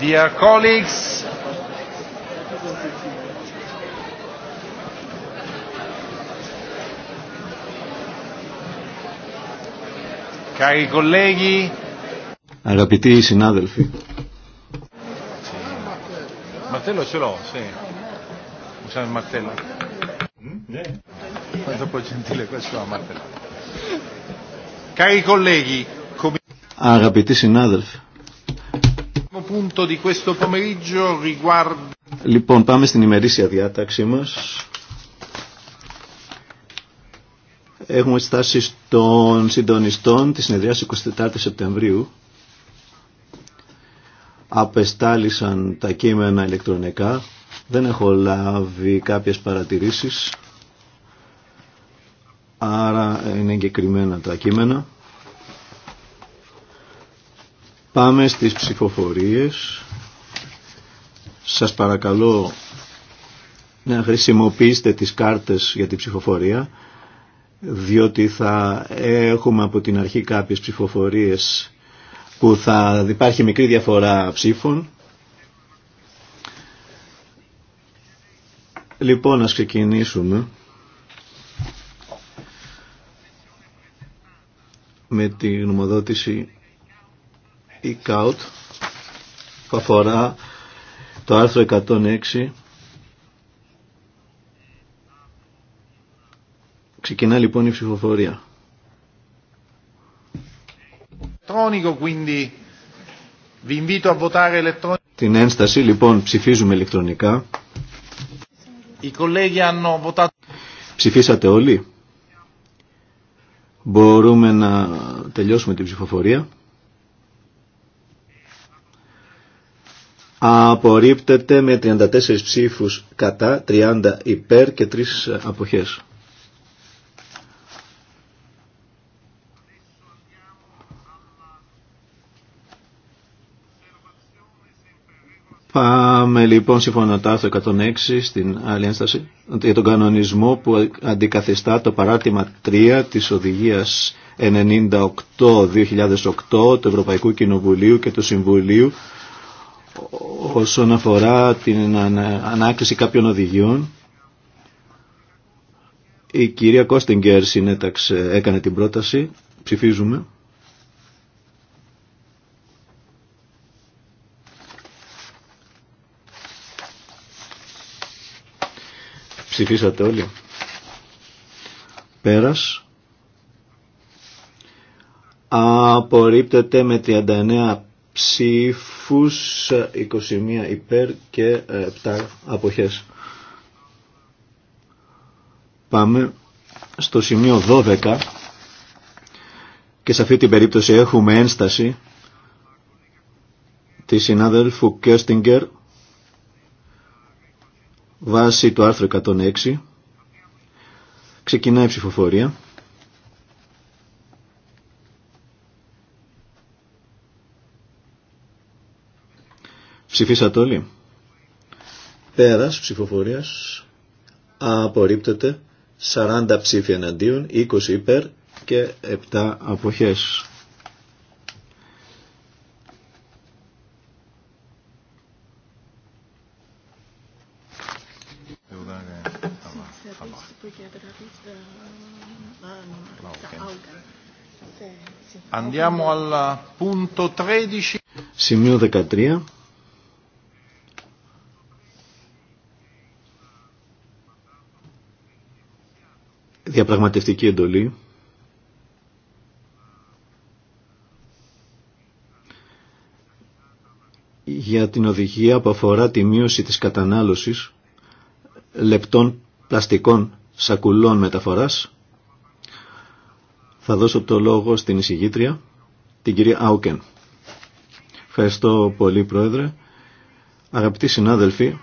Dear colleagues, cari colleghi, αγαπητοί συνάδελφοι. Μαρτέλο ce l'ho, sì. Usiamo il martello. Quanto può gentile questo a martello. Cari colleghi, Αγαπητοί συνάδελφοι, Λοιπόν, πάμε στην ημερήσια διάταξή μα. Έχουμε στάσει των συντονιστών της συνεδριάς 24 Σεπτεμβρίου. Απεστάλησαν τα κείμενα ηλεκτρονικά. Δεν έχω λάβει κάποιες παρατηρήσεις. Άρα είναι εγκεκριμένα τα κείμενα. Πάμε στις ψηφοφορίες. Σας παρακαλώ να χρησιμοποιήσετε τις κάρτες για την ψηφοφορία, διότι θα έχουμε από την αρχή κάποιες ψηφοφορίες που θα υπάρχει μικρή διαφορά ψήφων. Λοιπόν, ας ξεκινήσουμε με τη γνωμοδότηση ΚΑΟΤ που αφορά το άρθρο 106 Ξεκινά λοιπόν η ψηφοφορία. Την ένσταση λοιπόν ψηφίζουμε ηλεκτρονικά. Ψηφίσατε όλοι. Μπορούμε να τελειώσουμε την ψηφοφορία. απορρίπτεται με 34 ψήφους κατά, 30 υπέρ και 3 αποχές. Πάμε λοιπόν σύμφωνα το άρθρο 106 στην άλλη ένσταση για τον κανονισμό που αντικαθιστά το παράτημα 3 της οδηγίας 98-2008 του Ευρωπαϊκού Κοινοβουλίου και του Συμβουλίου όσον αφορά την ανάκριση κάποιων οδηγιών. Η κυρία Κώστινγκέρ συνέταξε, έκανε την πρόταση. Ψηφίζουμε. Ψηφίσατε όλοι. Πέρας. Απορρίπτεται με 39 Ψηφού 21 ε, υπέρ και 7 ε, αποχές. Πάμε στο σημείο 12 και σε αυτή την περίπτωση έχουμε ένσταση τη συνάδελφου Κέστιγκερ βάσει του άρθρου 106. Ξεκινάει η ψηφοφορία. Ψηφίσατε όλοι. Πέρας ψηφοφορίας απορρίπτεται 40 ψήφια εναντίον, 20 υπέρ και 7 αποχές. Andiamo al punto 13. Σημείο 13. διαπραγματευτική εντολή για την οδηγία που αφορά τη μείωση της κατανάλωσης λεπτών πλαστικών σακουλών μεταφοράς. Θα δώσω το λόγο στην εισηγήτρια, την κυρία Άουκεν. Ευχαριστώ πολύ Πρόεδρε. Αγαπητοί συνάδελφοι,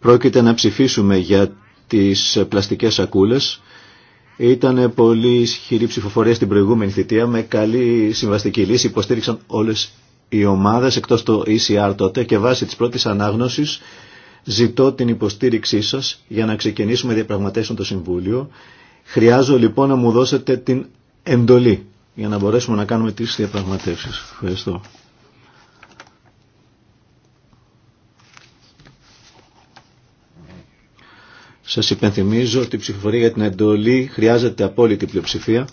πρόκειται να ψηφίσουμε για τις πλαστικές σακούλες. Ήταν πολύ ισχυρή ψηφοφορία στην προηγούμενη θητεία με καλή συμβαστική λύση. Υποστήριξαν όλες οι ομάδες εκτός το ECR τότε και βάσει της πρώτης ανάγνωσης ζητώ την υποστήριξή σας για να ξεκινήσουμε διαπραγματεύσεων το Συμβούλιο. Χρειάζω λοιπόν να μου δώσετε την εντολή για να μπορέσουμε να κάνουμε τις διαπραγματεύσεις. Ευχαριστώ. Σας υπενθυμίζω ότι η ψηφοφορία για την εντολή χρειάζεται απόλυτη πλειοψηφία.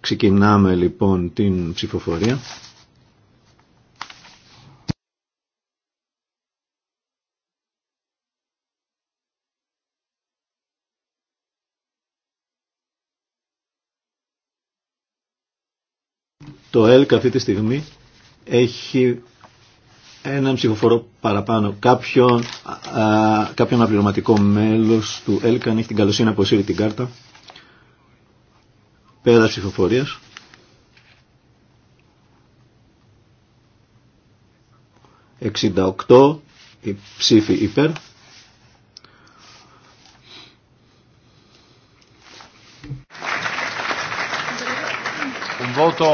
Ξεκινάμε λοιπόν την ψηφοφορία. Το ΕΛΚ αυτή τη στιγμή έχει έναν ψηφοφορό παραπάνω. Κάποιον, α, κάποιον απληρωματικό μέλος του ΕΛΚΑΝ έχει την καλοσύνη να αποσύρει την κάρτα. Πέρα ψηφοφορίας. Εξήντα οκτώ ψήφι υπέρ. voto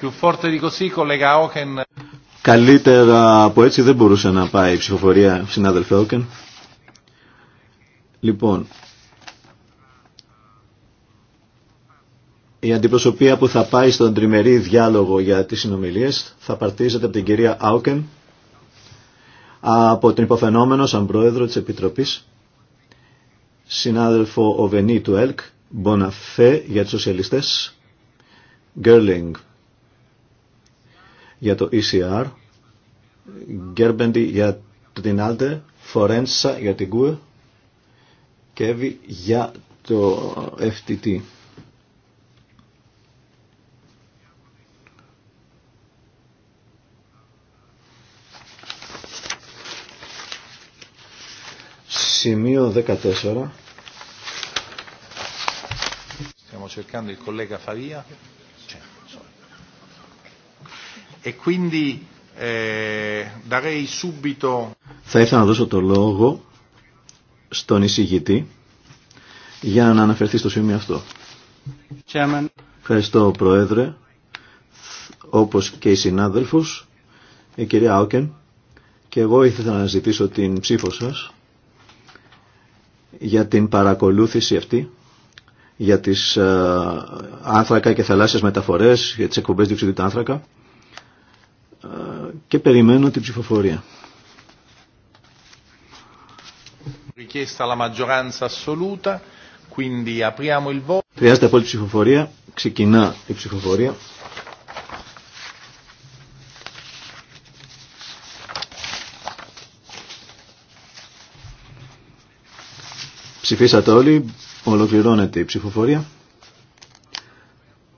più forte di così, collega Καλύτερα από έτσι δεν μπορούσε να πάει η ψηφοφορία, συνάδελφε Όκεν. Λοιπόν, η αντιπροσωπεία που θα πάει στον τριμερή διάλογο για τις συνομιλίες θα παρτίζεται από την κυρία Άουκεν, από την υποφαινόμενο σαν πρόεδρο της Επιτροπής, συνάδελφο Οβενή του ΕΛΚ, Μποναφέ για τους σοσιαλιστές, Γκέρλινγκ για το ECR, Γκέρμπεντι για την Άλτε, Φορένσα για την ΚΟΕ και Εύη για το FTT. Σημείο 14. Stiamo cercando il collega Favia. Ε, ε, Θα ήθελα να δώσω το λόγο στον εισηγητή για να αναφερθεί στο σημείο αυτό. Chairman. Ευχαριστώ Πρόεδρε, όπως και οι συνάδελφους, η κυρία Άουκεν, και εγώ ήθελα να ζητήσω την ψήφο σας για την παρακολούθηση αυτή για τις ε, άνθρακα και θαλάσσιες μεταφορές, για τις εκπομπές διοξιδίου του άνθρακα και περιμένω την ψηφοφορία. Χρειάζεται απόλυτη ψηφοφορία. Ξεκινά η ψηφοφορία. Ψηφίσατε όλοι. Ολοκληρώνεται η ψηφοφορία.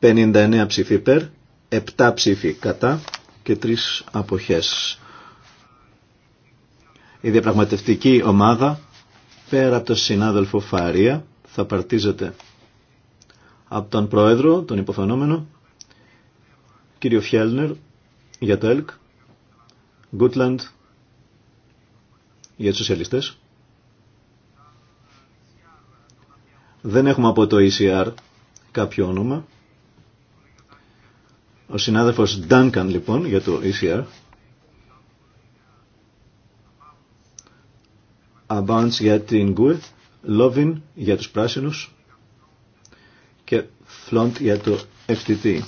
59 ψήφοι υπέρ, 7 ψήφοι κατά και τρεις αποχές. Η διαπραγματευτική ομάδα, πέρα από τον συνάδελφο Φαρία, θα παρτίζεται από τον πρόεδρο, τον υποφανόμενο, κύριο Φιέλνερ για το ΕΛΚ, Γκούτλαντ για τους σοσιαλιστές. Δεν έχουμε από το ECR κάποιο όνομα. Ο συνάδελφος Duncan λοιπόν για το ECR. Abounds για την Good, Λόβιν για τους πράσινους και Flont για το FTT.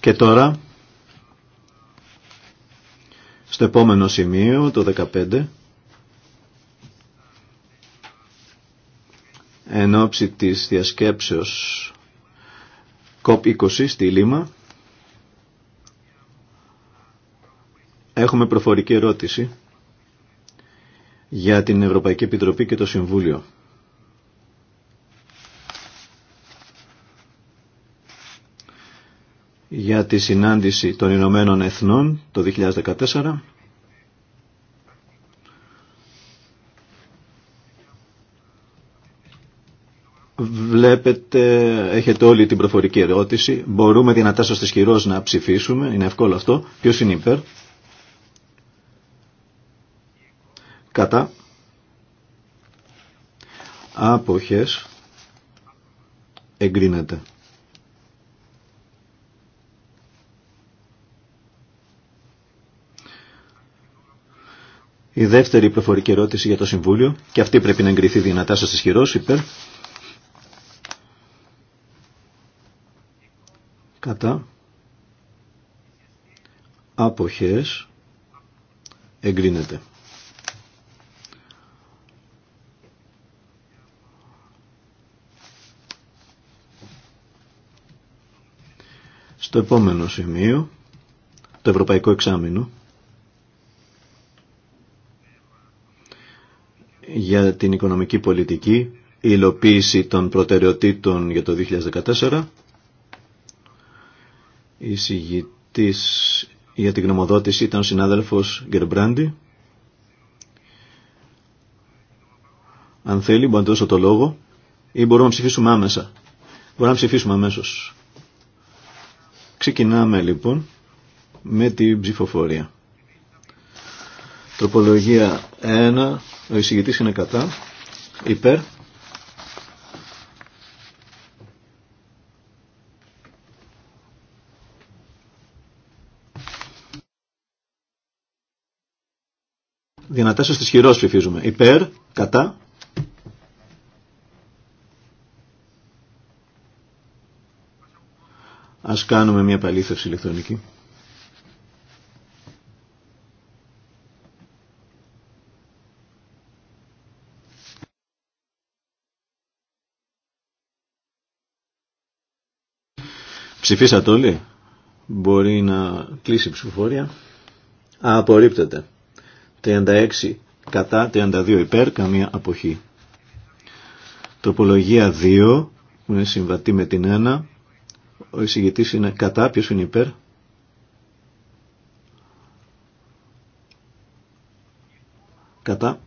Και τώρα, στο επόμενο σημείο, το 15, εν ώψη της διασκέψεως COP20 στη Λίμα. Έχουμε προφορική ερώτηση για την Ευρωπαϊκή Επιτροπή και το Συμβούλιο. για τη συνάντηση των Ηνωμένων Εθνών το 2014 Βλέπετε, έχετε όλη την προφορική ερώτηση. Μπορούμε δυνατά σας χειρός να ψηφίσουμε. Είναι εύκολο αυτό. Ποιο είναι υπέρ. Κατά. Άποχες. Εγκρίνεται. Η δεύτερη προφορική ερώτηση για το Συμβούλιο και αυτή πρέπει να εγκριθεί δυνατά σας ισχυρός υπέρ κατά άποχες εγκρίνεται. Στο επόμενο σημείο, το Ευρωπαϊκό Εξάμεινο, για την οικονομική πολιτική, η υλοποίηση των προτεραιοτήτων για το 2014, η συγητής για την γνωμοδότηση ήταν ο συνάδελφος Γκερμπράντι. Αν θέλει μπορεί να δώσω το λόγο ή μπορούμε να ψηφίσουμε άμεσα. Μπορούμε να ψηφίσουμε αμέσως. Ξεκινάμε λοιπόν με την ψηφοφορία. Τροπολογία 1. Ο εισηγητής είναι κατά. Υπέρ. σα στις χειρός ψηφίζουμε. Υπέρ, κατά. Ας κάνουμε μια παλήθευση ηλεκτρονική. Ψηφίσατε όλοι. Μπορεί να κλείσει η ψηφοφορία. απορρίπτεται. 36 κατά 32 υπέρ, καμία αποχή. Τροπολογία 2 που είναι συμβατή με την 1. Ο εισηγητής είναι κατά, ποιος είναι υπέρ. Κατά.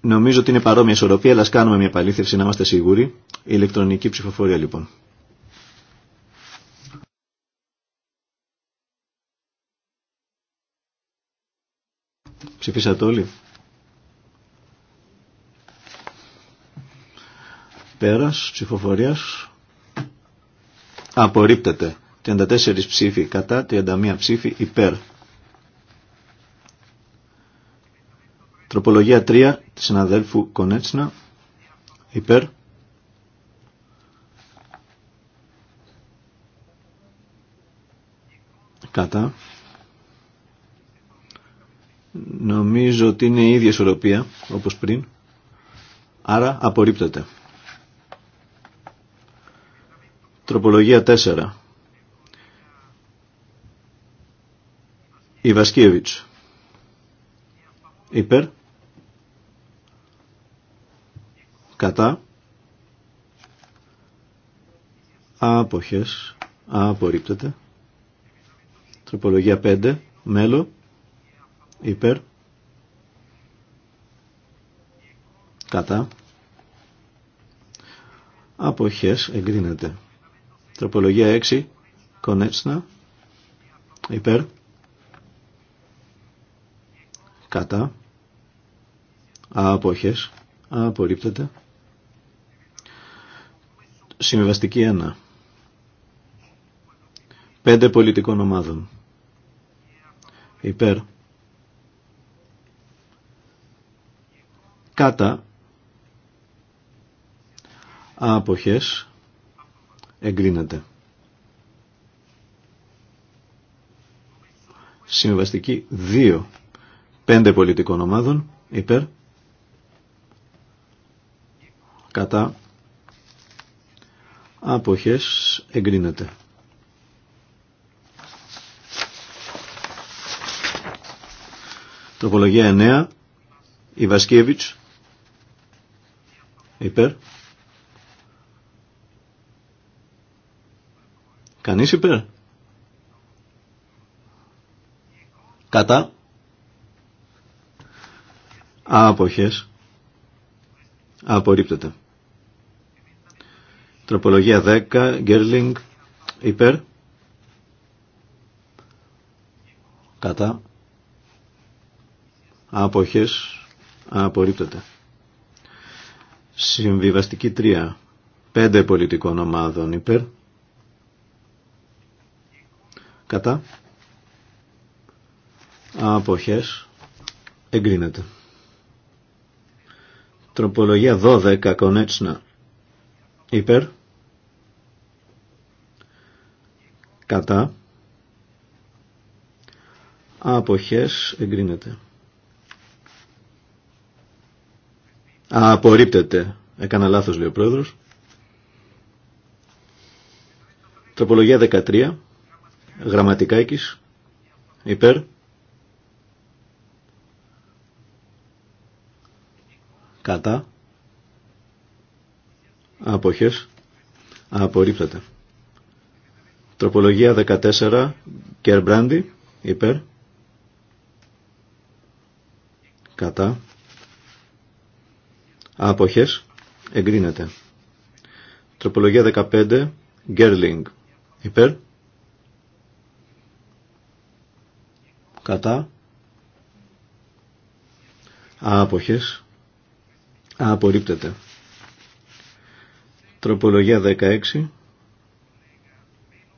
Νομίζω ότι είναι παρόμοια ισορροπία, αλλά κάνουμε μια παλήθευση να είμαστε σίγουροι. Η ηλεκτρονική ψηφοφορία λοιπόν. Ψηφίσατε όλοι. Πέρας ψηφοφορίας απορρίπτεται. 34 ψήφοι κατά, 31 ψήφοι υπέρ. Τροπολογία 3 της συναδέλφου Κονέτσνα υπέρ. Κατά. Νομίζω ότι είναι η ίδια ισορροπία όπως πριν. Άρα απορρίπτεται. Τροπολογία 4. Ιβασκίεβιτς. Υπέρ. Κατά. Άποχες. Απορρίπτεται. Τροπολογία 5. Μέλο υπέρ κατά αποχές εγκρίνεται τροπολογία 6 κονέτσνα υπέρ κατά αποχές απορρίπτεται Συμβαστική 1 πέντε πολιτικών ομάδων υπέρ κατά άποχες εγκρίνεται. Συμβαστική 2. Πέντε πολιτικών ομάδων υπέρ κατά άποχες εγκρίνεται. Τροπολογία 9. Ιβασκεβιτς Υπέρ. Κανείς υπέρ. Κατά. Άποχες. Απορρίπτεται. Τροπολογία 10. Γκέρλινγκ. Υπέρ. Κατά. Άποχες. Απορρίπτεται. Συμβιβαστική 3. Πέντε πολιτικών ομάδων υπέρ. Κατά. Αποχές. Εγκρίνεται. Τροπολογία 12. Κονέτσνα. Υπέρ. Κατά. Αποχές. Εγκρίνεται. απορρίπτεται. Έκανα λάθος λέει ο πρόεδρος. Τροπολογία 13. Γραμματικάκης. Υπέρ. Κατά. Αποχές. Απορρίπτεται. Τροπολογία 14. Κερμπράντι. Υπέρ. Κατά. Άποχες. Εγκρίνεται. Τροπολογία 15. Γκέρλινγκ. Υπέρ. Κατά. Άποχες. Απορρίπτεται. Τροπολογία 16.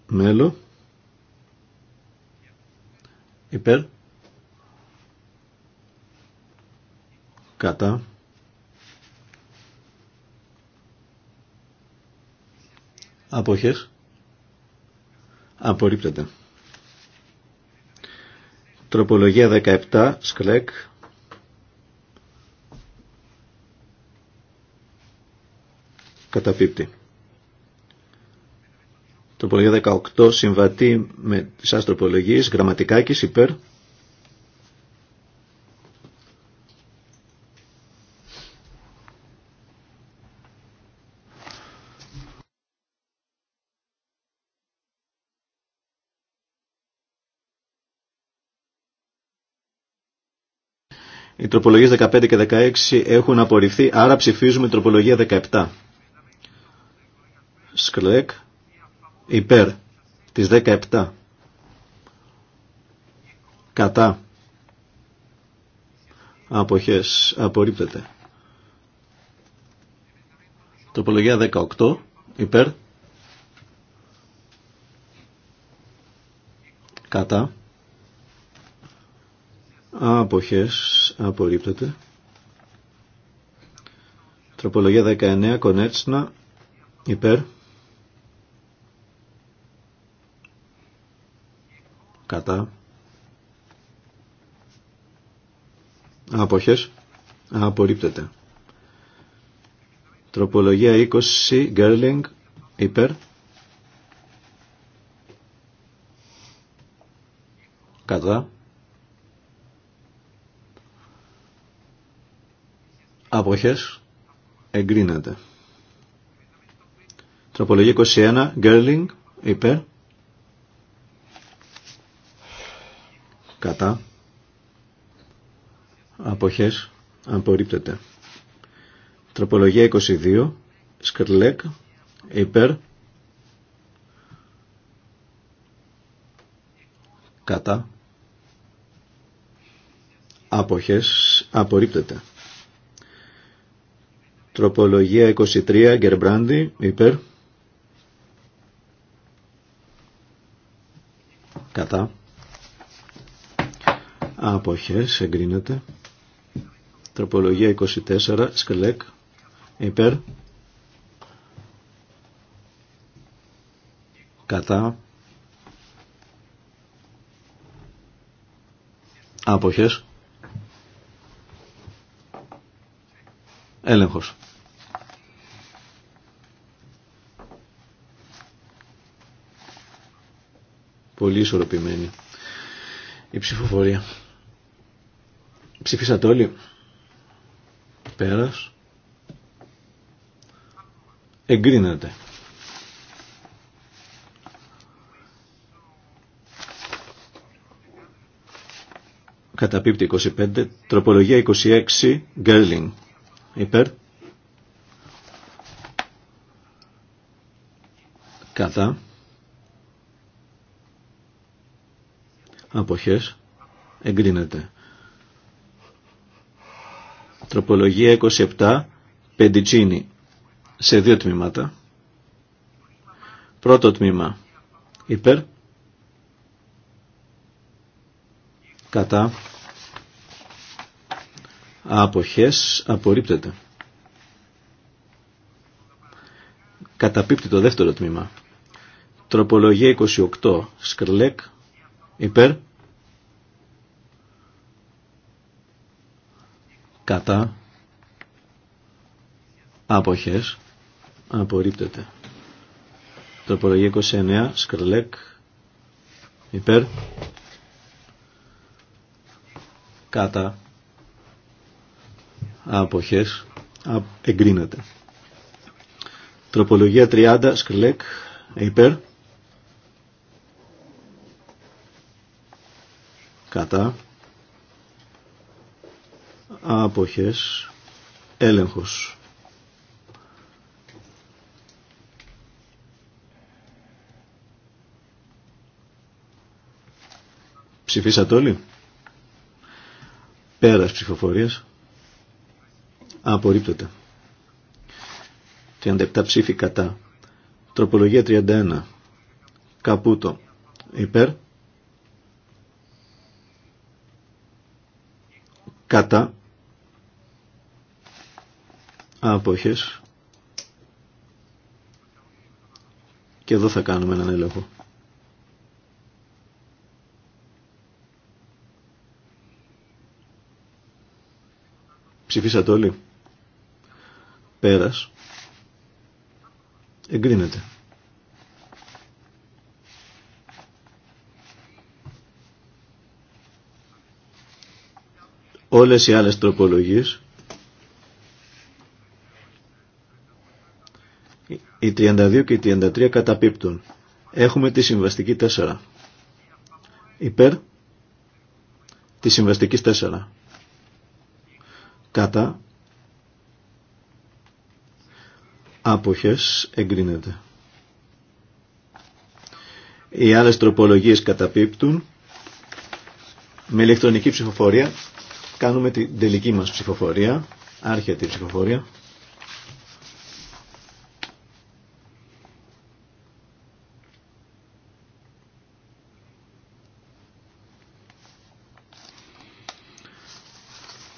Μέλο. Υπέρ. Κατά. Αποχές. Απορρίπτεται. Τροπολογία 17. Σκλέκ. Καταπίπτει. Τροπολογία 18. Συμβατή με τις άστροπολογίες. Γραμματικάκης υπέρ. Οι τροπολογίες 15 και 16 έχουν απορριφθεί, άρα ψηφίζουμε τροπολογία 17. Σκλεκ υπέρ της 17. Κατά. Αποχές. Απορρίπτεται. Τροπολογία 18. Υπέρ. Κατά. Αποχές απορρίπτεται. Τροπολογία 19 κονέτσνα υπέρ. Κατά. Αποχές απορρίπτεται. Τροπολογία 20 Γκέρλινγκ υπέρ. Κατά. Αποχές. Εγκρίνεται. Τροπολογία 21. Γκέρλινγκ. Υπέρ. Κατά. Αποχές. Απορρίπτεται. Τροπολογία 22. Σκρλέκ. Υπέρ. Κατά. Αποχές. Απορρίπτεται. Τροπολογία 23, Γκερμπράντι, υπέρ. Κατά. Αποχές, εγκρίνεται. Τροπολογία 24, Σκελέκ, υπέρ. Κατά. Άποχες. Έλεγχος. πολύ ισορροπημένη η ψηφοφορία. Ψηφίσατε όλοι. Πέρας. Εγκρίνεται. Καταπίπτει 25. Τροπολογία 26. Γκέρλινγκ. Υπέρ. Κατά. αποχές εγκρίνεται. Τροπολογία 27 πεντιτσίνη σε δύο τμήματα. Πρώτο τμήμα υπέρ κατά αποχές απορρίπτεται. Καταπίπτει το δεύτερο τμήμα. Τροπολογία 28 σκρλέκ υπέρ κατά άποχες απορρίπτεται. Τροπολογία 29, σκρλέκ, υπέρ, κατά, άποχες, εγκρίνεται. Τροπολογία 30, σκρλέκ, υπέρ, κατά, άποχες έλεγχος ψηφίσατε όλοι πέρας ψηφοφορίας απορρίπτεται 37 ψήφι κατά τροπολογία 31 καπούτο υπέρ κατά Αποχές. Και εδώ θα κάνουμε έναν έλεγχο. Ψηφίσατε όλοι. Πέρας. Εγκρίνεται. Όλες οι άλλες τροπολογίες Οι 32 και οι 33 καταπίπτουν. Έχουμε τη συμβαστική 4. Υπέρ τη συμβαστική 4. Κατά άποχες εγκρίνεται. Οι άλλες τροπολογίες καταπίπτουν. Με ηλεκτρονική ψηφοφορία κάνουμε την τελική μας ψηφοφορία. Άρχεται η ψηφοφορία.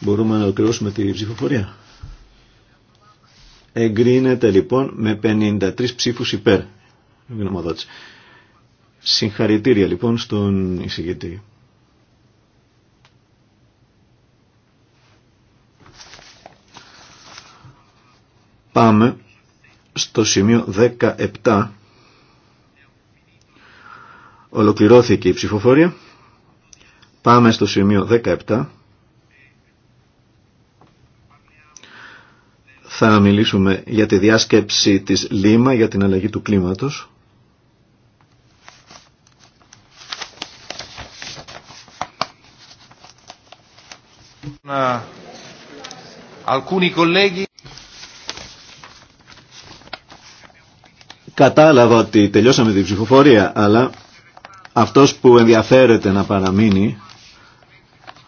Μπορούμε να ολοκληρώσουμε τη ψηφοφορία. Εγκρίνεται λοιπόν με 53 ψήφους υπέρ. Συγχαρητήρια λοιπόν στον εισηγητή. Πάμε στο σημείο 17. Ολοκληρώθηκε η ψηφοφορία. Πάμε στο σημείο 17. θα μιλήσουμε για τη διάσκεψη της Λίμα για την αλλαγή του κλίματος. Κατάλαβα ότι τελειώσαμε την ψηφοφορία, αλλά αυτός που ενδιαφέρεται να παραμείνει,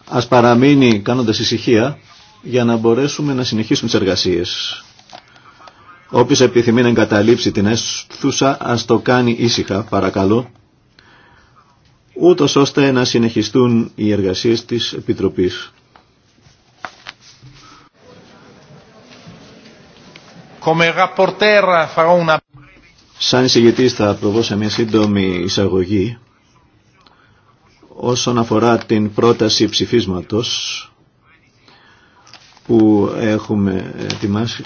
ας παραμείνει κάνοντας ησυχία, για να μπορέσουμε να συνεχίσουμε τις εργασίες. Όποιος επιθυμεί να εγκαταλείψει την αισθούσα ας το κάνει ήσυχα, παρακαλώ, ούτως ώστε να συνεχιστούν οι εργασίες της Επιτροπής. Σαν εισηγητής θα προβώ σε μια σύντομη εισαγωγή όσον αφορά την πρόταση ψηφίσματος που έχουμε ετοιμάσει.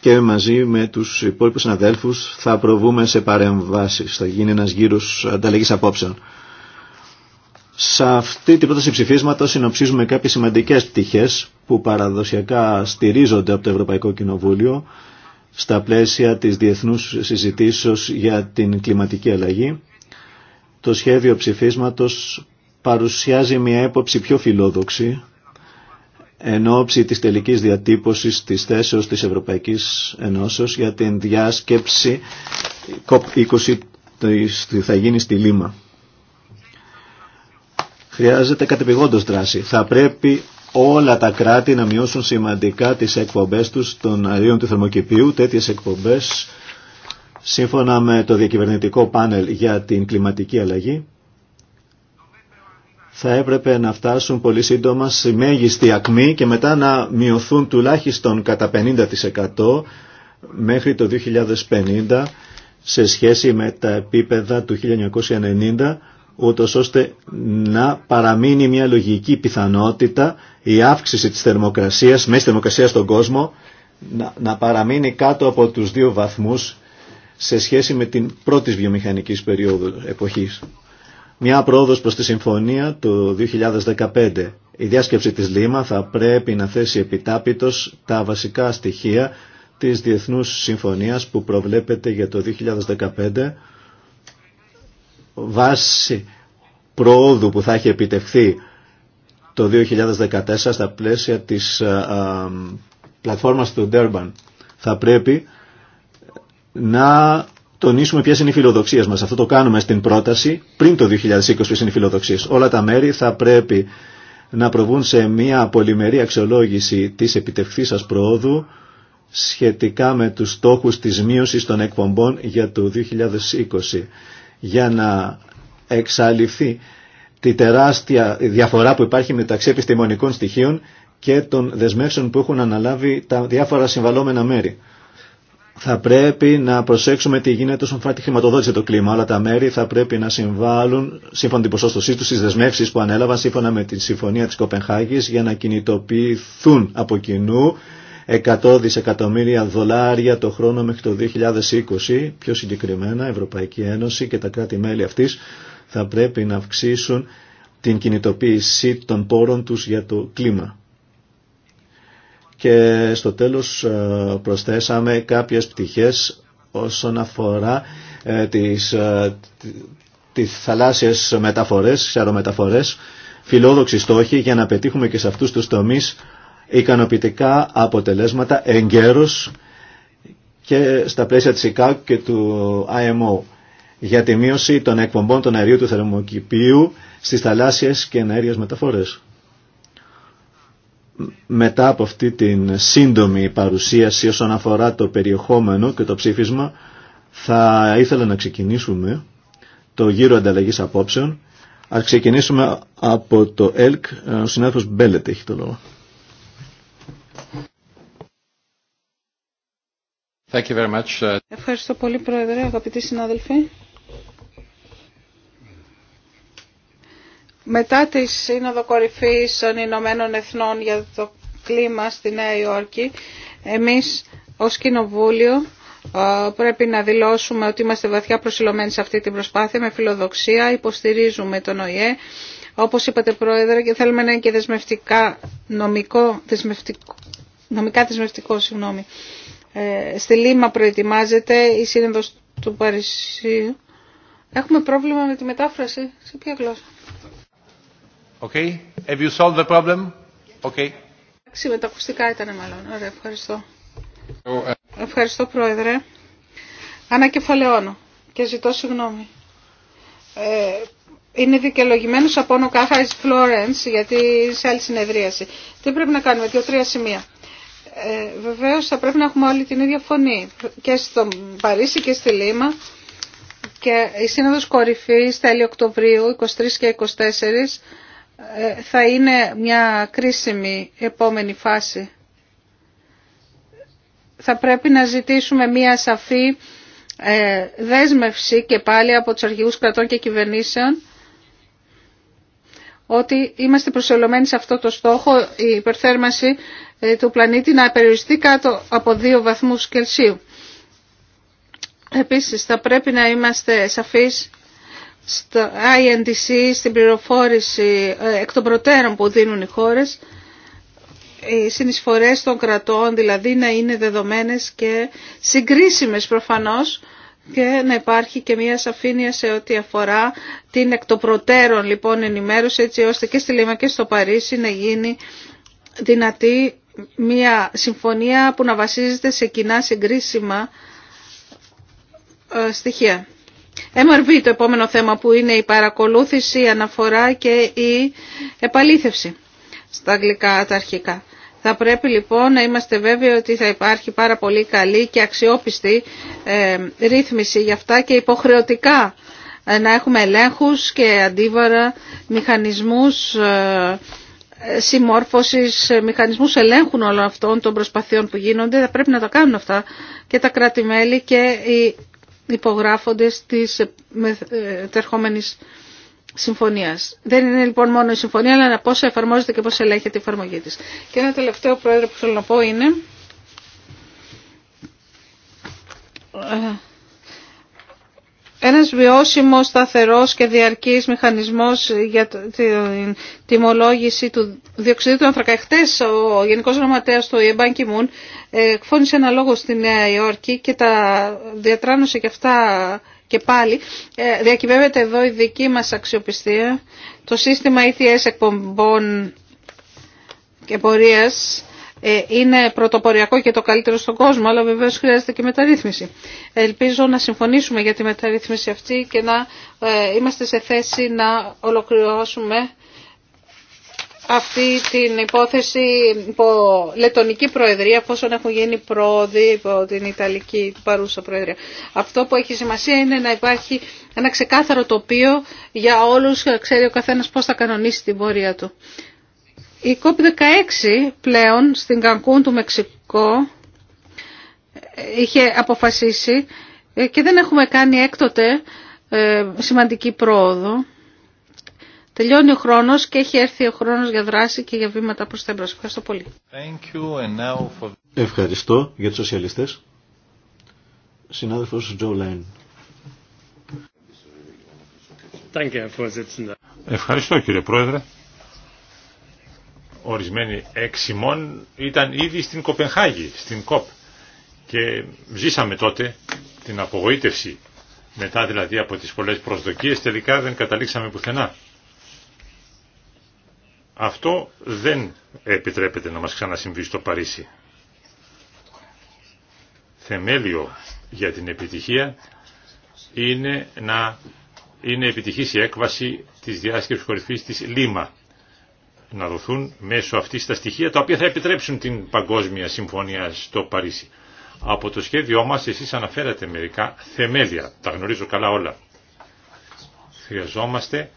Και μαζί με τους υπόλοιπους συναδέλφους θα προβούμε σε παρεμβάσεις. Θα γίνει ένας γύρος ανταλλαγής απόψεων. Σε αυτή την πρόταση ψηφίσματο συνοψίζουμε κάποιες σημαντικές πτυχές που παραδοσιακά στηρίζονται από το Ευρωπαϊκό Κοινοβούλιο στα πλαίσια της διεθνούς συζητήσεως για την κλιματική αλλαγή το σχέδιο ψηφίσματος παρουσιάζει μια έποψη πιο φιλόδοξη εν ώψη της τελικής διατύπωσης της θέσεως της Ευρωπαϊκής Ενώσεως για την διάσκεψη COP20 θα γίνει στη Λίμα. Χρειάζεται κατεπηγόντως δράση. Θα πρέπει όλα τα κράτη να μειώσουν σημαντικά τις εκπομπές τους των αερίων του θερμοκηπίου. Τέτοιες εκπομπές Σύμφωνα με το διακυβερνητικό πάνελ για την κλιματική αλλαγή, θα έπρεπε να φτάσουν πολύ σύντομα στη μέγιστη ακμή και μετά να μειωθούν τουλάχιστον κατά 50% μέχρι το 2050 σε σχέση με τα επίπεδα του 1990 ούτως ώστε να παραμείνει μια λογική πιθανότητα η αύξηση της θερμοκρασίας, μέση θερμοκρασία στον κόσμο να, παραμείνει κάτω από τους δύο βαθμούς σε σχέση με την πρώτη βιομηχανικής περίοδου εποχής. Μια πρόοδος προς τη συμφωνία το 2015. Η διάσκεψη της Λίμα θα πρέπει να θέσει επιτάπητο τα βασικά στοιχεία της Διεθνούς Συμφωνίας που προβλέπεται για το 2015 βάση προόδου που θα έχει επιτευχθεί το 2014 στα πλαίσια της πλατφόρμας του Durban. Θα πρέπει να τονίσουμε ποιε είναι οι φιλοδοξίε μα. Αυτό το κάνουμε στην πρόταση πριν το 2020 ποιε είναι οι φιλοδοξίε. Όλα τα μέρη θα πρέπει να προβούν σε μια πολυμερή αξιολόγηση τη επιτευχθή σα προόδου σχετικά με τους στόχους της μείωσης των εκπομπών για το 2020 για να εξαλειφθεί τη τεράστια διαφορά που υπάρχει μεταξύ επιστημονικών στοιχείων και των δεσμεύσεων που έχουν αναλάβει τα διάφορα συμβαλόμενα μέρη θα πρέπει να προσέξουμε τι γίνεται όσον αφορά τη χρηματοδότηση το κλίμα. Όλα τα μέρη θα πρέπει να συμβάλλουν σύμφωνα την ποσόστοσή του στι δεσμεύσει που ανέλαβαν σύμφωνα με τη Συμφωνία τη Κοπενχάγη για να κινητοποιηθούν από κοινού 100 δισεκατομμύρια δολάρια το χρόνο μέχρι το 2020. Πιο συγκεκριμένα, η Ευρωπαϊκή Ένωση και τα κράτη-μέλη αυτή θα πρέπει να αυξήσουν την κινητοποίησή των πόρων του για το κλίμα και στο τέλος ε, προσθέσαμε κάποιες πτυχές όσον αφορά ε, τις, ε, τις θαλάσσιες μεταφορές, ξαρομεταφορές, φιλόδοξοι στόχοι για να πετύχουμε και σε αυτούς τους τομείς ικανοποιητικά αποτελέσματα εγκαίρως και στα πλαίσια της ΙΚΑΚ και του IMO για τη μείωση των εκπομπών των αερίου του θερμοκηπίου στις θαλάσσιες και ενέργειες μεταφορές μετά από αυτή την σύντομη παρουσίαση όσον αφορά το περιεχόμενο και το ψήφισμα θα ήθελα να ξεκινήσουμε το γύρο ανταλλαγής απόψεων. Ας ξεκινήσουμε από το ΕΛΚ. Ε, ο συνάδελφος Μπέλετ έχει το λόγο. Ε. Ευχαριστώ πολύ Πρόεδρε, αγαπητοί συνάδελφοι. Μετά τη Σύνοδο Κορυφής των Ηνωμένων Εθνών για το κλίμα στη Νέα Υόρκη, εμείς ως Κοινοβούλιο πρέπει να δηλώσουμε ότι είμαστε βαθιά προσιλωμένοι σε αυτή την προσπάθεια με φιλοδοξία, υποστηρίζουμε τον ΟΗΕ, όπως είπατε Πρόεδρε, και θέλουμε να είναι και δεσμευτικά, νομικό, δεσμευτικό, νομικά δεσμευτικό, Ε, στη Λίμα προετοιμάζεται η σύνοδος του Παρισίου. Έχουμε πρόβλημα με τη μετάφραση. Σε ποια γλώσσα. Okay. you the problem? Okay. Εντάξει, με τα ακουστικά ήταν μάλλον. Ωραία, ευχαριστώ. Ε, ε, ευχαριστώ, Πρόεδρε. Ανακεφαλαιώνω και ζητώ συγγνώμη. Ε, είναι δικαιολογημένος από όνο Κάχαρης Φλόρενς γιατί σε άλλη συνεδρίαση. Τι πρέπει να κάνουμε, δύο-τρία σημεία. Ε, βεβαίως θα πρέπει να έχουμε όλη την ίδια φωνή και στο Παρίσι και στη Λίμα και η Σύνοδος Κορυφής τέλη Οκτωβρίου 23 και 24 ε, θα είναι μια κρίσιμη επόμενη φάση. Θα πρέπει να ζητήσουμε μια σαφή ε, δέσμευση και πάλι από τους αρχηγούς κρατών και κυβερνήσεων ότι είμαστε προσελωμένοι σε αυτό το στόχο η υπερθέρμανση ε, του πλανήτη να περιοριστεί κάτω από δύο βαθμούς Κελσίου. Επίσης θα πρέπει να είμαστε σαφείς στο INDC, στην πληροφόρηση ε, εκ των προτέρων που δίνουν οι χώρες, οι συνεισφορές των κρατών δηλαδή να είναι δεδομένες και συγκρίσιμες προφανώς και να υπάρχει και μια σαφήνεια σε ό,τι αφορά την εκ των προτέρων λοιπόν ενημέρωση έτσι ώστε και στη Λίμα και στο Παρίσι να γίνει δυνατή μια συμφωνία που να βασίζεται σε κοινά συγκρίσιμα ε, στοιχεία. MRV το επόμενο θέμα που είναι η παρακολούθηση, η αναφορά και η επαλήθευση στα αγγλικά τα αρχικά. Θα πρέπει λοιπόν να είμαστε βέβαιοι ότι θα υπάρχει πάρα πολύ καλή και αξιόπιστη ε, ρύθμιση για αυτά και υποχρεωτικά ε, να έχουμε ελέγχους και αντίβαρα μηχανισμούς ε, συμμόρφωσης, μηχανισμούς ελέγχουν όλων αυτών των προσπαθειών που γίνονται. Θα πρέπει να τα κάνουν αυτά και τα κρατη και οι υπογράφοντες της ε, ε, τερχόμενης συμφωνίας. Δεν είναι λοιπόν μόνο η συμφωνία, αλλά πώς εφαρμόζεται και πώς ελέγχεται η εφαρμογή της. Και ένα τελευταίο πρόεδρο που θέλω να πω είναι ε, ένας βιώσιμος, σταθερός και διαρκής μηχανισμός για την τιμολόγηση του διοξιδίου του άνθρακα. ο Γενικός Γραμματέας του Ιεμπάν Κιμούν ε, εκφώνησε ένα λόγο στη Νέα Υόρκη και τα διατράνωσε και αυτά και πάλι. Ε, διακυβεύεται εδώ η δική μας αξιοπιστία. Το σύστημα ETS εκπομπών και πορείας ε, είναι πρωτοποριακό και το καλύτερο στον κόσμο, αλλά βεβαίως χρειάζεται και μεταρρύθμιση. Ελπίζω να συμφωνήσουμε για τη μεταρρύθμιση αυτή και να ε, είμαστε σε θέση να ολοκληρώσουμε αυτή την υπόθεση υπό λετονική προεδρία, εφόσον έχουν γίνει πρόοδοι υπό την Ιταλική παρούσα προεδρία. Αυτό που έχει σημασία είναι να υπάρχει ένα ξεκάθαρο τοπίο για όλους, ξέρει ο καθένας πώς θα κανονίσει την πορεία του. Η COP16 πλέον στην Κανκούν του Μεξικό ε, είχε αποφασίσει ε, και δεν έχουμε κάνει έκτοτε ε, σημαντική πρόοδο. Τελειώνει ο χρόνος και έχει έρθει ο χρόνος για δράση και για βήματα προς τα εμπρός. Ευχαριστώ πολύ. for... Ευχαριστώ για τους σοσιαλιστές. Συνάδελφος Τζο Λέν. Ευχαριστώ κύριε Πρόεδρε. Ορισμένοι εξημών ήταν ήδη στην Κοπενχάγη, στην ΚΟΠ. Και ζήσαμε τότε την απογοήτευση. Μετά δηλαδή από τις πολλές προσδοκίες τελικά δεν καταλήξαμε πουθενά. Αυτό δεν επιτρέπεται να μας ξανασυμβεί στο Παρίσι. Θεμέλιο για την επιτυχία είναι να είναι επιτυχής η έκβαση της διάσκεψης κορυφής της Λίμα να δοθούν μέσω αυτής τα στοιχεία τα οποία θα επιτρέψουν την παγκόσμια συμφωνία στο Παρίσι. Από το σχέδιό μας εσείς αναφέρατε μερικά θεμέλια, τα γνωρίζω καλά όλα. Χρειαζόμαστε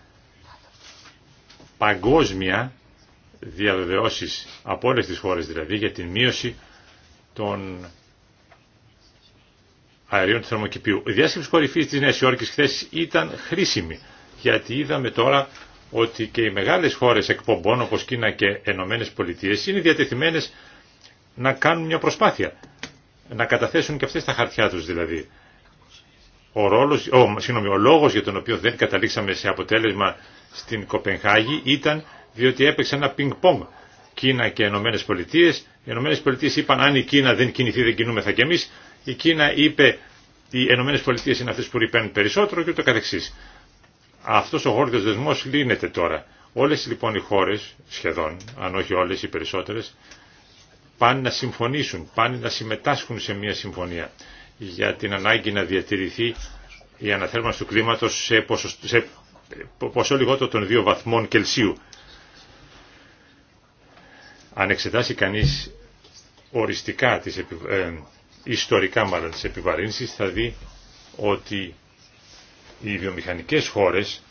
παγκόσμια διαβεβαιώσεις από όλες τις χώρες δηλαδή για την μείωση των αερίων του θερμοκηπίου. Η διάσκεψη κορυφής της Νέας Υόρκης χθε ήταν χρήσιμη γιατί είδαμε τώρα ότι και οι μεγάλες χώρες εκπομπών όπως Κίνα και Ενωμένες Πολιτείε, είναι διατεθειμένες να κάνουν μια προσπάθεια, να καταθέσουν και αυτές τα χαρτιά τους δηλαδή. Ο, ρόλος, ο, ο λόγος για τον οποίο δεν καταλήξαμε σε αποτέλεσμα στην Κοπενχάγη ήταν διότι έπαιξε ένα πινκ-πονγκ Κίνα και Ενωμένε Πολιτείε. Οι Ενωμένε Πολιτείε είπαν αν η Κίνα δεν κινηθεί δεν κινούμεθα κι εμεί. Η Κίνα είπε οι Ενωμένε Πολιτείε είναι αυτέ που ρηπαίνουν περισσότερο και ούτω καθεξή. Αυτός ο γόρδιος δεσμός λύνεται τώρα. Όλες λοιπόν οι χώρες, σχεδόν, αν όχι όλες οι περισσότερες, πάνε να συμφωνήσουν, πάνε να συμμετάσχουν σε μια συμφωνία για την ανάγκη να διατηρηθεί η αναθέρμανση του κλίματος σε ποσό, σε λιγότερο των δύο βαθμών Κελσίου. Αν εξετάσει κανείς οριστικά, τις, ε, ιστορικά μάλλον τις επιβαρύνσεις, θα δει ότι οι βιομηχανικές χώρες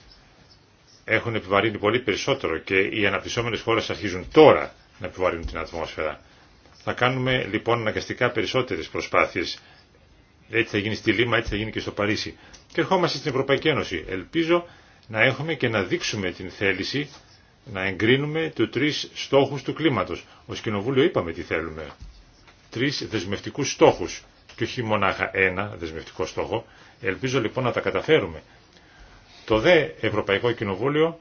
έχουν επιβαρύνει πολύ περισσότερο και οι αναπτυσσόμενες χώρες αρχίζουν τώρα να επιβαρύνουν την ατμόσφαιρα. Θα κάνουμε λοιπόν αναγκαστικά περισσότερες προσπάθειες. Έτσι θα γίνει στη Λίμα, έτσι θα γίνει και στο Παρίσι. Και ερχόμαστε στην Ευρωπαϊκή Ένωση. Ελπίζω να έχουμε και να δείξουμε την θέληση να εγκρίνουμε του τρεις στόχους του κλίματος. Ο Κοινοβούλιο είπαμε τι θέλουμε. Τρεις δεσμευτικούς στόχους και όχι μονάχα ένα δεσμευτικό στόχο. Ελπίζω λοιπόν να τα καταφέρουμε. Το δε Ευρωπαϊκό Κοινοβούλιο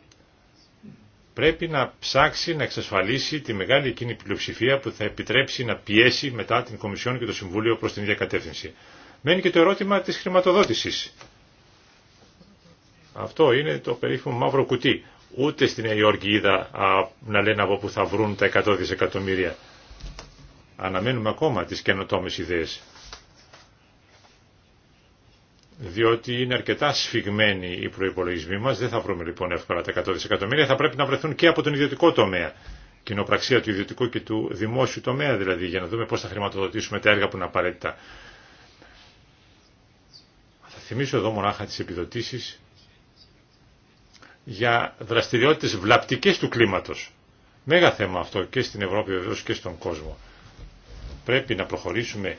πρέπει να ψάξει να εξασφαλίσει τη μεγάλη εκείνη πλειοψηφία που θα επιτρέψει να πιέσει μετά την Κομισιόν και το Συμβούλιο προς την ίδια κατεύθυνση. Μένει και το ερώτημα της χρηματοδότησης. Αυτό είναι το περίφημο μαύρο κουτί. Ούτε στην Νέα Υόρκη είδα να λένε από που θα βρουν τα 100 δισεκατομμύρια. Αναμένουμε ακόμα τις καινοτόμες ιδέες διότι είναι αρκετά σφιγμένοι οι προπολογισμοί μα. δεν θα βρούμε λοιπόν εύκολα τα 100 δισεκατομμύρια, θα πρέπει να βρεθούν και από τον ιδιωτικό τομέα, κοινοπραξία του ιδιωτικού και του δημόσιου τομέα δηλαδή, για να δούμε πώ θα χρηματοδοτήσουμε τα έργα που είναι απαραίτητα. Θα θυμίσω εδώ μονάχα τι επιδοτήσει για δραστηριότητε βλαπτικέ του κλίματο. Μέγα θέμα αυτό και στην Ευρώπη βεβαίω και στον κόσμο. Πρέπει να προχωρήσουμε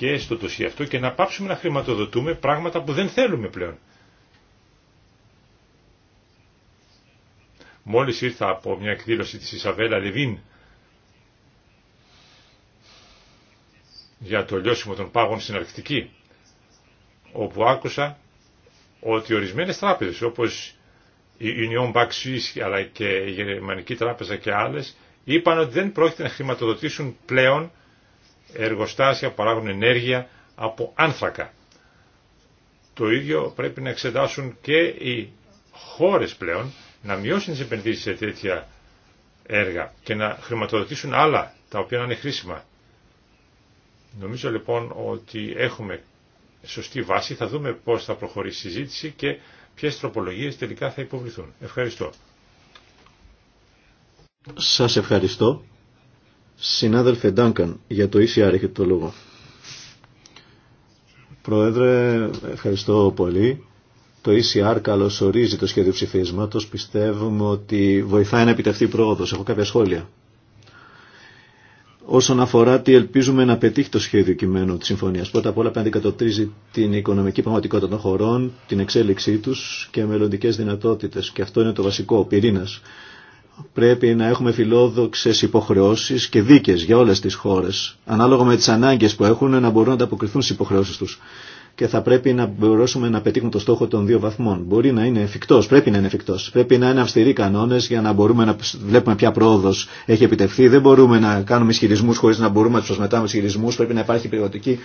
και στο τοσί αυτό και να πάψουμε να χρηματοδοτούμε πράγματα που δεν θέλουμε πλέον. Μόλις ήρθα από μια εκδήλωση της Ισαβέλα Λεβίν για το λιώσιμο των πάγων στην Αρκτική, όπου άκουσα ότι ορισμένες τράπεζες όπως η Union Suisse αλλά και η Γερμανική Τράπεζα και άλλες είπαν ότι δεν πρόκειται να χρηματοδοτήσουν πλέον εργοστάσια παράγουν ενέργεια από άνθρακα. Το ίδιο πρέπει να εξετάσουν και οι χώρες πλέον να μειώσουν τις επενδύσεις σε τέτοια έργα και να χρηματοδοτήσουν άλλα τα οποία να είναι χρήσιμα. Νομίζω λοιπόν ότι έχουμε σωστή βάση, θα δούμε πώς θα προχωρήσει η συζήτηση και ποιες τροπολογίες τελικά θα υποβληθούν. Ευχαριστώ. Σας ευχαριστώ. Συνάδελφε Ντάνκαν, για το ECR έχετε το λόγο. Πρόεδρε, ευχαριστώ πολύ. Το ECR καλωσορίζει το σχέδιο ψηφίσματος. Πιστεύουμε ότι βοηθάει να επιτευχθεί πρόοδος. Έχω κάποια σχόλια. Όσον αφορά τι ελπίζουμε να πετύχει το σχέδιο κειμένου τη συμφωνία. Πρώτα απ' όλα, αντικατοπτρίζει την οικονομική πραγματικότητα των χωρών, την εξέλιξή του και μελλοντικέ δυνατότητε. Και αυτό είναι το βασικό, ο πυρήνα πρέπει να έχουμε φιλόδοξες υποχρεώσεις και δίκες για όλες τις χώρες, ανάλογα με τις ανάγκες που έχουν να μπορούν να ανταποκριθούν στις υποχρεώσεις τους. Και θα πρέπει να μπορέσουμε να πετύχουμε το στόχο των δύο βαθμών. Μπορεί να είναι εφικτό, πρέπει να είναι εφικτό. Πρέπει να είναι αυστηροί κανόνε για να μπορούμε να βλέπουμε ποια πρόοδο έχει επιτευχθεί. Δεν μπορούμε να κάνουμε ισχυρισμού χωρί να μπορούμε να του προσμετάμε ισχυρισμού. Πρέπει να υπάρχει περιοδική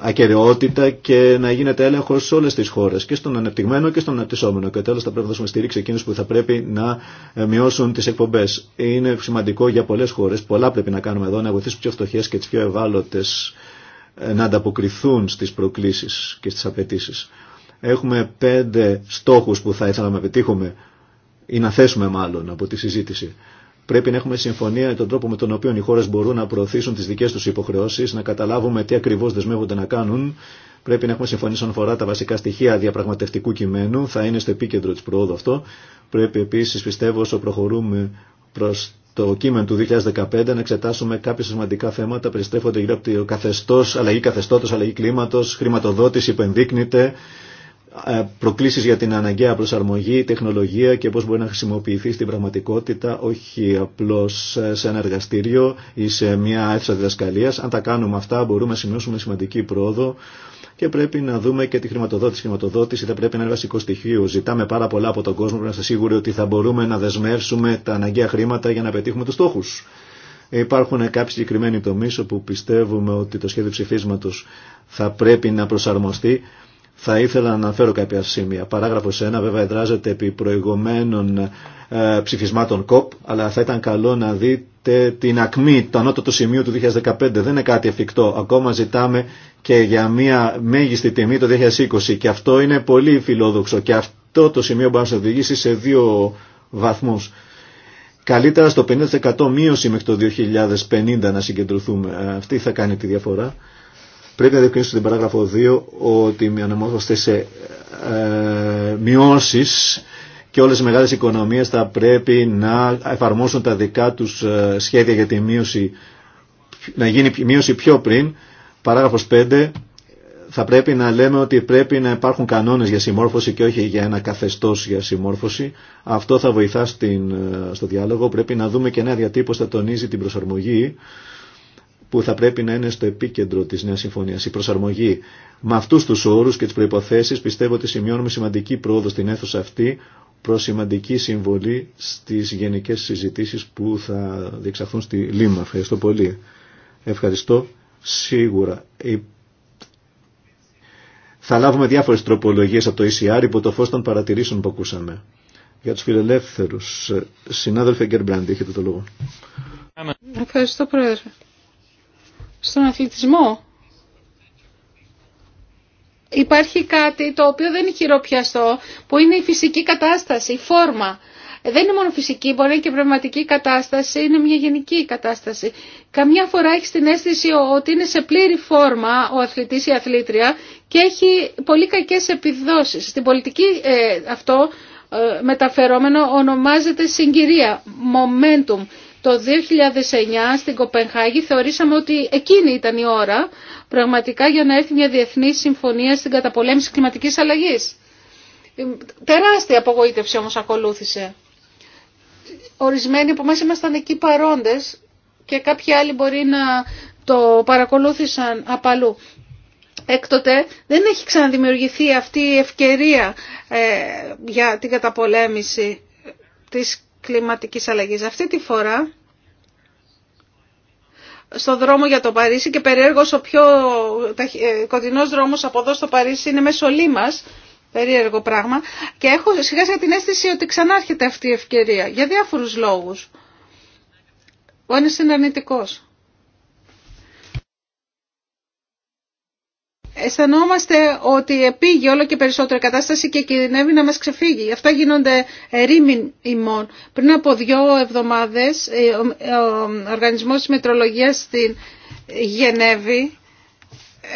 ακαιρεότητα και να γίνεται έλεγχο σε όλε τι χώρε, και στον ανεπτυγμένο και στον αναπτυσσόμενο. Και τέλο θα πρέπει να δώσουμε στηρίξη εκείνου που θα πρέπει να ε, μειώσουν τι εκπομπέ. Είναι σημαντικό για πολλέ χώρε, πολλά πρέπει να κάνουμε εδώ, να βοηθήσουμε τι πιο φτωχέ και τι πιο ευάλωτε ε, να ανταποκριθούν στις προκλήσεις και στις απαιτήσει. Έχουμε πέντε στόχους που θα ήθελα να πετύχουμε ή να θέσουμε μάλλον από τη συζήτηση. Πρέπει να έχουμε συμφωνία για τον τρόπο με τον οποίο οι χώρε μπορούν να προωθήσουν τι δικέ του υποχρεώσει, να καταλάβουμε τι ακριβώ δεσμεύονται να κάνουν. Πρέπει να έχουμε συμφωνήσει όσον αφορά τα βασικά στοιχεία διαπραγματευτικού κειμένου. Θα είναι στο επίκεντρο τη προόδου αυτό. Πρέπει επίση, πιστεύω, όσο προχωρούμε προ το κείμενο του 2015 να εξετάσουμε κάποια σημαντικά θέματα περιστρέφονται γύρω από το καθεστώ, αλλαγή καθεστώτο, αλλαγή κλίματο, χρηματοδότηση που ενδείκνεται, ε, προκλήσεις για την αναγκαία προσαρμογή, τεχνολογία και πώς μπορεί να χρησιμοποιηθεί στην πραγματικότητα, όχι απλώς σε ένα εργαστήριο ή σε μια αίθουσα διδασκαλίας. Αν τα κάνουμε αυτά μπορούμε να σημειώσουμε σημαντική πρόοδο και πρέπει να δούμε και τη χρηματοδότηση. Η χρηματοδότηση θα πρέπει να είναι βασικό στοιχείο. Ζητάμε πάρα πολλά από τον κόσμο, πρέπει να είστε σίγουροι ότι θα μπορούμε να δεσμεύσουμε τα αναγκαία χρήματα για να πετύχουμε τους στόχους. Υπάρχουν κάποιοι συγκεκριμένοι τομείς όπου πιστεύουμε ότι το σχέδιο ψηφίσματος θα πρέπει να προσαρμοστεί θα ήθελα να αναφέρω κάποια σημεία. Παράγραφος 1 βέβαια εδράζεται επί προηγουμένων ε, ψηφισμάτων ΚΟΠ, αλλά θα ήταν καλό να δείτε την ακμή, το ανώτατο σημείο του 2015. Δεν είναι κάτι εφικτό. Ακόμα ζητάμε και για μια μέγιστη τιμή το 2020 και αυτό είναι πολύ φιλόδοξο και αυτό το σημείο μπορεί να σε οδηγήσει σε δύο βαθμούς. Καλύτερα στο 50% μείωση μέχρι το 2050 να συγκεντρωθούμε. Ε, αυτή θα κάνει τη διαφορά. Πρέπει να διευκρινίσω στην παράγραφο 2 ότι αναμόρφωστε σε ε, μειώσεις και όλες οι μεγάλες οικονομίες θα πρέπει να εφαρμόσουν τα δικά τους ε, σχέδια για τη μείωση, να γίνει μείωση πιο πριν. Παράγραφος 5 θα πρέπει να λέμε ότι πρέπει να υπάρχουν κανόνες για συμμόρφωση και όχι για ένα καθεστώς για συμμόρφωση. Αυτό θα βοηθά στην, ε, στο διάλογο. Πρέπει να δούμε και νέα διατύπωση θα τονίζει την προσαρμογή που θα πρέπει να είναι στο επίκεντρο της νέας συμφωνίας, η προσαρμογή. Με αυτούς τους όρους και τις προϋποθέσεις πιστεύω ότι σημειώνουμε σημαντική πρόοδο στην αίθουσα αυτή προς σημαντική συμβολή στις γενικές συζητήσεις που θα διεξαχθούν στη Λίμα. Ευχαριστώ πολύ. Ευχαριστώ σίγουρα. Θα λάβουμε διάφορες τροπολογίες από το ECR υπό το φως των παρατηρήσεων που ακούσαμε. Για τους φιλελεύθερους. Συνάδελφε Γκερμπραντ, έχετε το λόγο. Ευχαριστώ Πρόεδρε στον αθλητισμό. Υπάρχει κάτι το οποίο δεν είναι χειροπιαστό, που είναι η φυσική κατάσταση, η φόρμα. Δεν είναι μόνο φυσική, μπορεί να είναι και πνευματική κατάσταση, είναι μια γενική κατάσταση. Καμιά φορά έχει την αίσθηση ότι είναι σε πλήρη φόρμα ο αθλητής ή η αθλήτρια και έχει πολύ κακές επιδόσεις. Στην πολιτική ε, αυτό ε, μεταφερόμενο ονομάζεται συγκυρία, momentum. Το 2009 στην Κοπενχάγη θεωρήσαμε ότι εκείνη ήταν η ώρα πραγματικά για να έρθει μια διεθνή συμφωνία στην καταπολέμηση κλιματικής αλλαγής. Τεράστια απογοήτευση όμως ακολούθησε. Ορισμένοι από εμάς ήμασταν εκεί παρόντες και κάποιοι άλλοι μπορεί να το παρακολούθησαν απαλού. Έκτοτε δεν έχει ξαναδημιουργηθεί αυτή η ευκαιρία ε, για την καταπολέμηση της κλιματικής αλλαγής. Αυτή τη φορά στο δρόμο για το Παρίσι και περίεργος ο πιο ε, κοντινός δρόμος από εδώ στο Παρίσι είναι μέσω Λίμας, περίεργο πράγμα, και έχω σιγά σιγά την αίσθηση ότι ξανάρχεται αυτή η ευκαιρία, για διάφορους λόγους. Ο είναι αρνητικός. αισθανόμαστε ότι επήγει όλο και περισσότερο η κατάσταση και κινδυνεύει να μας ξεφύγει. Αυτά γίνονται ερήμην ημών. Πριν από δύο εβδομάδες ε, ο Οργανισμός Μετρολογίας στην Γενέβη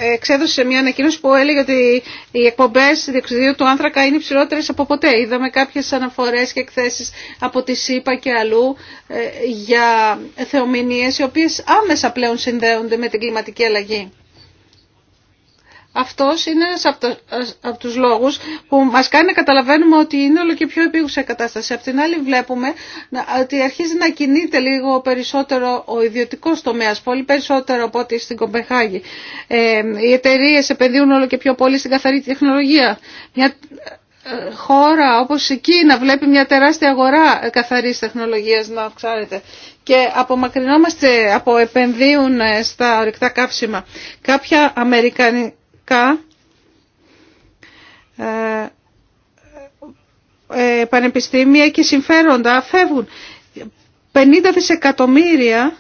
ε, εξέδωσε μια ανακοίνωση που έλεγε ότι οι εκπομπές διοξιδίου του άνθρακα είναι υψηλότερε από ποτέ. Είδαμε κάποιες αναφορές και εκθέσεις από τη ΣΥΠΑ και αλλού ε, για θεομηνίες οι οποίες άμεσα πλέον συνδέονται με την κλιματική αλλαγή. Αυτός είναι ένας από, το, από τους λόγους που μας κάνει να καταλαβαίνουμε ότι είναι όλο και πιο επίγουσα κατάσταση. Απ' την άλλη βλέπουμε ότι αρχίζει να κινείται λίγο περισσότερο ο ιδιωτικός τομέας, πολύ περισσότερο από ό,τι στην Κομπεχάγη. Ε, οι εταιρείε επενδύουν όλο και πιο πολύ στην καθαρή τεχνολογία. Μια ε, χώρα όπως η Κίνα βλέπει μια τεράστια αγορά καθαρής τεχνολογίας να αυξάνεται και απομακρυνόμαστε από επενδύουν ε, στα ορυκτά καύσιμα. Κάποια Αμερικανικά ε, ε, πανεπιστήμια και συμφέροντα φεύγουν. 50 δισεκατομμύρια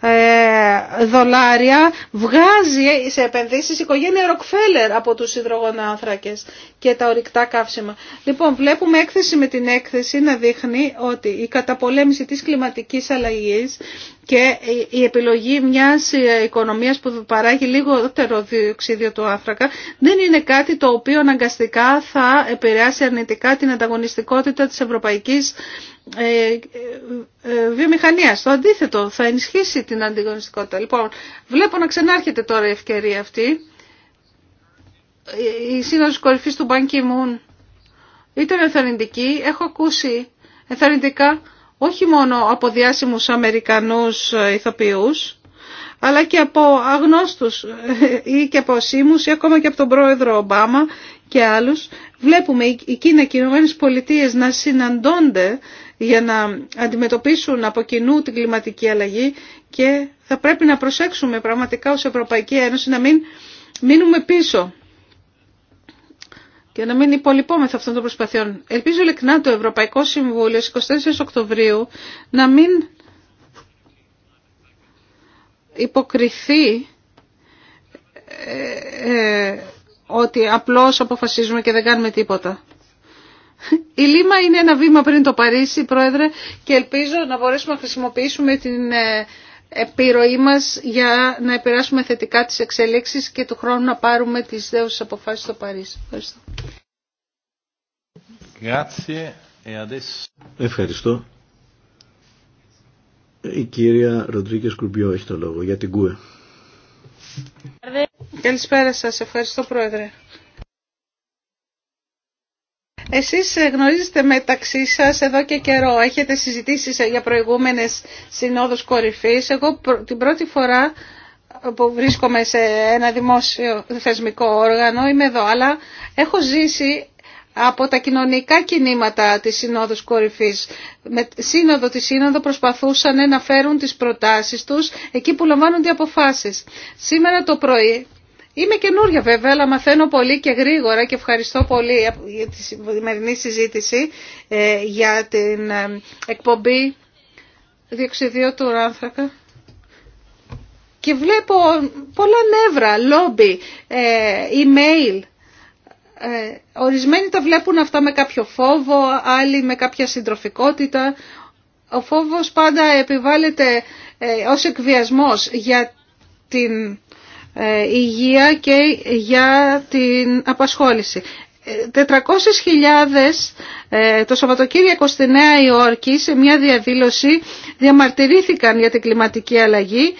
ε, δολάρια βγάζει σε επενδύσεις η οικογένεια Ροκφέλερ από τους υδρογονάνθρακες και τα ορυκτά καύσιμα. Λοιπόν, βλέπουμε έκθεση με την έκθεση να δείχνει ότι η καταπολέμηση της κλιματικής αλλαγής και η επιλογή μιας οικονομίας που παράγει λιγότερο διοξίδιο του άνθρακα δεν είναι κάτι το οποίο αναγκαστικά θα επηρεάσει αρνητικά την ανταγωνιστικότητα της ευρωπαϊκής ε, ε, ε, βιομηχανίας. Το αντίθετο θα ενισχύσει την ανταγωνιστικότητα. Λοιπόν, βλέπω να ξανάρχεται τώρα η ευκαιρία αυτή. Η σύνοδο κορυφής του Ban ήταν εθαρρυντική. Έχω ακούσει εθαρρυντικά όχι μόνο από διάσημους Αμερικανούς ε, ηθοποιούς, αλλά και από αγνώστους ε, ή και από σήμους ή ακόμα και από τον πρόεδρο Ομπάμα και άλλους. Βλέπουμε η Κίνα και οι Ηνωμένες Πολιτείες να συναντώνται για να αντιμετωπίσουν από κοινού την κλιματική αλλαγή και θα πρέπει να προσέξουμε πραγματικά ως Ευρωπαϊκή Ένωση να μην μείνουμε πίσω για να μην υπολοιπόμεθα αυτών των προσπαθειών. Ελπίζω ειλικρινά το Ευρωπαϊκό Συμβούλιο στις 24 Οκτωβρίου να μην υποκριθεί ε, ε, ότι απλώς αποφασίζουμε και δεν κάνουμε τίποτα. Η Λίμα είναι ένα βήμα πριν το Παρίσι, Πρόεδρε, και ελπίζω να μπορέσουμε να χρησιμοποιήσουμε την ε, επιρροή μας για να επηρεάσουμε θετικά τις εξελίξεις και του χρόνου να πάρουμε τις δέουσε αποφάσεις στο Παρίσι. Ευχαριστώ. E Ευχαριστώ. Η κυρία Ροντρίκες Κουρμπιό έχει το λόγο για την ΚΟΕ. Καλησπέρα σας. Ευχαριστώ Πρόεδρε. Εσείς ε, γνωρίζετε μεταξύ σας εδώ και καιρό. Έχετε συζητήσει ε, για προηγούμενες συνόδους κορυφής. Εγώ την πρώτη φορά ε, που βρίσκομαι σε ένα δημόσιο θεσμικό όργανο είμαι εδώ, αλλά έχω ζήσει από τα κοινωνικά κινήματα της Συνόδου Κορυφής. Με σύνοδο τη Σύνοδο προσπαθούσαν να φέρουν τις προτάσεις τους εκεί που λαμβάνονται οι αποφάσεις. Σήμερα το πρωί Είμαι καινούρια βέβαια, αλλά μαθαίνω πολύ και γρήγορα και ευχαριστώ πολύ για τη σημερινή συζήτηση ε, για την ε, εκπομπή διοξιδίου του άνθρακα. Και βλέπω πολλά νεύρα, λόμπι, ε, email. Ορισμένοι τα βλέπουν αυτά με κάποιο φόβο, άλλοι με κάποια συντροφικότητα. Ο φόβος πάντα επιβάλλεται ως εκβιασμός για την ε, υγεία και για την απασχόληση. 400.000 ε, ε, το Σαββατοκύριακο στη Νέα Υόρκη σε μια διαδήλωση διαμαρτυρήθηκαν για την κλιματική αλλαγή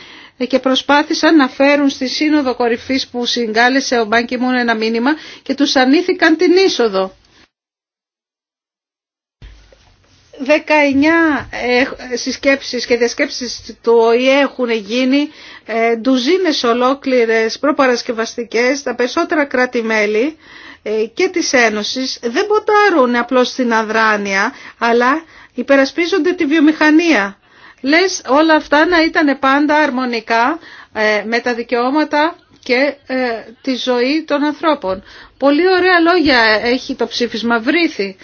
και προσπάθησαν να φέρουν στη Σύνοδο Κορυφής που συγκάλεσε ο Μπάνκι Μούν ένα μήνυμα και τους ανήθηκαν την είσοδο. 19 ε, συσκέψεις και διασκέψεις του ΟΗΕ έχουν γίνει, ε, ντουζίνες ολόκληρες προπαρασκευαστικές, τα περισσότερα κράτη-μέλη ε, και της Ένωσης δεν ποτάρουν απλώς την αδράνεια, αλλά υπερασπίζονται τη βιομηχανία. Λες όλα αυτά να ήταν πάντα αρμονικά με τα δικαιώματα και τη ζωή των ανθρώπων. Πολύ ωραία λόγια έχει το ψήφισμα βρήθη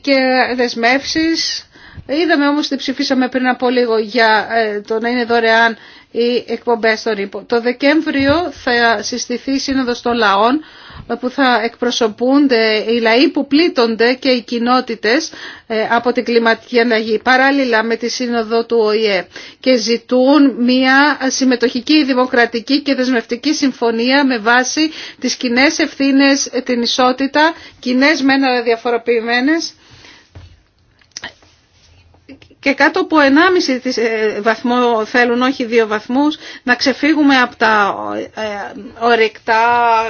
και δεσμεύσεις. Είδαμε όμως ότι ψηφίσαμε πριν από λίγο για ε, το να είναι δωρεάν οι εκπομπές στον ΥΠΟ Το Δεκέμβριο θα συστηθεί η Σύνοδος των Λαών που θα εκπροσωπούνται οι λαοί που πλήττονται και οι κοινότητες ε, από την κλιματική αλλαγή παράλληλα με τη σύνοδο του ΟΗΕ και ζητούν μια συμμετοχική, δημοκρατική και δεσμευτική συμφωνία με βάση τις κοινέ ευθύνε, την ισότητα, κοινέ μένα διαφοροποιημένες και κάτω από 1,5 ε, βαθμό θέλουν, όχι 2 βαθμούς, να ξεφύγουμε από τα ε, ορυκτά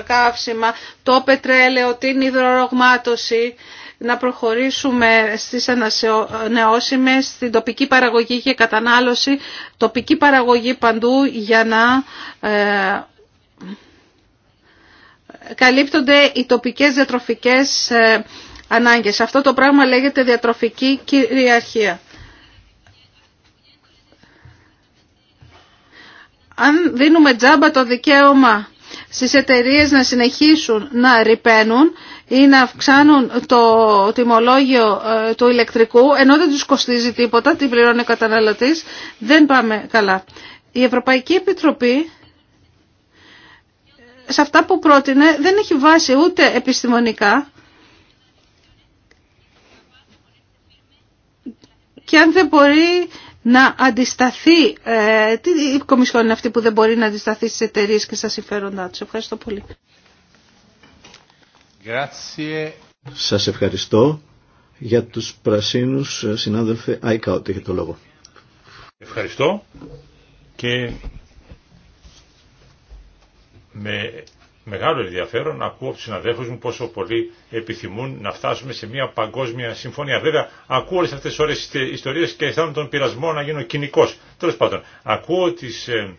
καύσιμα, το πετρέλαιο, την υδρορογμάτωση, να προχωρήσουμε στις ανανεώσιμες, στην τοπική παραγωγή και κατανάλωση, τοπική παραγωγή παντού για να ε, καλύπτονται οι τοπικές διατροφικές ανάγκες. Αυτό το πράγμα λέγεται διατροφική κυριαρχία. αν δίνουμε τζάμπα το δικαίωμα στις εταιρείες να συνεχίσουν να ρηπαίνουν ή να αυξάνουν το τιμολόγιο ε, του ηλεκτρικού, ενώ δεν τους κοστίζει τίποτα, την πληρώνει ο καταναλωτής, δεν πάμε καλά. Η Ευρωπαϊκή Επιτροπή σε αυτά που πρότεινε δεν έχει βάση ούτε επιστημονικά και αν δεν μπορεί να αντισταθεί. Ε, τι η Κομισιόν είναι αυτή που δεν μπορεί να αντισταθεί στι εταιρείε και στα συμφέροντά του. Ευχαριστώ πολύ. Σας ευχαριστώ για τους πρασίνους ε, συνάδελφε ότι είχε το λόγο. Ευχαριστώ και με μεγάλο ενδιαφέρον να ακούω από τους συναδέλφους μου πόσο πολλοί επιθυμούν να φτάσουμε σε μια παγκόσμια συμφωνία. Βέβαια, ακούω όλες αυτές τις ώρες τις ιστορίες και αισθάνομαι τον πειρασμό να γίνω κοινικός. Τέλος πάντων, ακούω τις ε,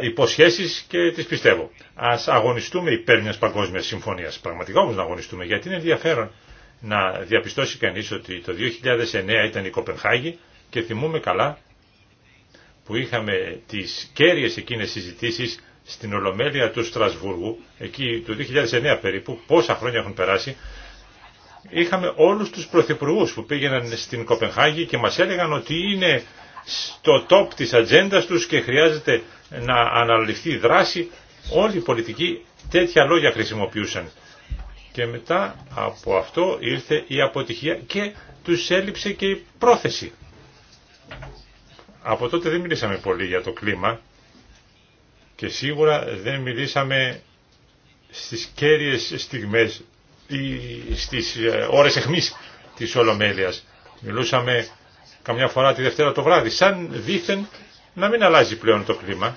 ε, υποσχέσεις και τις πιστεύω. Ας αγωνιστούμε υπέρ μιας παγκόσμιας συμφωνίας. Πραγματικά όμως να αγωνιστούμε, γιατί είναι ενδιαφέρον να διαπιστώσει κανείς ότι το 2009 ήταν η Κοπενχάγη και θυμούμε καλά που είχαμε τις κέρυες εκείνες συζητήσεις στην Ολομέλεια του Στρασβούργου, εκεί το 2009 περίπου, πόσα χρόνια έχουν περάσει, είχαμε όλους τους πρωθυπουργού που πήγαιναν στην Κοπενχάγη και μας έλεγαν ότι είναι στο top της ατζέντα τους και χρειάζεται να αναλυφθεί δράση. Όλοι οι πολιτικοί τέτοια λόγια χρησιμοποιούσαν. Και μετά από αυτό ήρθε η αποτυχία και τους έλειψε και η πρόθεση. Από τότε δεν μιλήσαμε πολύ για το κλίμα και σίγουρα δεν μιλήσαμε στις κέρυες στιγμές ή στις ε, ώρες εχμής της Ολομέλειας. Μιλούσαμε καμιά φορά τη Δευτέρα το βράδυ, σαν δήθεν να μην αλλάζει πλέον το κλίμα.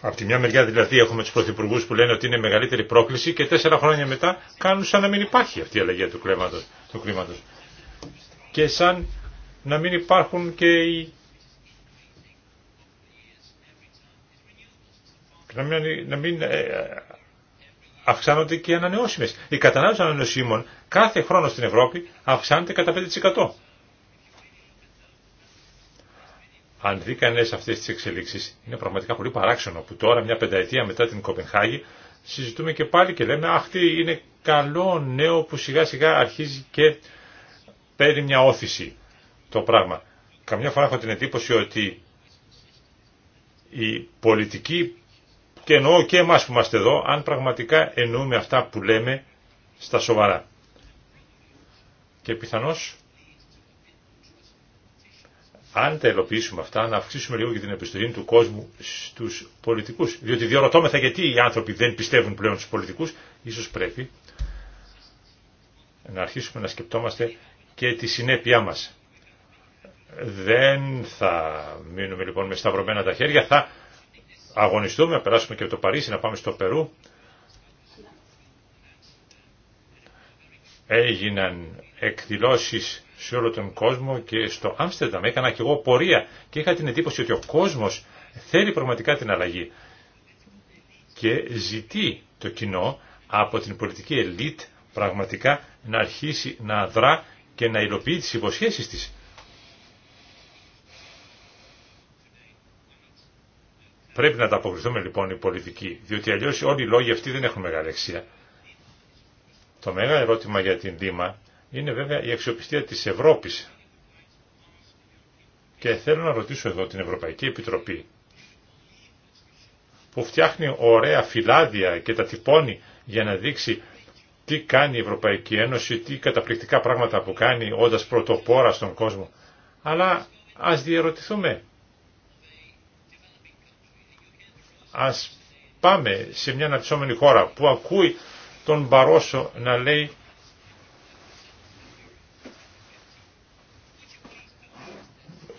Από τη μια μεριά δηλαδή έχουμε τους πρωθυπουργούς που λένε ότι είναι μεγαλύτερη πρόκληση και τέσσερα χρόνια μετά κάνουν σαν να μην υπάρχει αυτή η αλλαγή του κλίματος. Και σαν να μην υπάρχουν και οι να μην, ε, αυξάνονται και οι ανανεώσιμες. Η κατανάλωση ανανεωσίμων κάθε χρόνο στην Ευρώπη αυξάνεται κατά 5%. Αν δει κανεί αυτέ τι εξελίξει, είναι πραγματικά πολύ παράξενο που τώρα, μια πενταετία μετά την Κοπενχάγη, συζητούμε και πάλι και λέμε Αχ, τι είναι καλό νέο που σιγά σιγά αρχίζει και παίρνει μια όθηση το πράγμα. Καμιά φορά έχω την εντύπωση ότι η πολιτική και εννοώ και εμάς που είμαστε εδώ, αν πραγματικά εννοούμε αυτά που λέμε στα σοβαρά. Και πιθανώς, αν τα ελοποιήσουμε αυτά, να αυξήσουμε λίγο και την εμπιστοσύνη του κόσμου στους πολιτικούς. Διότι διορωτώμεθα γιατί οι άνθρωποι δεν πιστεύουν πλέον στους πολιτικούς, ίσως πρέπει να αρχίσουμε να σκεπτόμαστε και τη συνέπειά μας. Δεν θα μείνουμε λοιπόν με σταυρωμένα τα χέρια, θα αγωνιστούμε, να περάσουμε και από το Παρίσι, να πάμε στο Περού. Έγιναν εκδηλώσεις σε όλο τον κόσμο και στο Άμστερνταμ έκανα και εγώ πορεία και είχα την εντύπωση ότι ο κόσμος θέλει πραγματικά την αλλαγή και ζητεί το κοινό από την πολιτική ελίτ πραγματικά να αρχίσει να δρά και να υλοποιεί τις υποσχέσεις της. Πρέπει να τα αποκριθούμε λοιπόν οι πολιτικοί, διότι αλλιώς όλοι οι λόγοι αυτοί δεν έχουν μεγάλη αξία. Το μεγάλο ερώτημα για την Δήμα είναι βέβαια η αξιοπιστία της Ευρώπης. Και θέλω να ρωτήσω εδώ την Ευρωπαϊκή Επιτροπή που φτιάχνει ωραία φυλάδια και τα τυπώνει για να δείξει τι κάνει η Ευρωπαϊκή Ένωση, τι καταπληκτικά πράγματα που κάνει όντας πρωτοπόρα στον κόσμο. Αλλά ας διαρωτηθούμε Ας πάμε σε μια αναπτυσσόμενη χώρα που ακούει τον Μπαρόσο να λέει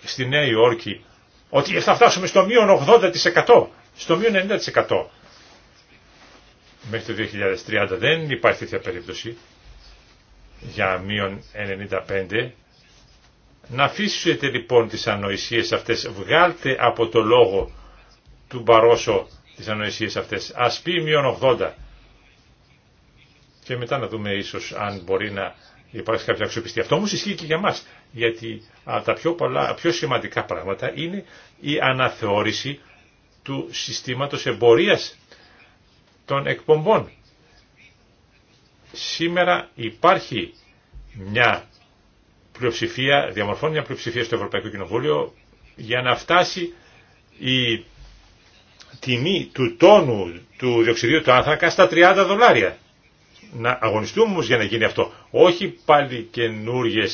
στη Νέα Υόρκη ότι θα φτάσουμε στο μείον 80%, στο μείον 90% μέχρι το 2030. Δεν υπάρχει τέτοια περίπτωση για μείον 95%. Να αφήσετε λοιπόν τις ανοησίες αυτές, βγάλτε από το λόγο του Μπαρόσο τις ανοησίες αυτές. Ας πει μείον 80 και μετά να δούμε ίσως αν μπορεί να υπάρξει κάποια αξιοπιστία. Αυτό όμως ισχύει και για μας, γιατί τα πιο, πολλά, πιο σημαντικά πράγματα είναι η αναθεώρηση του συστήματος εμπορίας των εκπομπών. Σήμερα υπάρχει μια πλειοψηφία, διαμορφώνει μια πλειοψηφία στο Ευρωπαϊκό Κοινοβούλιο για να φτάσει η τιμή του τόνου του διοξιδίου του άνθρακα στα 30 δολάρια. Να αγωνιστούμε όμως για να γίνει αυτό. Όχι πάλι καινούριε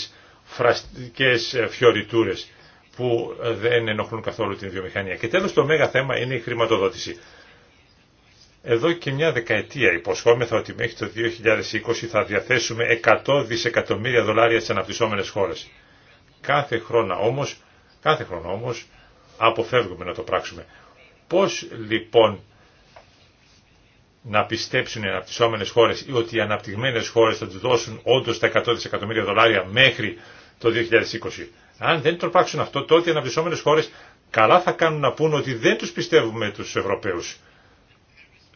φραστικές φιωριτούρες που δεν ενοχλούν καθόλου την βιομηχανία. Και τέλος το μέγα θέμα είναι η χρηματοδότηση. Εδώ και μια δεκαετία υποσχόμεθα ότι μέχρι το 2020 θα διαθέσουμε 100 δισεκατομμύρια δολάρια στις αναπτυσσόμενες χώρες. Κάθε χρόνο όμως, κάθε χρόνο όμως αποφεύγουμε να το πράξουμε. Πώς λοιπόν να πιστέψουν οι αναπτυσσόμενες χώρες ή ότι οι αναπτυγμένες χώρες θα τους δώσουν όντως τα 100 δισεκατομμύρια δολάρια μέχρι το 2020. Αν δεν τροπάξουν αυτό, τότε οι αναπτυσσόμενες χώρες καλά θα κάνουν να πούν ότι δεν τους πιστεύουμε τους Ευρωπαίους.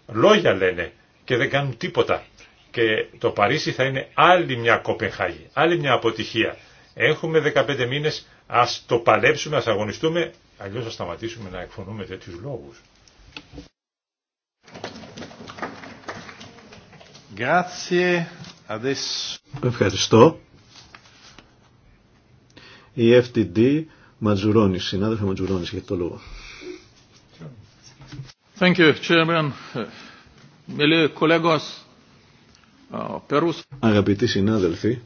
Λόγια λένε και δεν κάνουν τίποτα. Και το Παρίσι θα είναι άλλη μια Κοπενχάγη, άλλη μια αποτυχία. Έχουμε 15 μήνες, ας το παλέψουμε, ας αγωνιστούμε, Αλλιώς θα σταματήσουμε να εκφωνούμε τέτοιους λόγους. Ευχαριστώ. Η FTD Ματζουρόνη, συνάδελφε Ματζουρόνη, για το λόγο. Thank you, Chairman. Αγαπητοί συνάδελφοι,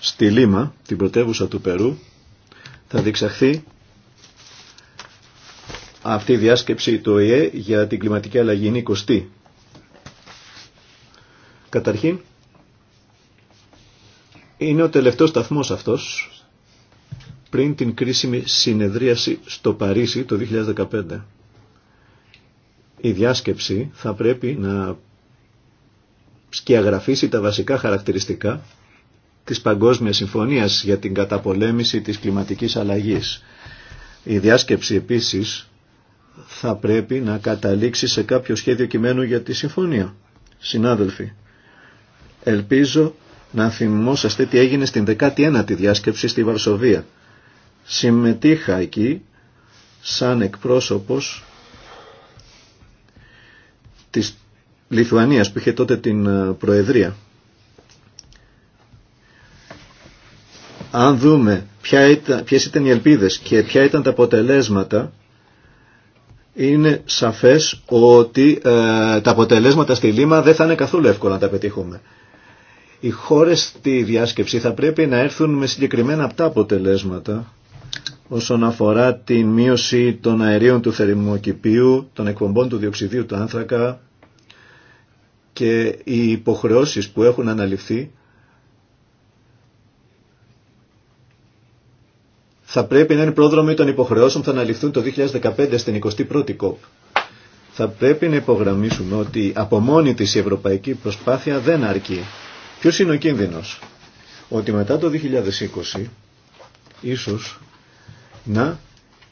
στη Λίμα, την πρωτεύουσα του Περού, θα διεξαχθεί αυτή η διάσκεψη του ΟΗΕ για την κλιματική αλλαγή είναι 20. Καταρχήν, είναι ο τελευταίος σταθμός αυτός πριν την κρίσιμη συνεδρίαση στο Παρίσι το 2015. Η διάσκεψη θα πρέπει να σκιαγραφίσει τα βασικά χαρακτηριστικά της Παγκόσμιας Συμφωνίας για την καταπολέμηση της κλιματικής αλλαγής. Η διάσκεψη επίσης θα πρέπει να καταλήξει σε κάποιο σχέδιο κειμένου για τη συμφωνία. Συνάδελφοι, ελπίζω να θυμόσαστε τι έγινε στην 19η διάσκεψη στη Βαρσοβία. Συμμετείχα εκεί σαν εκπρόσωπος της Λιθουανίας που είχε τότε την ε, Προεδρία. Αν δούμε ποια ήταν, ποιες ήταν οι ελπίδες και ποια ήταν τα αποτελέσματα, είναι σαφές ότι ε, τα αποτελέσματα στη Λίμα δεν θα είναι καθόλου εύκολα να τα πετύχουμε. Οι χώρες στη διάσκεψη θα πρέπει να έρθουν με συγκεκριμένα αυτά αποτελέσματα όσον αφορά τη μείωση των αερίων του θερμοκηπίου, των εκπομπών του διοξιδίου του άνθρακα και οι υποχρεώσεις που έχουν αναλυφθεί θα πρέπει να είναι πρόδρομοι των υποχρεώσεων που θα αναλυθούν το 2015 στην 21η ΚΟΠ. Θα πρέπει να υπογραμμίσουμε ότι από μόνη της η ευρωπαϊκή προσπάθεια δεν αρκεί. Ποιο είναι ο κίνδυνος? Ότι μετά το 2020 ίσως να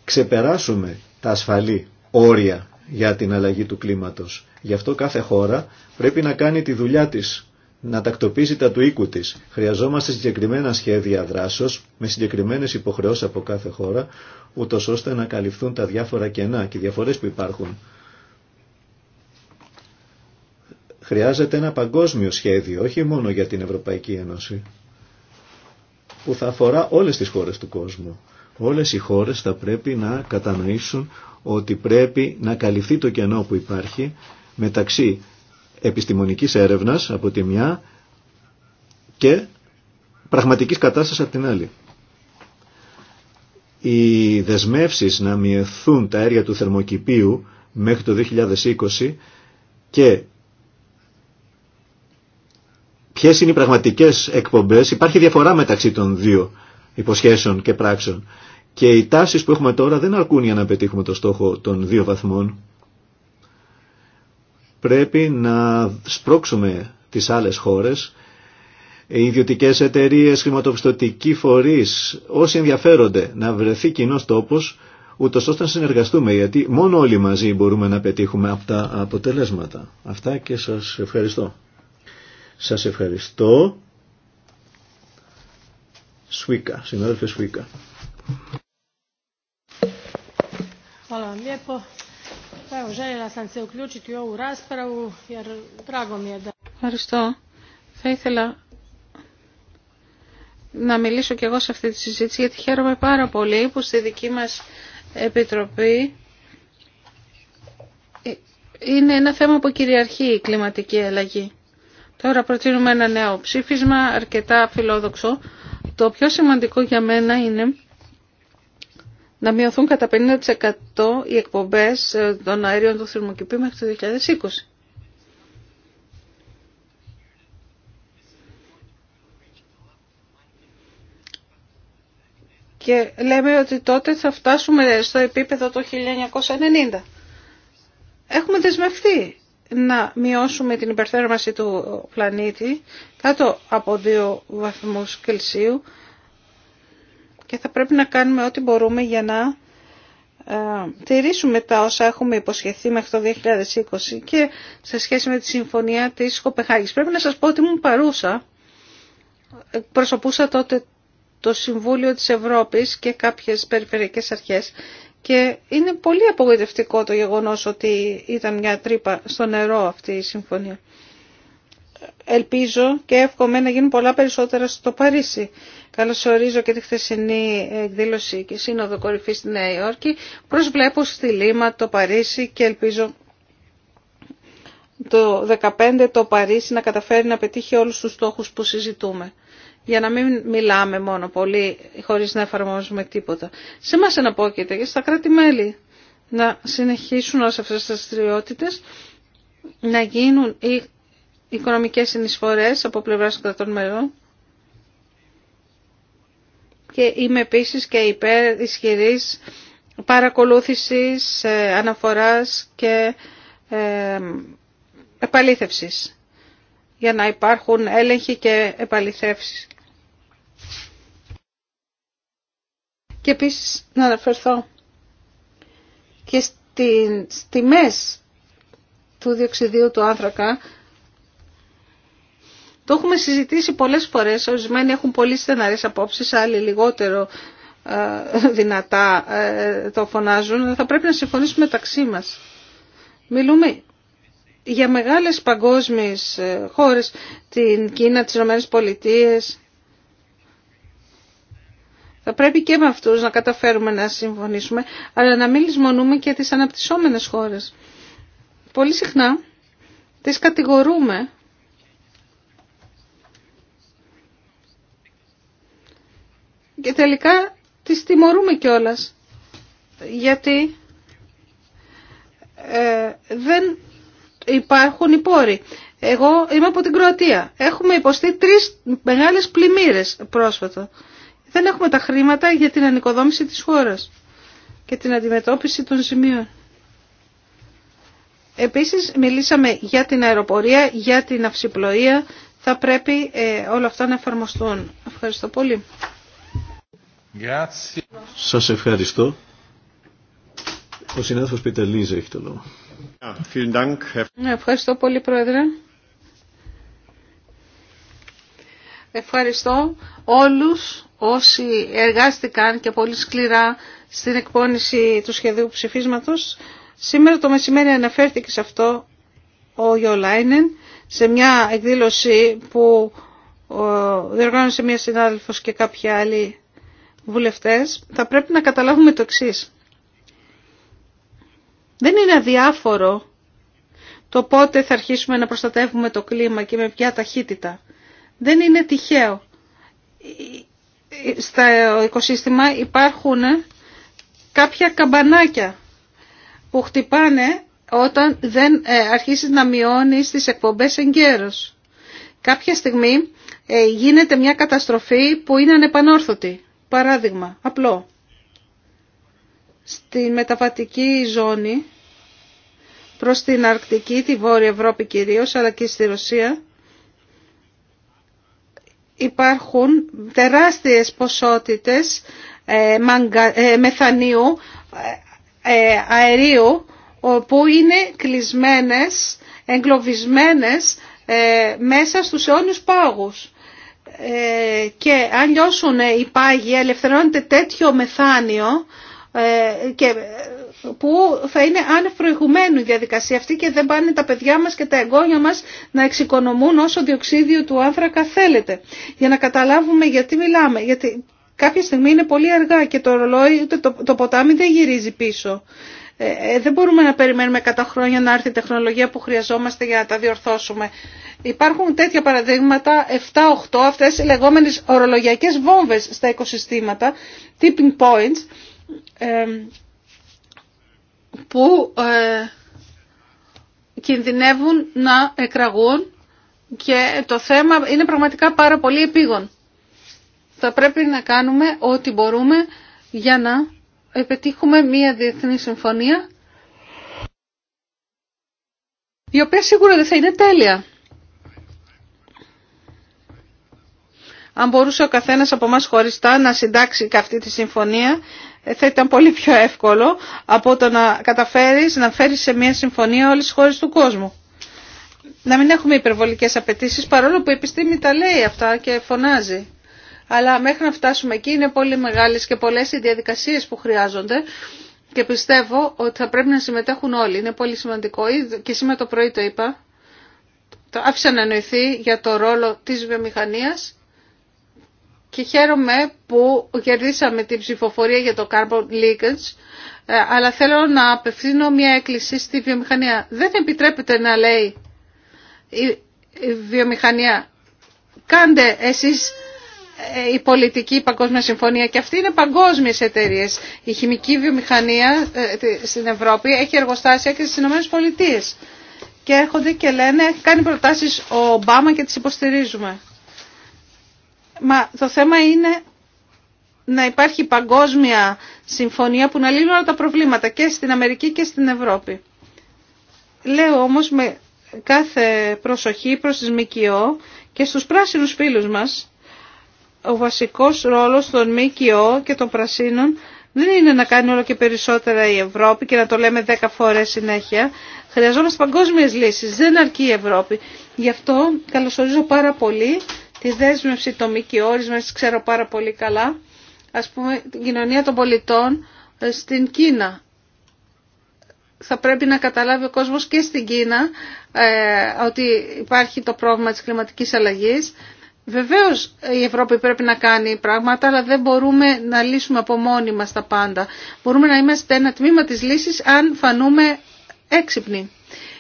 ξεπεράσουμε τα ασφαλή όρια για την αλλαγή του κλίματος. Γι' αυτό κάθε χώρα πρέπει να κάνει τη δουλειά της να τακτοποιήσει τα του οίκου της. Χρειαζόμαστε συγκεκριμένα σχέδια δράσεως με συγκεκριμένες υποχρεώσεις από κάθε χώρα, ούτω ώστε να καλυφθούν τα διάφορα κενά και οι διαφορές που υπάρχουν. Χρειάζεται ένα παγκόσμιο σχέδιο, όχι μόνο για την Ευρωπαϊκή Ένωση, που θα αφορά όλες τις χώρες του κόσμου. Όλες οι χώρες θα πρέπει να κατανοήσουν ότι πρέπει να καλυφθεί το κενό που υπάρχει μεταξύ επιστημονικής έρευνας από τη μια και πραγματικής κατάστασης από την άλλη. Οι δεσμεύσεις να μειωθούν τα αέρια του θερμοκηπίου μέχρι το 2020 και ποιες είναι οι πραγματικές εκπομπές, υπάρχει διαφορά μεταξύ των δύο υποσχέσεων και πράξεων. Και οι τάσεις που έχουμε τώρα δεν αρκούν για να πετύχουμε το στόχο των δύο βαθμών πρέπει να σπρώξουμε τις άλλες χώρες, οι ιδιωτικές εταιρείες, χρηματοπιστωτικοί φορείς, όσοι ενδιαφέρονται να βρεθεί κοινό τόπος, ούτω ώστε να συνεργαστούμε, γιατί μόνο όλοι μαζί μπορούμε να πετύχουμε αυτά τα αποτελέσματα. Αυτά και σας ευχαριστώ. Σας ευχαριστώ. Σουίκα, συνάδελφε Σουίκα. Ευχαριστώ. Θα ήθελα να μιλήσω κι εγώ σε αυτή τη συζήτηση γιατί χαίρομαι πάρα πολύ που στη δική μας Επιτροπή είναι ένα θέμα που κυριαρχεί η κλιματική αλλαγή. Τώρα προτείνουμε ένα νέο ψήφισμα αρκετά φιλόδοξο. Το πιο σημαντικό για μένα είναι να μειωθούν κατά 50% οι εκπομπές ε, των αερίων του θερμοκηπίου μέχρι το 2020. Και λέμε ότι τότε θα φτάσουμε στο επίπεδο το 1990. Έχουμε δεσμευτεί να μειώσουμε την υπερθέρμανση του πλανήτη κάτω από 2 βαθμούς Κελσίου και θα πρέπει να κάνουμε ό,τι μπορούμε για να ε, τηρήσουμε τα όσα έχουμε υποσχεθεί μέχρι το 2020 και σε σχέση με τη συμφωνία της Κοπεχάγης. Πρέπει να σας πω ότι μου παρούσα, προσωπούσα τότε το Συμβούλιο της Ευρώπης και κάποιες περιφερειακές αρχές και είναι πολύ απογοητευτικό το γεγονός ότι ήταν μια τρύπα στο νερό αυτή η συμφωνία ελπίζω και εύχομαι να γίνουν πολλά περισσότερα στο Παρίσι. Καλώς ορίζω και τη χθεσινή εκδήλωση και σύνοδο κορυφή στη Νέα Υόρκη. Προσβλέπω στη Λίμα το Παρίσι και ελπίζω το 15 το Παρίσι να καταφέρει να πετύχει όλους τους στόχους που συζητούμε. Για να μην μιλάμε μόνο πολύ χωρίς να εφαρμόζουμε τίποτα. Σε εμάς εναπόκειται και στα κράτη-μέλη να συνεχίσουν όλες αυτές τις δραστηριότητε να γίνουν οικονομικές συνεισφορές από πλευράς των κρατών μελών και είμαι επίσης και υπέρ ισχυρής παρακολούθησης, ε, αναφοράς και ε, επαλήθευσης για να υπάρχουν έλεγχοι και επαληθεύσεις. Και επίσης να αναφερθώ και στι τιμές του διοξιδίου του άνθρακα το έχουμε συζητήσει πολλές φορές, ορισμένοι έχουν πολύ στεναρές απόψεις, άλλοι λιγότερο ε, δυνατά ε, το φωνάζουν. Θα πρέπει να συμφωνήσουμε μεταξύ μας. Μιλούμε για μεγάλες παγκόσμιες ε, χώρες, την Κίνα, τις Ηνωμένες Πολιτείες. Θα πρέπει και με αυτούς να καταφέρουμε να συμφωνήσουμε, αλλά να μην λησμονούμε και τις αναπτυσσόμενες χώρες. Πολύ συχνά τις κατηγορούμε και τελικά τις τιμωρούμε κιόλα. γιατί ε, δεν υπάρχουν οι πόροι. Εγώ είμαι από την Κροατία. Έχουμε υποστεί τρεις μεγάλες πλημμύρες πρόσφατα. Δεν έχουμε τα χρήματα για την ανοικοδόμηση της χώρας και την αντιμετώπιση των ζημίων. Επίσης μιλήσαμε για την αεροπορία, για την αυσιπλοεία. Θα πρέπει ε, όλα αυτά να εφαρμοστούν. Ευχαριστώ πολύ. Σας ευχαριστώ. Ο συνάδελφος Πίτερ έχει το λόγο. Ναι, ευχαριστώ πολύ Πρόεδρε. Ευχαριστώ όλους όσοι εργάστηκαν και πολύ σκληρά στην εκπόνηση του σχεδίου ψηφίσματος. Σήμερα το μεσημέρι αναφέρθηκε σε αυτό ο Γιολάινεν σε μια εκδήλωση που ε, διοργάνωσε μια συνάδελφος και κάποια άλλη βουλευτές θα πρέπει να καταλάβουμε το εξής. Δεν είναι αδιάφορο το πότε θα αρχίσουμε να προστατεύουμε το κλίμα και με ποια ταχύτητα. Δεν είναι τυχαίο. Στα οικοσύστημα υπάρχουν κάποια καμπανάκια που χτυπάνε όταν δεν ε, αρχίσεις να μειώνεις τις εκπομπές εγκαίρως. Κάποια στιγμή ε, γίνεται μια καταστροφή που είναι ανεπανόρθωτη. Παράδειγμα, απλό. Στη μεταβατική ζώνη προς την Αρκτική, τη Βόρεια Ευρώπη κυρίως, αλλά και στη Ρωσία, υπάρχουν τεράστιες ποσότητες ε, ε, μεθανίου, ε, αερίου, που είναι κλεισμένες, εγκλωβισμένες μέσα στους αιώνιους πάγους. Ε, και αν λιώσουν ε, οι πάγοι ελευθερώνεται τέτοιο μεθάνιο ε, και που θα είναι άνευ η διαδικασία αυτή και δεν πάνε τα παιδιά μας και τα εγγόνια μας να εξοικονομούν όσο διοξίδιο του άνθρακα θέλετε. Για να καταλάβουμε γιατί μιλάμε. Γιατί κάποια στιγμή είναι πολύ αργά και το ρολόι, το, το ποτάμι δεν γυρίζει πίσω. Ε, ε, δεν μπορούμε να περιμένουμε 100 χρόνια να έρθει η τεχνολογία που χρειαζόμαστε για να τα διορθώσουμε. Υπάρχουν τέτοια παραδείγματα, 7-8, αυτές οι λεγόμενες ορολογιακές βόμβες στα οικοσυστήματα, tipping points, ε, που κινδυνεύουν να εκραγούν και το θέμα είναι πραγματικά πάρα πολύ επίγον. Θα πρέπει να κάνουμε ό,τι μπορούμε για να επιτύχουμε μία διεθνή συμφωνία η οποία σίγουρα δεν θα είναι τέλεια. Αν μπορούσε ο καθένας από εμά χωριστά να συντάξει και αυτή τη συμφωνία, ε, θα ήταν πολύ πιο εύκολο από το να καταφέρεις να φέρεις σε μια συμφωνία όλες τις χώρες του κόσμου. Να μην έχουμε υπερβολικές απαιτήσεις, παρόλο που η επιστήμη τα λέει αυτά και φωνάζει αλλά μέχρι να φτάσουμε εκεί είναι πολύ μεγάλες και πολλές οι διαδικασίες που χρειάζονται και πιστεύω ότι θα πρέπει να συμμετέχουν όλοι. Είναι πολύ σημαντικό και σήμερα το πρωί το είπα. Το άφησα να εννοηθεί για το ρόλο της βιομηχανίας και χαίρομαι που κερδίσαμε την ψηφοφορία για το carbon leakage, ε, αλλά θέλω να απευθύνω μια έκκληση στη βιομηχανία. Δεν επιτρέπεται να λέει η βιομηχανία, κάντε εσείς ε, η πολιτική παγκόσμια συμφωνία και αυτή είναι παγκόσμιες εταιρείε. Η χημική βιομηχανία ε, στην Ευρώπη έχει εργοστάσια και στις Ηνωμένες Και έρχονται και λένε, κάνει προτάσεις ο Ομπάμα και τις υποστηρίζουμε. Μα το θέμα είναι να υπάρχει παγκόσμια συμφωνία που να λύνει όλα τα προβλήματα και στην Αμερική και στην Ευρώπη. Λέω όμως με κάθε προσοχή προς τις ΜΚΟ και στους πράσινους φίλους μας ο βασικός ρόλος των ΜΚΟ και των Πρασίνων δεν είναι να κάνει όλο και περισσότερα η Ευρώπη και να το λέμε δέκα φορές συνέχεια. Χρειαζόμαστε παγκόσμιες λύσεις. Δεν αρκεί η Ευρώπη. Γι' αυτό καλωσορίζω πάρα πολύ τη δέσμευση των ΜΚΟ, τις ξέρω πάρα πολύ καλά, ας πούμε την κοινωνία των πολιτών ε, στην Κίνα. Θα πρέπει να καταλάβει ο κόσμος και στην Κίνα ε, ότι υπάρχει το πρόβλημα της κλιματικής αλλαγής Βεβαίως η Ευρώπη πρέπει να κάνει πράγματα, αλλά δεν μπορούμε να λύσουμε από μόνοι μας τα πάντα. Μπορούμε να είμαστε ένα τμήμα της λύσης αν φανούμε έξυπνοι.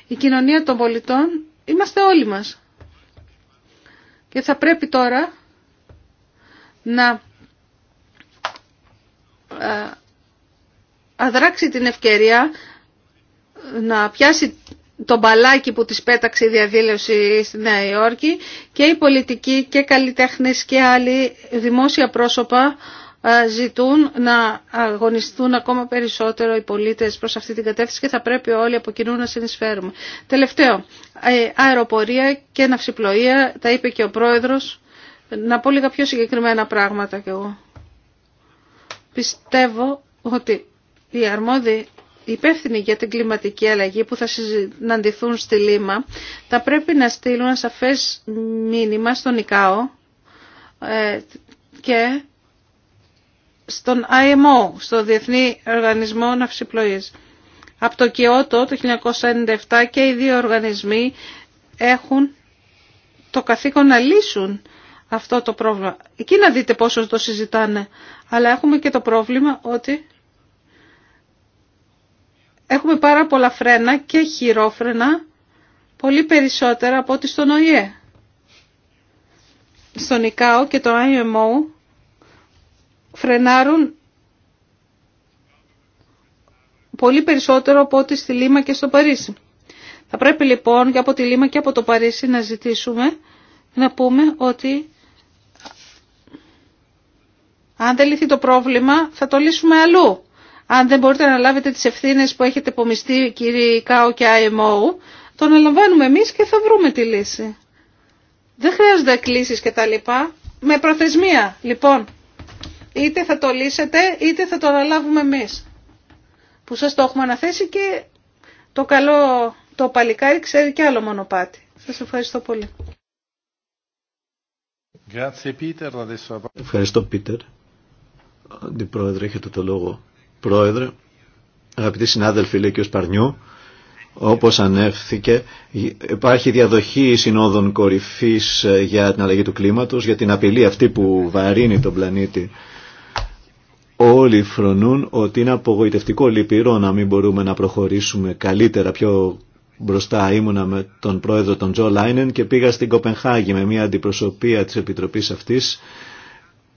Η κοινωνία των πολιτών είμαστε όλοι μας. Και θα πρέπει τώρα να ε, αδράξει την ευκαιρία να πιάσει το μπαλάκι που της πέταξε η διαδήλωση στη Νέα Υόρκη και οι πολιτικοί και καλλιτέχνες και άλλοι δημόσια πρόσωπα ε, ζητούν να αγωνιστούν ακόμα περισσότερο οι πολίτες προς αυτή την κατεύθυνση και θα πρέπει όλοι από κοινού να συνεισφέρουμε. Τελευταίο, ε, αεροπορία και ναυσιπλοεία, τα είπε και ο πρόεδρος, να πω λίγα πιο συγκεκριμένα πράγματα κι εγώ. Πιστεύω ότι οι αρμόδιοι υπεύθυνοι για την κλιματική αλλαγή που θα συναντηθούν στη Λίμα θα πρέπει να στείλουν ένα σαφές μήνυμα στον ΙΚΑΟ ε, και στον IMO, στο Διεθνή Οργανισμό Ναυσιπλοής. Από το Κιώτο το 1997 και οι δύο οργανισμοί έχουν το καθήκον να λύσουν αυτό το πρόβλημα. Εκεί να δείτε πόσο το συζητάνε. Αλλά έχουμε και το πρόβλημα ότι Έχουμε πάρα πολλά φρένα και χειρόφρενα, πολύ περισσότερα από ό,τι στον ΟΗΕ. Στον ΙΚΑΟ και το IMO φρενάρουν πολύ περισσότερο από ό,τι στη Λίμα και στο Παρίσι. Θα πρέπει λοιπόν και από τη Λίμα και από το Παρίσι να ζητήσουμε να πούμε ότι αν δεν λυθεί το πρόβλημα θα το λύσουμε αλλού αν δεν μπορείτε να λάβετε τις ευθύνες που έχετε υπομειστεί κύριε ΚΑΟ και ΆΕΜΟ το αναλαμβάνουμε εμείς και θα βρούμε τη λύση. Δεν χρειάζονται κλήσεις και τα λοιπά. Με προθεσμία, λοιπόν. Είτε θα το λύσετε, είτε θα το αναλάβουμε εμείς. Που σας το έχουμε αναθέσει και το καλό το παλικάρι ξέρει και άλλο μονοπάτι. Σας ευχαριστώ πολύ. Ευχαριστώ, Πίτερ. Αντιπρόεδρε, έχετε το λόγο. Πρόεδρε, αγαπητοί συνάδελφοι, λέει και Σπαρνιού, όπως ανέφθηκε, υπάρχει διαδοχή συνόδων κορυφής ε, για την αλλαγή του κλίματος, για την απειλή αυτή που βαρύνει τον πλανήτη. Όλοι φρονούν ότι είναι απογοητευτικό λυπηρό να μην μπορούμε να προχωρήσουμε καλύτερα, πιο μπροστά ήμουνα με τον πρόεδρο τον Τζο Λάινεν και πήγα στην Κοπενχάγη με μια αντιπροσωπεία της Επιτροπής αυτής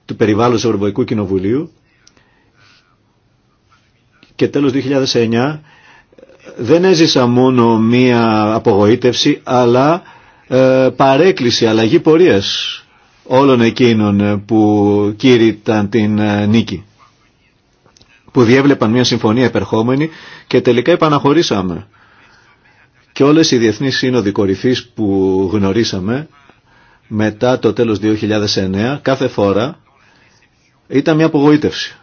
του περιβάλλοντος Ευρωπαϊκού Κοινοβουλίου και τέλος 2009 δεν έζησα μόνο μία απογοήτευση αλλά ε, παρέκκληση, αλλαγή πορείας όλων εκείνων που κήρυταν την ε, νίκη που διέβλεπαν μια συμφωνία επερχόμενη και τελικά επαναχωρήσαμε. Και όλες οι διεθνείς σύνοδοι κορυφής που γνωρίσαμε μετά το τέλος 2009 κάθε φορά ήταν μια απογοήτευση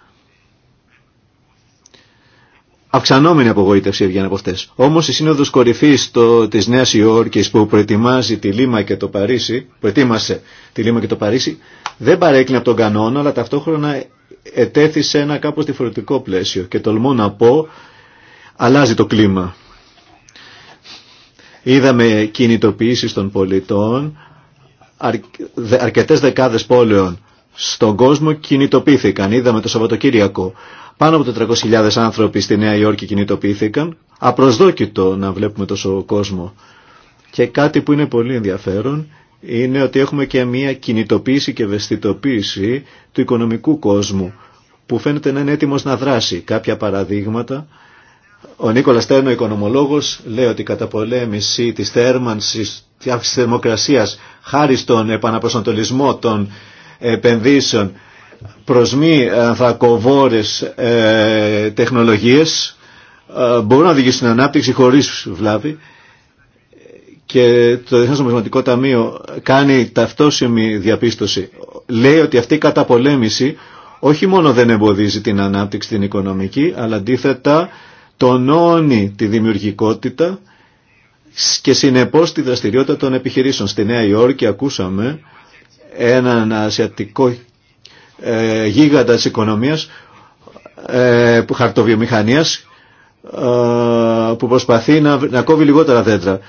αυξανόμενη απογοήτευση έβγαινε από αυτέ. Όμω η Σύνοδο Κορυφή τη Νέα Υόρκη που προετοιμάζει τη Λίμα και το Παρίσι, προετοίμασε τη Λίμα και το Παρίσι, δεν παρέκλεινε από τον κανόνα, αλλά ταυτόχρονα ετέθη ένα κάπως διαφορετικό πλαίσιο. Και τολμώ να πω, αλλάζει το κλίμα. Είδαμε κινητοποίησει των πολιτών, αρκετέ δεκάδε πόλεων στον κόσμο κινητοποιήθηκαν. Είδαμε το Σαββατοκύριακο πάνω από 400.000 άνθρωποι στη Νέα Υόρκη κινητοποιήθηκαν. Απροσδόκητο να βλέπουμε τόσο κόσμο. Και κάτι που είναι πολύ ενδιαφέρον είναι ότι έχουμε και μια κινητοποίηση και ευαισθητοποίηση του οικονομικού κόσμου που φαίνεται να είναι έτοιμος να δράσει. Κάποια παραδείγματα. Ο Νίκολα ο οικονομολόγος, λέει ότι η καταπολέμηση της θέρμανσης, της θερμοκρασίας χάρη στον επαναπροσανατολισμό των επενδύσεων προς μη ανθρακοβόρες ε, τεχνολογίες ε, μπορούν να οδηγήσουν στην ανάπτυξη χωρίς βλάβη και το Διεθνές Νομισματικό Ταμείο κάνει ταυτόσιμη διαπίστωση. Λέει ότι αυτή η καταπολέμηση όχι μόνο δεν εμποδίζει την ανάπτυξη την οικονομική, αλλά αντίθετα τονώνει τη δημιουργικότητα και συνεπώς τη δραστηριότητα των επιχειρήσεων. Στη Νέα Υόρκη ακούσαμε έναν ασιατικό ε, γίγαντα της οικονομίας, ε, χαρτοβιομηχανίας, ε, που προσπαθεί να, να κόβει λιγότερα δέντρα.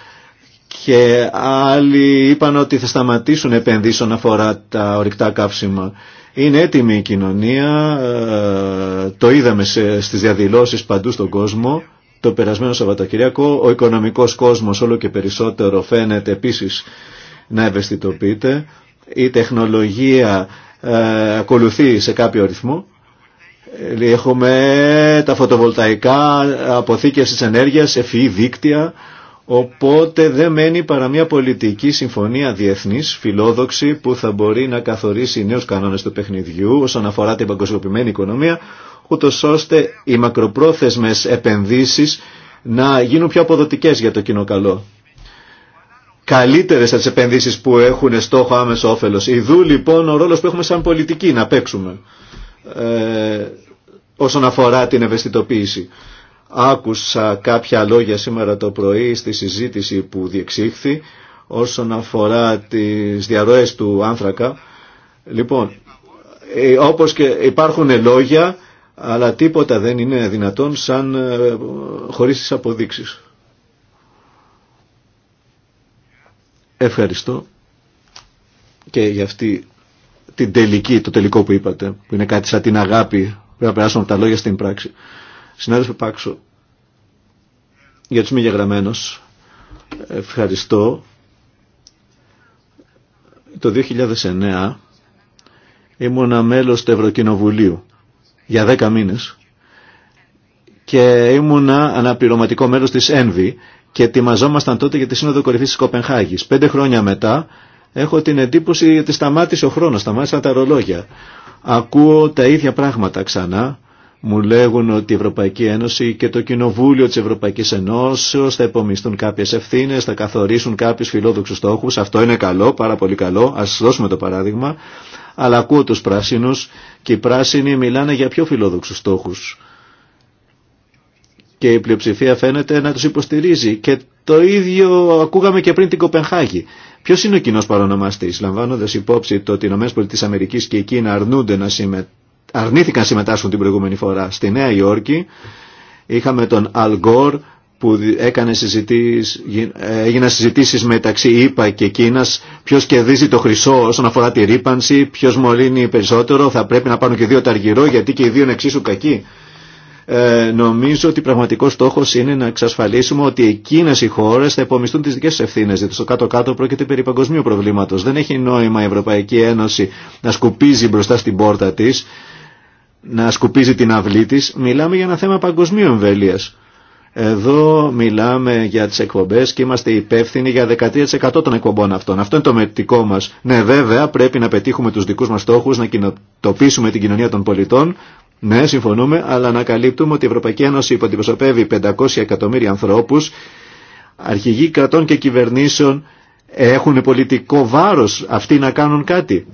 Και άλλοι είπαν ότι θα σταματήσουν επενδύσεις όσον αφορά τα ορυκτά καύσιμα. Είναι έτοιμη η κοινωνία, ε, το είδαμε σε, στις διαδηλώσεις παντού στον κόσμο. Το περασμένο Σαββατοκυριακό ο οικονομικός κόσμος όλο και περισσότερο φαίνεται επίσης να ευαισθητοποιείται. Η τεχνολογία ε, ακολουθεί σε κάποιο ρυθμό. Ε, έχουμε τα φωτοβολταϊκά, αποθήκευση της ενέργειας, ευφυή δίκτυα, οπότε δεν μένει παρά μια πολιτική συμφωνία διεθνής, φιλόδοξη, που θα μπορεί να καθορίσει νέους κανόνες του παιχνιδιού όσον αφορά την παγκοσμιοποιημένη οικονομία, ούτω ώστε οι μακροπρόθεσμες επενδύσεις να γίνουν πιο αποδοτικές για το κοινό καλύτερες από τις επενδύσεις που έχουν στόχο άμεσο όφελος. Ιδού λοιπόν ο ρόλος που έχουμε σαν πολιτική να παίξουμε ε, όσον αφορά την ευαισθητοποίηση. Άκουσα κάποια λόγια σήμερα το πρωί στη συζήτηση που διεξήχθη όσον αφορά τις διαρροές του άνθρακα. Λοιπόν, ε, όπως και υπάρχουν λόγια, αλλά τίποτα δεν είναι δυνατόν σαν ε, χωρίς τις αποδείξεις. Ευχαριστώ και για αυτή την τελική, το τελικό που είπατε, που είναι κάτι σαν την αγάπη, πρέπει να περάσουμε από τα λόγια στην πράξη. Συνάδελφε Πάξο, για τους μη γεγραμμένους, ευχαριστώ. Το 2009 ήμουνα μέλος του Ευρωκοινοβουλίου για 10 μήνες και ήμουνα αναπληρωματικό μέλος της ΕΝΒΗ και ετοιμαζόμασταν τότε για τη Σύνοδο Κορυφή τη Κοπενχάγης. Πέντε χρόνια μετά έχω την εντύπωση ότι σταμάτησε ο χρόνο, σταμάτησαν τα ρολόγια. Ακούω τα ίδια πράγματα ξανά. Μου λέγουν ότι η Ευρωπαϊκή Ένωση και το Κοινοβούλιο τη Ευρωπαϊκή Ενώσεω θα υπομισθούν κάποιε ευθύνε, θα καθορίσουν κάποιου φιλόδοξου στόχου. Αυτό είναι καλό, πάρα πολύ καλό. α δώσουμε το παράδειγμα. Αλλά ακούω του πράσινου και οι πράσινοι μιλάνε για πιο φιλόδοξου στόχου και η πλειοψηφία φαίνεται να τους υποστηρίζει. Και το ίδιο ακούγαμε και πριν την Κοπενχάγη. Ποιος είναι ο κοινό παρονομαστής, λαμβάνοντας υπόψη το ότι οι ΗΠΑ και η Κίνα αρνούνται να συμμε... αρνήθηκαν να συμμετάσχουν την προηγούμενη φορά στη Νέα Υόρκη. Είχαμε τον Αλ Γκόρ που έκανε συζητήσεις, έγιναν συζητήσεις μεταξύ ΙΠΑ και Κίνας ποιος κερδίζει το χρυσό όσον αφορά τη ρήπανση, ποιος μολύνει περισσότερο, θα πρέπει να πάρουν και δύο ταργυρό γιατί και οι δύο είναι εξίσου κακοί. Ε, νομίζω ότι πραγματικό στόχο είναι να εξασφαλίσουμε ότι εκείνε οι χώρε θα υπομισθούν τι δικέ του ευθύνε. Γιατί στο κάτω-κάτω πρόκειται περί παγκοσμίου προβλήματο. Δεν έχει νόημα η Ευρωπαϊκή Ένωση να σκουπίζει μπροστά στην πόρτα τη, να σκουπίζει την αυλή τη. Μιλάμε για ένα θέμα παγκοσμίου εμβέλεια. Εδώ μιλάμε για τι εκπομπέ και είμαστε υπεύθυνοι για 13% των εκπομπών αυτών. Αυτό είναι το μετικό μα. Ναι, βέβαια, πρέπει να πετύχουμε του δικού μα στόχου, να κοινοτοποιήσουμε την κοινωνία των πολιτών. Ναι, συμφωνούμε, αλλά ανακαλύπτουμε ότι η Ευρωπαϊκή Ένωση που 500 εκατομμύρια ανθρώπους, αρχηγοί κρατών και κυβερνήσεων έχουν πολιτικό βάρος αυτοί να κάνουν κάτι.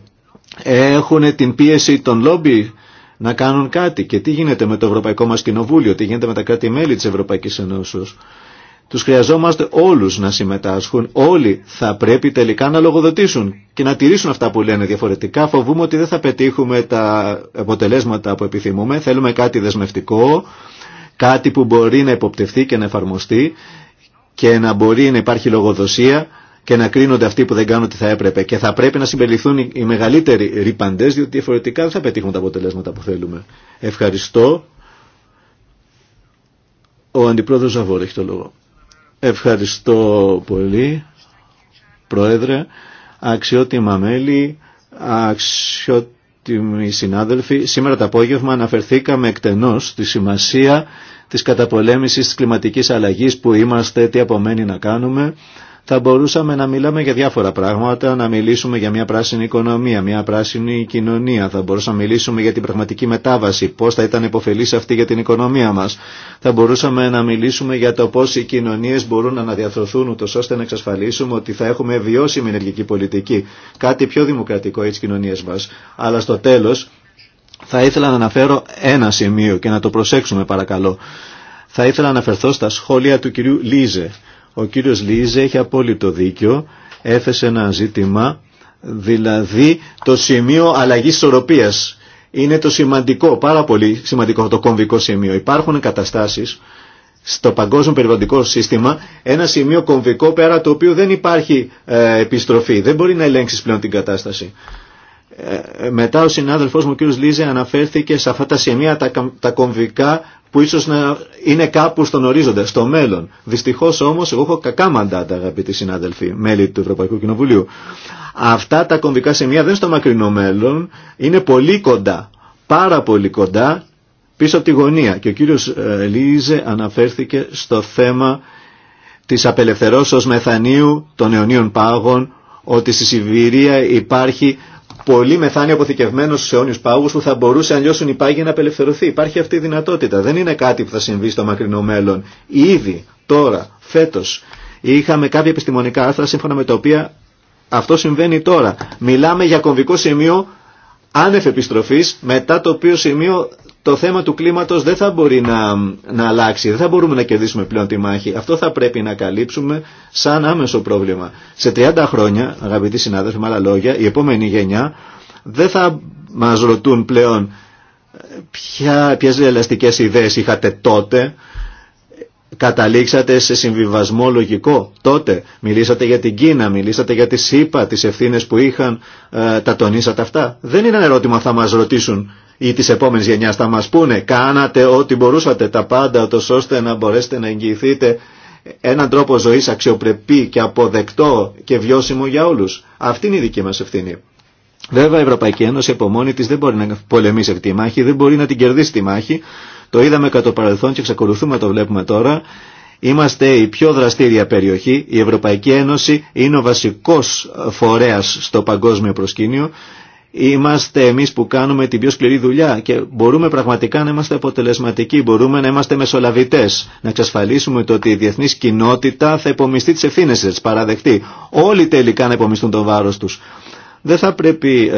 Έχουν την πίεση των λόμπι να κάνουν κάτι. Και τι γίνεται με το Ευρωπαϊκό μας Κοινοβούλιο, τι γίνεται με τα κράτη-μέλη της Ευρωπαϊκής Ένωσης. Τους χρειαζόμαστε όλους να συμμετάσχουν, όλοι θα πρέπει τελικά να λογοδοτήσουν και να τηρήσουν αυτά που λένε διαφορετικά. Φοβούμε ότι δεν θα πετύχουμε τα αποτελέσματα που επιθυμούμε, θέλουμε κάτι δεσμευτικό, κάτι που μπορεί να υποπτευθεί και να εφαρμοστεί και να μπορεί να υπάρχει λογοδοσία και να κρίνονται αυτοί που δεν κάνουν ό,τι θα έπρεπε. Και θα πρέπει να συμπεριληφθούν οι μεγαλύτεροι ρήπαντε, διότι διαφορετικά δεν θα πετύχουν τα αποτελέσματα που θέλουμε. Ευχαριστώ. Ο αντιπρόεδρο Ζαβόρ έχει το λόγο. Ευχαριστώ πολύ, Πρόεδρε, αξιότιμα μέλη, αξιότιμοι συνάδελφοι. Σήμερα το απόγευμα αναφερθήκαμε εκτενώς στη σημασία της καταπολέμησης της κλιματικής αλλαγής που είμαστε, τι απομένει να κάνουμε θα μπορούσαμε να μιλάμε για διάφορα πράγματα, να μιλήσουμε για μια πράσινη οικονομία, μια πράσινη κοινωνία, θα μπορούσαμε να μιλήσουμε για την πραγματική μετάβαση, πώς θα ήταν υποφελής αυτή για την οικονομία μας, θα μπορούσαμε να μιλήσουμε για το πώς οι κοινωνίες μπορούν να αναδιαθρωθούν ούτως ώστε να εξασφαλίσουμε ότι θα έχουμε βιώσιμη ενεργική πολιτική, κάτι πιο δημοκρατικό για τις κοινωνίες μας. Αλλά στο τέλος θα ήθελα να αναφέρω ένα σημείο και να το προσέξουμε παρακαλώ. Θα ήθελα να αναφερθώ στα σχόλια του κυρίου Λίζε ο κύριος Λίζε έχει απόλυτο δίκιο, έθεσε ένα ζήτημα, δηλαδή το σημείο αλλαγής ισορροπίας. Είναι το σημαντικό, πάρα πολύ σημαντικό το κομβικό σημείο. Υπάρχουν καταστάσεις στο παγκόσμιο περιβαλλοντικό σύστημα ένα σημείο κομβικό πέρα το οποίο δεν υπάρχει ε, επιστροφή. Δεν μπορεί να ελέγξεις πλέον την κατάσταση. Ε, ε, μετά ο συνάδελφός μου ο κ. Λίζε αναφέρθηκε σε αυτά τα σημεία τα, τα κομβικά που ίσως να είναι κάπου στον ορίζοντα, στο μέλλον. Δυστυχώς όμως εγώ έχω κακά μαντάτα αγαπητοί συνάδελφοι, μέλη του Ευρωπαϊκού Κοινοβουλίου. Αυτά τα κομβικά σημεία δεν στο μακρινό μέλλον, είναι πολύ κοντά, πάρα πολύ κοντά πίσω από τη γωνία. Και ο κύριος ε, Λίζε αναφέρθηκε στο θέμα της απελευθερώσεως μεθανίου των αιωνίων πάγων ότι στη Σιβηρία υπάρχει πολύ μεθάνιο αποθηκευμένο στου αιώνιου πάγου που θα μπορούσε αν λιώσουν οι πάγοι να απελευθερωθεί. Υπάρχει αυτή η δυνατότητα. Δεν είναι κάτι που θα συμβεί στο μακρινό μέλλον. Ήδη, τώρα, φέτο, είχαμε κάποια επιστημονικά άρθρα σύμφωνα με τα οποία αυτό συμβαίνει τώρα. Μιλάμε για κομβικό σημείο άνευ επιστροφής, μετά το οποίο σημείο το θέμα του κλίματος δεν θα μπορεί να, αλλάξει, δεν θα μπορούμε να κερδίσουμε πλέον τη μάχη. Αυτό θα πρέπει να καλύψουμε σαν άμεσο πρόβλημα. Σε 30 χρόνια, αγαπητοί συνάδελφοι, με άλλα λόγια, η επόμενη γενιά δεν θα μας ρωτούν πλέον ε, ποια, ποιες ελαστικές ιδέες είχατε τότε, Καταλήξατε σε συμβιβασμό λογικό τότε. Μιλήσατε για την Κίνα, μιλήσατε για τη ΣΥΠΑ, τις ευθύνες που είχαν, ε, τα τονίσατε αυτά. Δεν είναι ένα ερώτημα θα μας ρωτήσουν ή τις επόμενες γενιάς θα μας πούνε. Κάνατε ό,τι μπορούσατε τα πάντα, ώστε να μπορέσετε να εγγυηθείτε έναν τρόπο ζωής αξιοπρεπή και αποδεκτό και βιώσιμο για όλους. Αυτή είναι η δική μας ευθύνη. Βέβαια η Ευρωπαϊκή Ένωση από μόνη της δεν μπορεί να πολεμήσει αυτή τη μάχη, δεν μπορεί να την κερδίσει τη μάχη. Το είδαμε κατά το παρελθόν και εξακολουθούμε να το βλέπουμε τώρα. Είμαστε η πιο δραστήρια περιοχή. Η Ευρωπαϊκή Ένωση είναι ο βασικός φορέας στο παγκόσμιο προσκήνιο. Είμαστε εμείς που κάνουμε την πιο σκληρή δουλειά και μπορούμε πραγματικά να είμαστε αποτελεσματικοί, μπορούμε να είμαστε μεσολαβητές, να εξασφαλίσουμε το ότι η διεθνή κοινότητα θα υπομειστεί τις ευθύνες της, παραδεχτεί. Όλοι τελικά να υπομιστούν το βάρος τους. Δεν θα πρέπει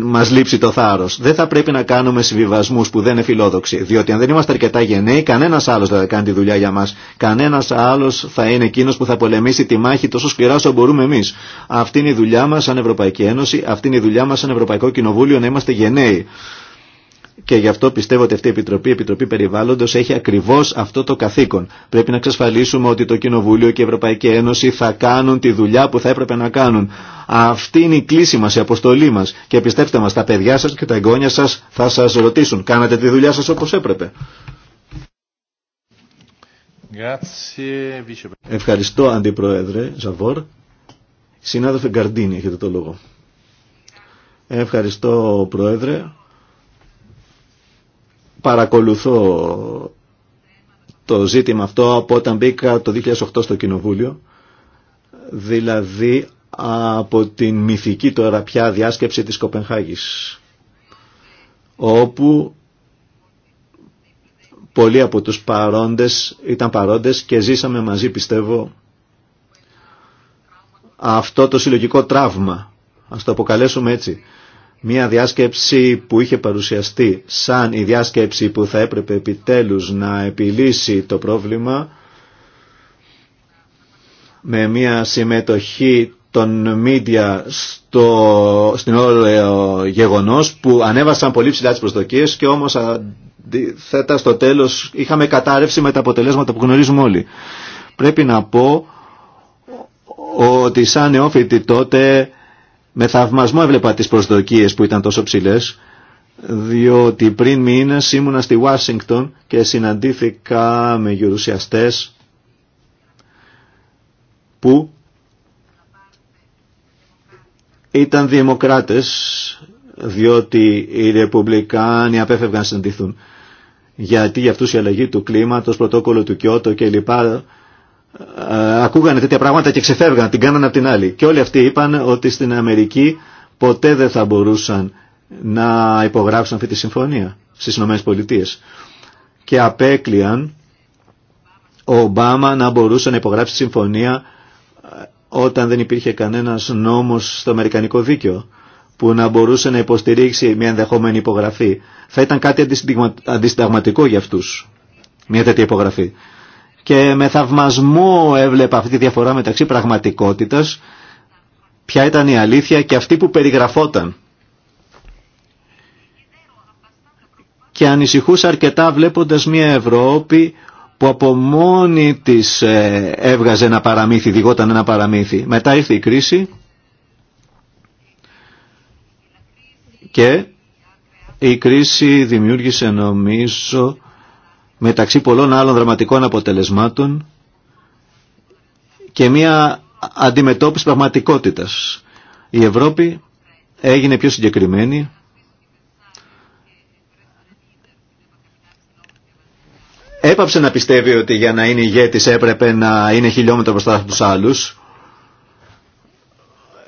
μας λείψει το θάρρος. Δεν θα πρέπει να κάνουμε συμβιβασμούς που δεν είναι φιλόδοξοι. Διότι αν δεν είμαστε αρκετά γενναίοι, κανένας άλλος δεν θα κάνει τη δουλειά για μας. Κανένας άλλος θα είναι εκείνος που θα πολεμήσει τη μάχη τόσο σκληρά όσο μπορούμε εμείς. Αυτή είναι η δουλειά μας σαν Ευρωπαϊκή Ένωση, αυτή είναι η δουλειά μας σαν Ευρωπαϊκό Κοινοβούλιο να είμαστε γενναίοι και γι' αυτό πιστεύω ότι αυτή η Επιτροπή, η Επιτροπή Περιβάλλοντο, έχει ακριβώ αυτό το καθήκον. Πρέπει να εξασφαλίσουμε ότι το Κοινοβούλιο και η Ευρωπαϊκή Ένωση θα κάνουν τη δουλειά που θα έπρεπε να κάνουν. Αυτή είναι η κλίση μα, η αποστολή μα. Και πιστέψτε μα, τα παιδιά σα και τα εγγόνια σα θα σα ρωτήσουν. Κάνατε τη δουλειά σα όπω έπρεπε. Ευχαριστώ, Αντιπρόεδρε Ζαβόρ. Συνάδελφε Γκαρντίνη, έχετε το λόγο. Ευχαριστώ, Πρόεδρε. Παρακολουθώ το ζήτημα αυτό από όταν μπήκα το 2008 στο Κοινοβούλιο, δηλαδή από την μυθική τώρα πια διάσκεψη της Κοπενχάγης, όπου πολλοί από τους παρόντες ήταν παρόντες και ζήσαμε μαζί πιστεύω αυτό το συλλογικό τραύμα, ας το αποκαλέσουμε έτσι, μια διάσκεψη που είχε παρουσιαστεί σαν η διάσκεψη που θα έπρεπε επιτέλους να επιλύσει το πρόβλημα με μια συμμετοχή των μίντια στο, στην γεγονός που ανέβασαν πολύ ψηλά τις προσδοκίες και όμως αντίθετα στο τέλος είχαμε κατάρρευση με τα αποτελέσματα που γνωρίζουμε όλοι. Πρέπει να πω ότι σαν νεόφοιτη τότε με θαυμασμό έβλεπα τις προσδοκίες που ήταν τόσο ψηλές, διότι πριν μήνες ήμουνα στη Ουάσιγκτον και συναντήθηκα με γερουσιαστές που ήταν δημοκράτες, διότι οι ρεπουμπλικάνοι απέφευγαν να συναντηθούν. Γιατί για αυτούς η αλλαγή του κλίματος, πρωτόκολλο του Κιώτο και λοιπά ε, ακούγανε τέτοια πράγματα και ξεφεύγαν, την κάνανε από την άλλη. Και όλοι αυτοί είπαν ότι στην Αμερική ποτέ δεν θα μπορούσαν να υπογράψουν αυτή τη συμφωνία στις ΗΠΑ. Και απέκλειαν ο Ομπάμα να μπορούσε να υπογράψει τη συμφωνία ε, όταν δεν υπήρχε κανένας νόμος στο Αμερικανικό δίκαιο που να μπορούσε να υποστηρίξει μια ενδεχόμενη υπογραφή. Θα ήταν κάτι αντισυνταγματικό για αυτούς μια τέτοια υπογραφή και με θαυμασμό έβλεπα αυτή τη διαφορά μεταξύ πραγματικότητας, ποια ήταν η αλήθεια και αυτή που περιγραφόταν. Και ανησυχούσα αρκετά βλέποντας μια Ευρώπη που από μόνη της ε, έβγαζε ένα παραμύθι, διγόταν ένα παραμύθι. Μετά ήρθε η κρίση και η κρίση δημιούργησε νομίζω μεταξύ πολλών άλλων δραματικών αποτελεσμάτων και μια αντιμετώπιση πραγματικότητας. Η Ευρώπη έγινε πιο συγκεκριμένη έπαψε να πιστεύει ότι για να είναι ηγέτης έπρεπε να είναι χιλιόμετρο μπροστά από τους άλλους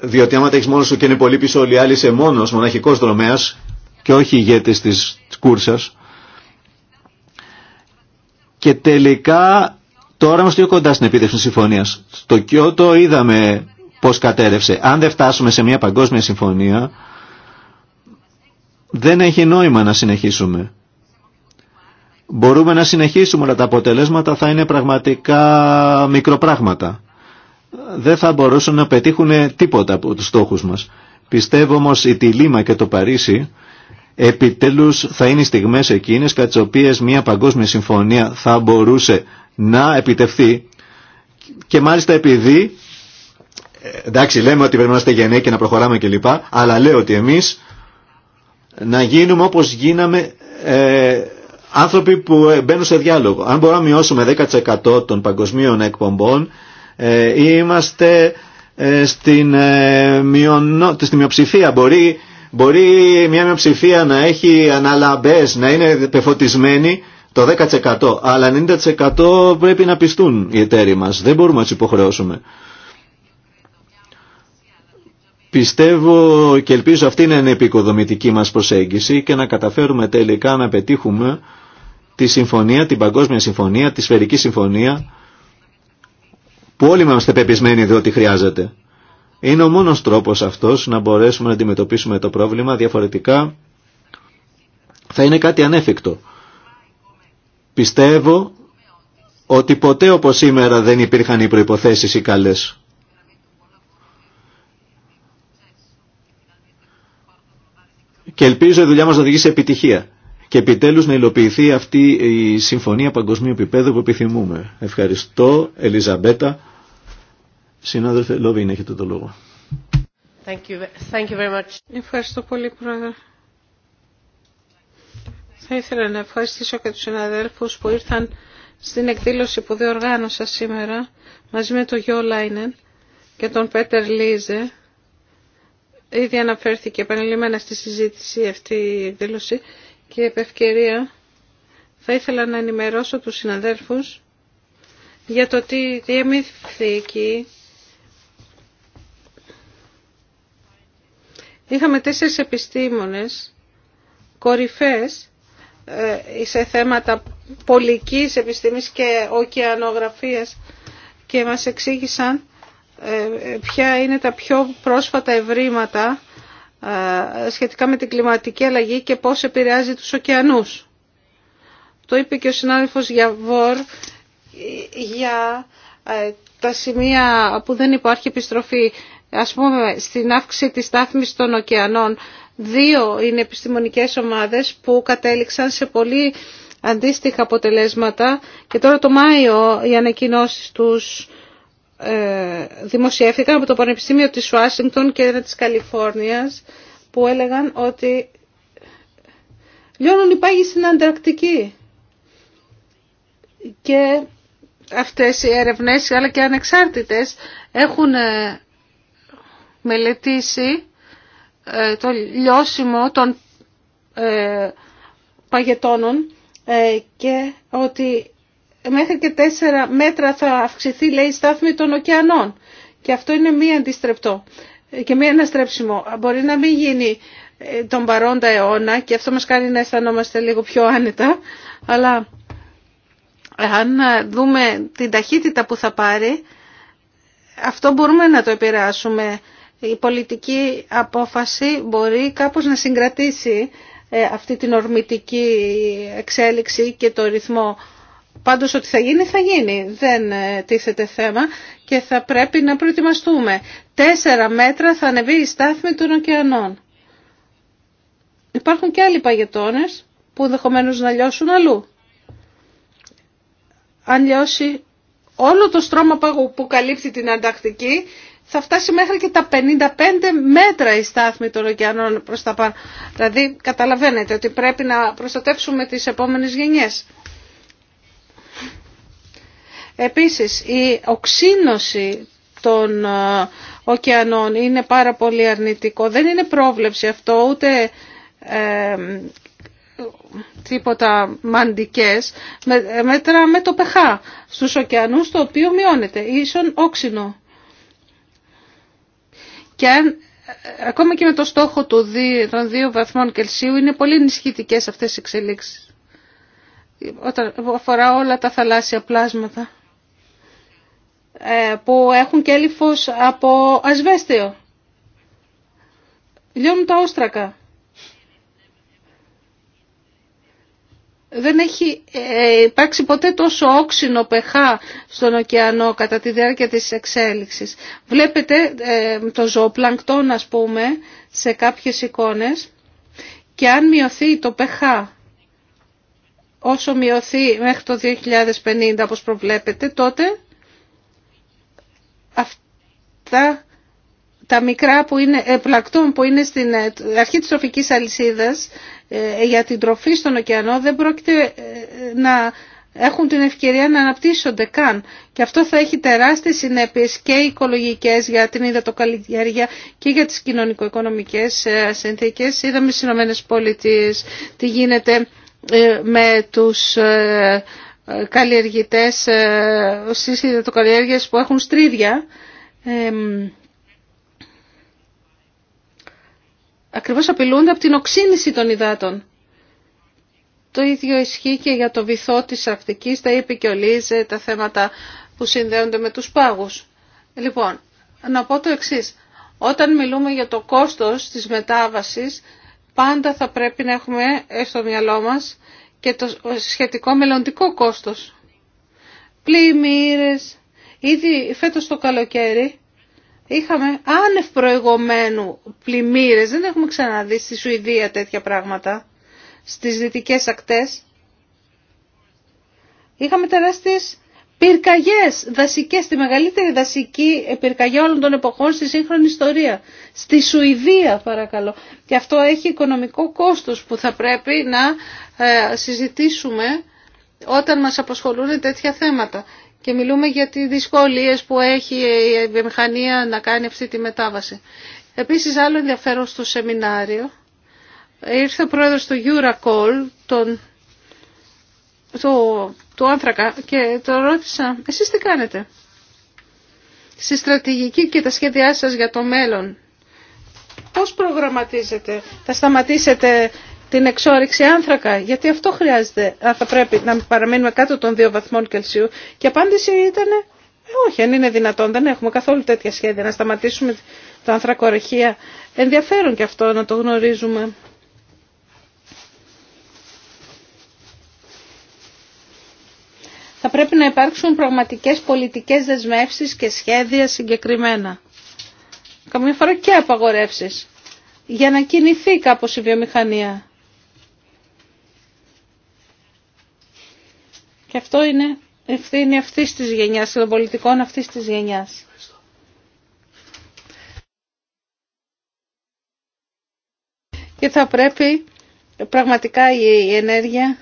διότι άμα τα έχεις μόνος σου και είναι πολύ πίσω όλοι οι άλλοι είσαι μόνος μοναχικός δρομέας και όχι ηγέτης της κούρσας και τελικά τώρα είμαστε πιο κοντά στην επίδευση της συμφωνίας. Στο Κιώτο είδαμε πώς κατέρευσε. Αν δεν φτάσουμε σε μια παγκόσμια συμφωνία, δεν έχει νόημα να συνεχίσουμε. Μπορούμε να συνεχίσουμε, αλλά τα αποτελέσματα θα είναι πραγματικά μικροπράγματα. Δεν θα μπορούσαν να πετύχουν τίποτα από τους στόχους μας. Πιστεύω όμως η Τιλίμα και το Παρίσι Επιτέλους θα είναι οι στιγμές εκείνες κατά τις οποίες μια παγκόσμια συμφωνία θα μπορούσε να επιτευχθεί και μάλιστα επειδή ε, εντάξει λέμε ότι πρέπει να είμαστε γενναίοι και να προχωράμε κλπ αλλά λέω ότι εμείς να γίνουμε όπως γίναμε ε, άνθρωποι που ε, μπαίνουν σε διάλογο. Αν μπορούμε να μειώσουμε 10% των παγκοσμίων εκπομπών ε, είμαστε στην, στη μειοψηφία. Μπορεί Μπορεί μια μειοψηφία να έχει αναλαμπές, να είναι πεφωτισμένη το 10%, αλλά 90% πρέπει να πιστούν οι εταίροι μας. Δεν μπορούμε να τους υποχρεώσουμε. Πιστεύω και ελπίζω αυτή να είναι η επικοδομητική μας προσέγγιση και να καταφέρουμε τελικά να πετύχουμε τη συμφωνία, την παγκόσμια συμφωνία, τη σφαιρική συμφωνία που όλοι είμαστε πεπισμένοι διότι χρειάζεται. Είναι ο μόνος τρόπος αυτός να μπορέσουμε να αντιμετωπίσουμε το πρόβλημα διαφορετικά θα είναι κάτι ανέφικτο. Πιστεύω ότι ποτέ όπως σήμερα δεν υπήρχαν οι προϋποθέσεις οι καλές. Και ελπίζω η δουλειά μας να οδηγεί σε επιτυχία. Και επιτέλους να υλοποιηθεί αυτή η συμφωνία παγκοσμίου επίπεδου που επιθυμούμε. Ευχαριστώ, Ελιζαμπέτα. Συνάδελφε Λόβιν, έχετε το λόγο. Thank you. Thank you very much. Ευχαριστώ πολύ, Πρόεδρε. Θα ήθελα να ευχαριστήσω και τους συναδέλφους που ήρθαν στην εκδήλωση που διοργάνωσα σήμερα μαζί με τον Γιώ Λάινεν και τον Πέτερ Λίζε. Ήδη αναφέρθηκε επανειλημμένα στη συζήτηση αυτή η εκδήλωση και επ' ευκαιρία θα ήθελα να ενημερώσω τους συναδέλφους για το τι διεμήθη εκεί Είχαμε τέσσερις επιστήμονες κορυφές ε, σε θέματα πολικής επιστήμης και ωκεανογραφίας και μας εξήγησαν ε, ποια είναι τα πιο πρόσφατα ευρήματα ε, σχετικά με την κλιματική αλλαγή και πώς επηρεάζει τους ωκεανούς. Το είπε και ο συνάδελφος Γιαβόρ για τα σημεία που δεν υπάρχει επιστροφή Ας πούμε, στην αύξηση της στάθμης των ωκεανών, δύο είναι επιστημονικές ομάδες που κατέληξαν σε πολύ αντίστοιχα αποτελέσματα και τώρα το Μάιο οι ανακοινώσεις τους ε, δημοσιεύτηκαν από το Πανεπιστήμιο της Ουάσιγκτον και ένα της Καλιφόρνιας που έλεγαν ότι λιώνουν οι πάγοι στην Ανταρκτική και αυτές οι έρευνες αλλά και ανεξάρτητες έχουν ε, μελετήσει ε, το λιώσιμο των ε, παγετώνων ε, και ότι μέχρι και τέσσερα μέτρα θα αυξηθεί λέει η στάθμη των ωκεανών και αυτό είναι μη αντιστρεπτό και μη αναστρέψιμο. Μπορεί να μην γίνει τον παρόντα αιώνα και αυτό μας κάνει να αισθανόμαστε λίγο πιο άνετα αλλά αν δούμε την ταχύτητα που θα πάρει αυτό μπορούμε να το επηρεάσουμε η πολιτική απόφαση μπορεί κάπως να συγκρατήσει ε, αυτή την ορμητική εξέλιξη και το ρυθμό. Πάντως ότι θα γίνει, θα γίνει. Δεν ε, τίθεται θέμα και θα πρέπει να προετοιμαστούμε. Τέσσερα μέτρα θα ανεβεί η στάθμη των ωκεανών. Υπάρχουν και άλλοι παγετώνες που ενδεχομένω να λιώσουν αλλού. Αν λιώσει όλο το στρώμα που καλύπτει την αντακτική θα φτάσει μέχρι και τα 55 μέτρα η στάθμη των ωκεανών προς τα πάνω. Δηλαδή καταλαβαίνετε ότι πρέπει να προστατεύσουμε τις επόμενες γενιές. Επίσης η οξύνωση των ε, ωκεανών είναι πάρα πολύ αρνητικό. Δεν είναι πρόβλεψη αυτό ούτε ε, τίποτα μαντικές. Ε, μέτρα με το pH στους ωκεανούς το οποίο μειώνεται. Ίσον όξινο και αν ε, ακόμα και με το στόχο του, των δύο βαθμών Κελσίου είναι πολύ ενισχυτικέ αυτές οι εξελίξεις όταν αφορά όλα τα θαλάσσια πλάσματα ε, που έχουν κέλυφος από ασβέστιο. Λιώνουν τα όστρακα. Δεν έχει ε, υπάρξει ποτέ τόσο όξινο πεχά στον ωκεανό κατά τη διάρκεια της εξέλιξης. Βλέπετε ε, το ζωοπλανκτόν ας πούμε σε κάποιες εικόνες και αν μειωθεί το πεχά όσο μειωθεί μέχρι το 2050 όπως προβλέπετε τότε αυτά τα μικρά που είναι, ε, πλακτούν που είναι στην ε, αρχή της τροφικής αλυσίδας ε, για την τροφή στον ωκεανό δεν πρόκειται να έχουν την ευκαιρία να αναπτύσσονται καν. Και αυτό θα έχει τεράστιες συνέπειες και οικολογικές για την υδατοκαλλιέργεια και για τις κοινωνικο-οικονομικές συνθήκες. Είδαμε στις Ηνωμένες Πολιτείες τι γίνεται με τους καλλιεργητές στις υδατοκαλλιέργειες που έχουν στρίδια ακριβώς απειλούνται από την οξύνηση των υδάτων. Το ίδιο ισχύει και για το βυθό της Αρκτικής, τα είπε και ο Λίζε, τα θέματα που συνδέονται με τους πάγους. Λοιπόν, να πω το εξής. Όταν μιλούμε για το κόστος της μετάβασης, πάντα θα πρέπει να έχουμε στο μυαλό μας και το σχετικό μελλοντικό κόστος. Πλημμύρες, ήδη φέτος το καλοκαίρι Είχαμε άνευ προηγουμένου πλημμύρες, δεν έχουμε ξαναδεί στη Σουηδία τέτοια πράγματα, στις δυτικές ακτές. Είχαμε τεράστιες πυρκαγιές δασικές, τη μεγαλύτερη δασική πυρκαγιά όλων των εποχών στη σύγχρονη ιστορία. Στη Σουηδία παρακαλώ. Και αυτό έχει οικονομικό κόστος που θα πρέπει να ε, συζητήσουμε όταν μας απασχολούν τέτοια θέματα και μιλούμε για τις δυσκολίες που έχει η βιομηχανία να κάνει αυτή τη μετάβαση. Επίσης άλλο ενδιαφέρον στο σεμινάριο ήρθε ο πρόεδρος του Euracall, τον, το του Άνθρακα και το ρώτησα εσείς τι κάνετε στη στρατηγική και τα σχέδιά σας για το μέλλον. Πώς προγραμματίζετε, θα σταματήσετε την εξόριξη άνθρακα, γιατί αυτό χρειάζεται, αν θα πρέπει να παραμείνουμε κάτω των δύο βαθμών Κελσίου. Και η απάντηση ήταν ε, όχι, αν είναι δυνατόν, δεν έχουμε καθόλου τέτοια σχέδια να σταματήσουμε τα ανθρακορεχεία. Ενδιαφέρον και αυτό να το γνωρίζουμε. Θα πρέπει να υπάρξουν πραγματικές πολιτικές δεσμεύσεις και σχέδια συγκεκριμένα. Καμιά φορά και απαγορεύσεις. Για να κινηθεί κάπως η βιομηχανία. Και αυτό είναι ευθύνη αυτή τη γενιά, των πολιτικών αυτή τη γενιά. Και θα πρέπει πραγματικά η ενέργεια,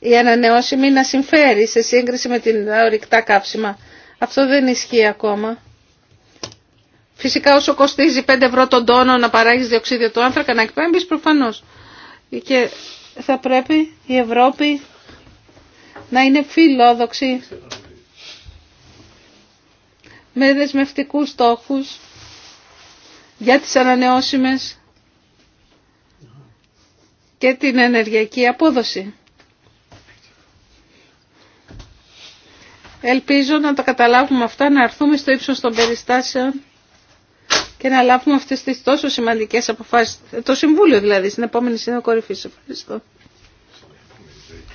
η ανανεώσιμη να συμφέρει σε σύγκριση με την ορυκτά κάψιμα. Αυτό δεν ισχύει ακόμα. Φυσικά όσο κοστίζει 5 ευρώ τον τόνο να παράγεις διοξίδιο του άνθρακα να εκπέμπεις προφανώς. Και θα πρέπει η Ευρώπη να είναι φιλόδοξοι με δεσμευτικούς στόχους για τις ανανεώσιμες και την ενεργειακή απόδοση. Ελπίζω να τα καταλάβουμε αυτά, να έρθουμε στο ύψος των περιστάσεων και να λάβουμε αυτές τις τόσο σημαντικές αποφάσεις, ε, το Συμβούλιο δηλαδή, στην επόμενη Σύνοδο Κορυφής. Ευχαριστώ.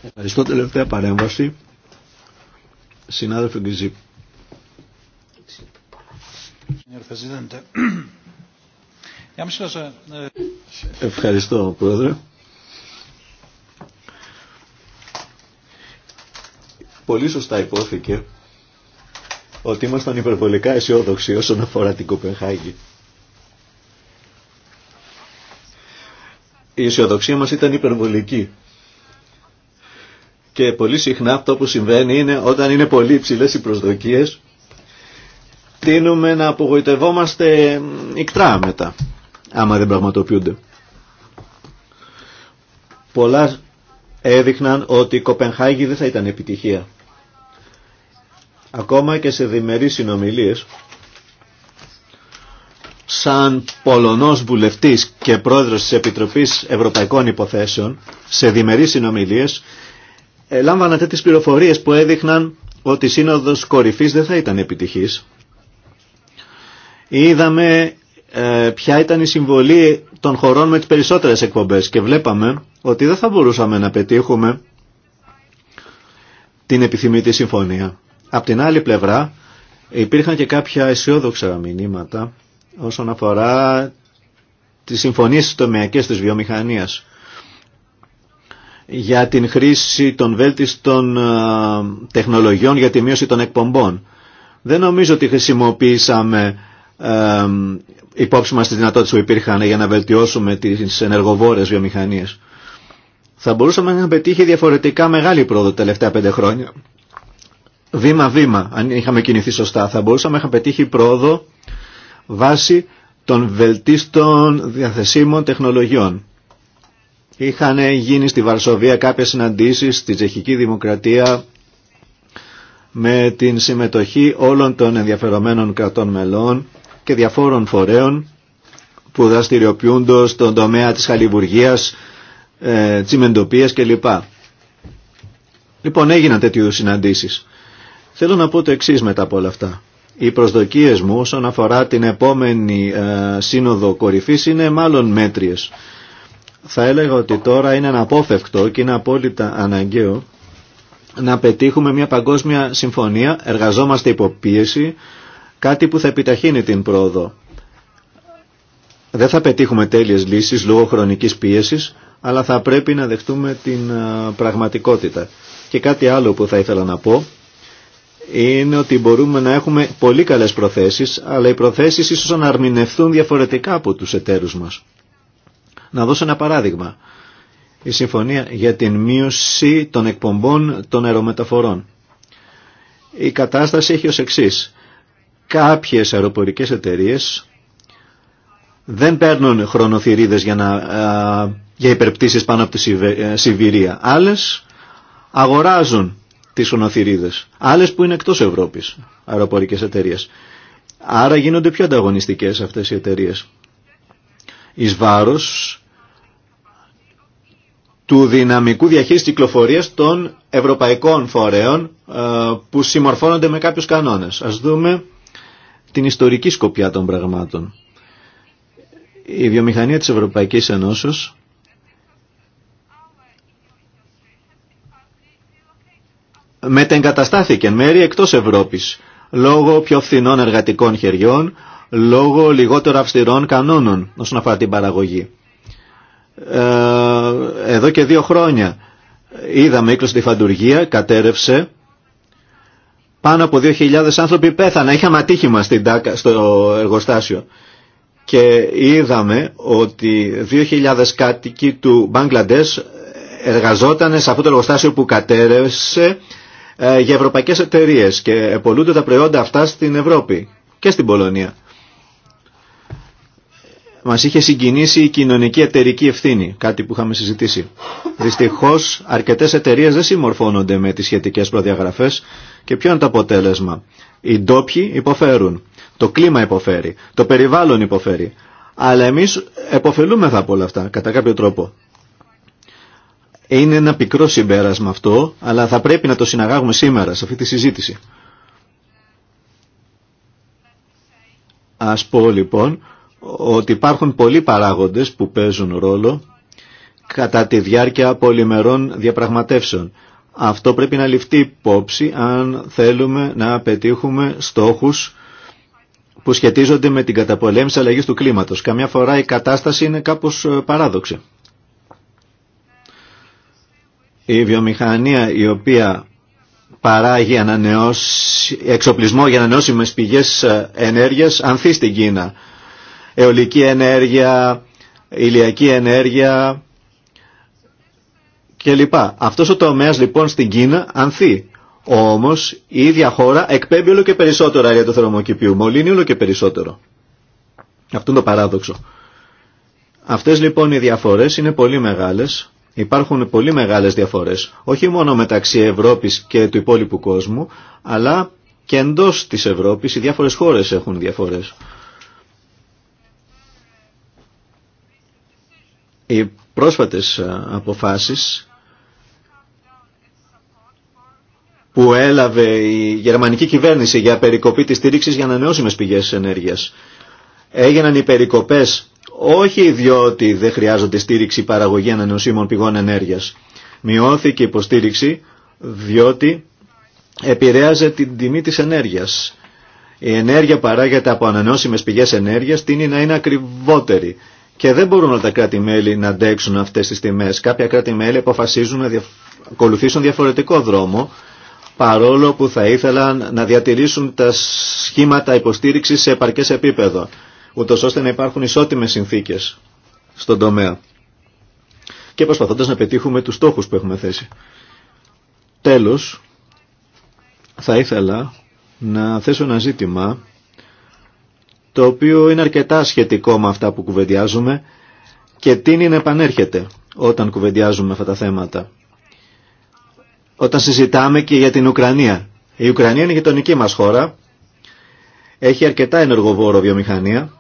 Ευχαριστώ τελευταία παρέμβαση. Συνάδελφε Γκριζίπ. Eh, Ευχαριστώ πρόεδρε. Πολύ σωστά υπόθηκε ότι ήμασταν υπερβολικά αισιόδοξοι όσον αφορά την Κοπενχάγη. Η αισιοδοξία μας ήταν υπερβολική. Και πολύ συχνά αυτό που συμβαίνει είναι όταν είναι πολύ υψηλές οι προσδοκίες τείνουμε να απογοητευόμαστε ικτρά μετά άμα δεν πραγματοποιούνται. Πολλά έδειχναν ότι η Κοπενχάγη δεν θα ήταν επιτυχία. Ακόμα και σε διμερείς συνομιλίες σαν Πολωνός βουλευτής και πρόεδρος της Επιτροπής Ευρωπαϊκών Υποθέσεων σε διμερείς συνομιλίες λάμβαναν τέτοιες πληροφορίες που έδειχναν ότι η σύνοδος κορυφής δεν θα ήταν επιτυχής. Είδαμε ε, ποια ήταν η συμβολή των χωρών με τις περισσότερες εκπομπές και βλέπαμε ότι δεν θα μπορούσαμε να πετύχουμε την επιθυμητή συμφωνία. Απ' την άλλη πλευρά υπήρχαν και κάποια αισιόδοξα μηνύματα όσον αφορά τις συμφωνίες τομεακές της βιομηχανίας για την χρήση των βέλτιστων ε, τεχνολογιών για τη μείωση των εκπομπών. Δεν νομίζω ότι χρησιμοποίησαμε ε, υπόψη μας τις δυνατότητες που υπήρχαν για να βελτιώσουμε τις ενεργοβόρες βιομηχανίες. Θα μπορούσαμε να πετύχει διαφορετικά μεγάλη πρόοδο τα τελευταία πέντε χρόνια. Βήμα-βήμα, αν είχαμε κινηθεί σωστά, θα μπορούσαμε να πετύχει πρόοδο βάσει των βελτίστων διαθεσίμων τεχνολογιών. Είχαν γίνει στη Βαρσοβία κάποιες συναντήσεις στη Τσεχική Δημοκρατία με την συμμετοχή όλων των ενδιαφερομένων κρατών μελών και διαφόρων φορέων που δραστηριοποιούνται στον τομέα της χαλιβουργίας, ε, τσιμεντοπίας κλπ. Λοιπόν έγιναν τέτοιου συναντήσεις. Θέλω να πω το εξή μετά από όλα αυτά. Οι προσδοκίες μου όσον αφορά την επόμενη ε, σύνοδο κορυφής είναι μάλλον μέτριες θα έλεγα ότι τώρα είναι αναπόφευκτο και είναι απόλυτα αναγκαίο να πετύχουμε μια παγκόσμια συμφωνία, εργαζόμαστε υποπίεση, κάτι που θα επιταχύνει την πρόοδο. Δεν θα πετύχουμε τέλειες λύσεις λόγω χρονικής πίεσης, αλλά θα πρέπει να δεχτούμε την πραγματικότητα. Και κάτι άλλο που θα ήθελα να πω είναι ότι μπορούμε να έχουμε πολύ καλές προθέσεις, αλλά οι προθέσεις ίσως να αρμηνευτούν διαφορετικά από τους εταίρους μας. Να δώσω ένα παράδειγμα. Η συμφωνία για την μείωση των εκπομπών των αερομεταφορών. Η κατάσταση έχει ως εξής. Κάποιες αεροπορικές εταιρείες δεν παίρνουν χρονοθυρίδες για, να, για υπερπτήσεις πάνω από τη ε, Σιβηρία. Άλλες αγοράζουν τις χρονοθυρίδες. Άλλες που είναι εκτός Ευρώπης αεροπορικές εταιρείες. Άρα γίνονται πιο ανταγωνιστικές αυτές οι εταιρείες εις βάρος του δυναμικού διαχείρισης κυκλοφορίας των ευρωπαϊκών φορέων ε, που συμμορφώνονται με κάποιους κανόνες. Ας δούμε την ιστορική σκοπιά των πραγμάτων. Η βιομηχανία της Ευρωπαϊκής Ενώσεως μετεγκαταστάθηκε μέρη εκτός Ευρώπης λόγω πιο φθηνών εργατικών χεριών, λόγω λιγότερο αυστηρών κανόνων όσον αφορά την παραγωγή. Ε, εδώ και δύο χρόνια είδαμε η τη φαντουργία, κατέρευσε, πάνω από 2.000 άνθρωποι πέθαναν, είχαμε ατύχημα στην Τάκα, στο εργοστάσιο και είδαμε ότι 2.000 κάτοικοι του Μπαγκλαντές εργαζόταν σε αυτό το εργοστάσιο που κατέρευσε ε, για ευρωπαϊκές εταιρείες και πολλούνται τα προϊόντα αυτά στην Ευρώπη και στην Πολωνία μας είχε συγκινήσει η κοινωνική εταιρική ευθύνη, κάτι που είχαμε συζητήσει. Δυστυχώς αρκετές εταιρείες δεν συμμορφώνονται με τις σχετικές προδιαγραφές και ποιο είναι το αποτέλεσμα. Οι ντόπιοι υποφέρουν, το κλίμα υποφέρει, το περιβάλλον υποφέρει, αλλά εμείς εποφελούμεθα από όλα αυτά κατά κάποιο τρόπο. Είναι ένα πικρό συμπέρασμα αυτό, αλλά θα πρέπει να το συναγάγουμε σήμερα σε αυτή τη συζήτηση. Ας πω λοιπόν ότι υπάρχουν πολλοί παράγοντες που παίζουν ρόλο κατά τη διάρκεια πολυμερών διαπραγματεύσεων. Αυτό πρέπει να ληφθεί υπόψη αν θέλουμε να πετύχουμε στόχους που σχετίζονται με την καταπολέμηση αλλαγής του κλίματος. Καμιά φορά η κατάσταση είναι κάπως ε, παράδοξη. Η βιομηχανία η οποία παράγει εξοπλισμό για ανανεώσιμες πηγές ε, ενέργειας ανθεί στην Κίνα αιωλική ενέργεια, ηλιακή ενέργεια κλπ. Αυτός ο τομέας λοιπόν στην Κίνα ανθεί. Όμως η ίδια χώρα εκπέμπει όλο και περισσότερο αέρια του θερμοκηπίου, μολύνει όλο και περισσότερο. Αυτό είναι το παράδοξο. Αυτές λοιπόν οι διαφορές είναι πολύ μεγάλες. Υπάρχουν πολύ μεγάλες διαφορές, όχι μόνο μεταξύ Ευρώπης και του υπόλοιπου κόσμου, αλλά και εντός της Ευρώπης οι διάφορες χώρες έχουν διαφορές. Οι πρόσφατες ε, αποφάσεις που έλαβε η γερμανική κυβέρνηση για περικοπή της στήριξης για ανανεώσιμες πηγές ενέργειας. Έγιναν οι περικοπές όχι διότι δεν χρειάζονται στήριξη παραγωγή ανανεωσίμων πηγών ενέργειας. Μειώθηκε η υποστήριξη διότι επηρέαζε την τιμή της ενέργειας. Η ενέργεια παράγεται από ανανεώσιμες πηγές ενέργειας τίνει να είναι ακριβότερη. Και δεν μπορούν όλα τα κράτη-μέλη να αντέξουν αυτές τις τιμέ. καποια Κάποια κράτη-μέλη αποφασίζουν να ακολουθήσουν διαφορετικό δρόμο, παρόλο που θα ήθελαν να διατηρήσουν τα σχήματα υποστήριξη σε επαρκέ επίπεδο, ούτω ώστε να υπάρχουν ισότιμες συνθήκες στον τομέα και προσπαθώντα να πετύχουμε τους στόχου που έχουμε θέσει. Τέλο, θα ήθελα να θέσω ένα ζήτημα το οποίο είναι αρκετά σχετικό με αυτά που κουβεντιάζουμε και τι είναι επανέρχεται όταν κουβεντιάζουμε αυτά τα θέματα. Όταν συζητάμε και για την Ουκρανία. Η Ουκρανία είναι η γειτονική μας χώρα, έχει αρκετά ενεργοβόρο βιομηχανία,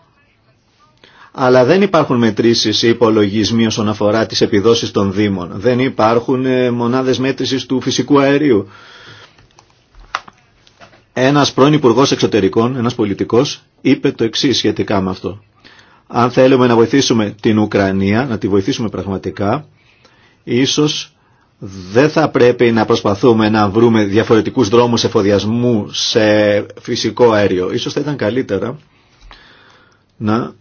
αλλά δεν υπάρχουν μετρήσεις ή υπολογισμοί όσον αφορά τις επιδόσεις των δήμων. Δεν υπάρχουν ε, μονάδες μέτρησης του φυσικού αερίου ένας πρώην υπουργό εξωτερικών, ένας πολιτικός, είπε το εξή σχετικά με αυτό. Αν θέλουμε να βοηθήσουμε την Ουκρανία, να τη βοηθήσουμε πραγματικά, ίσως δεν θα πρέπει να προσπαθούμε να βρούμε διαφορετικούς δρόμους εφοδιασμού σε φυσικό αέριο. Ίσως θα ήταν καλύτερα να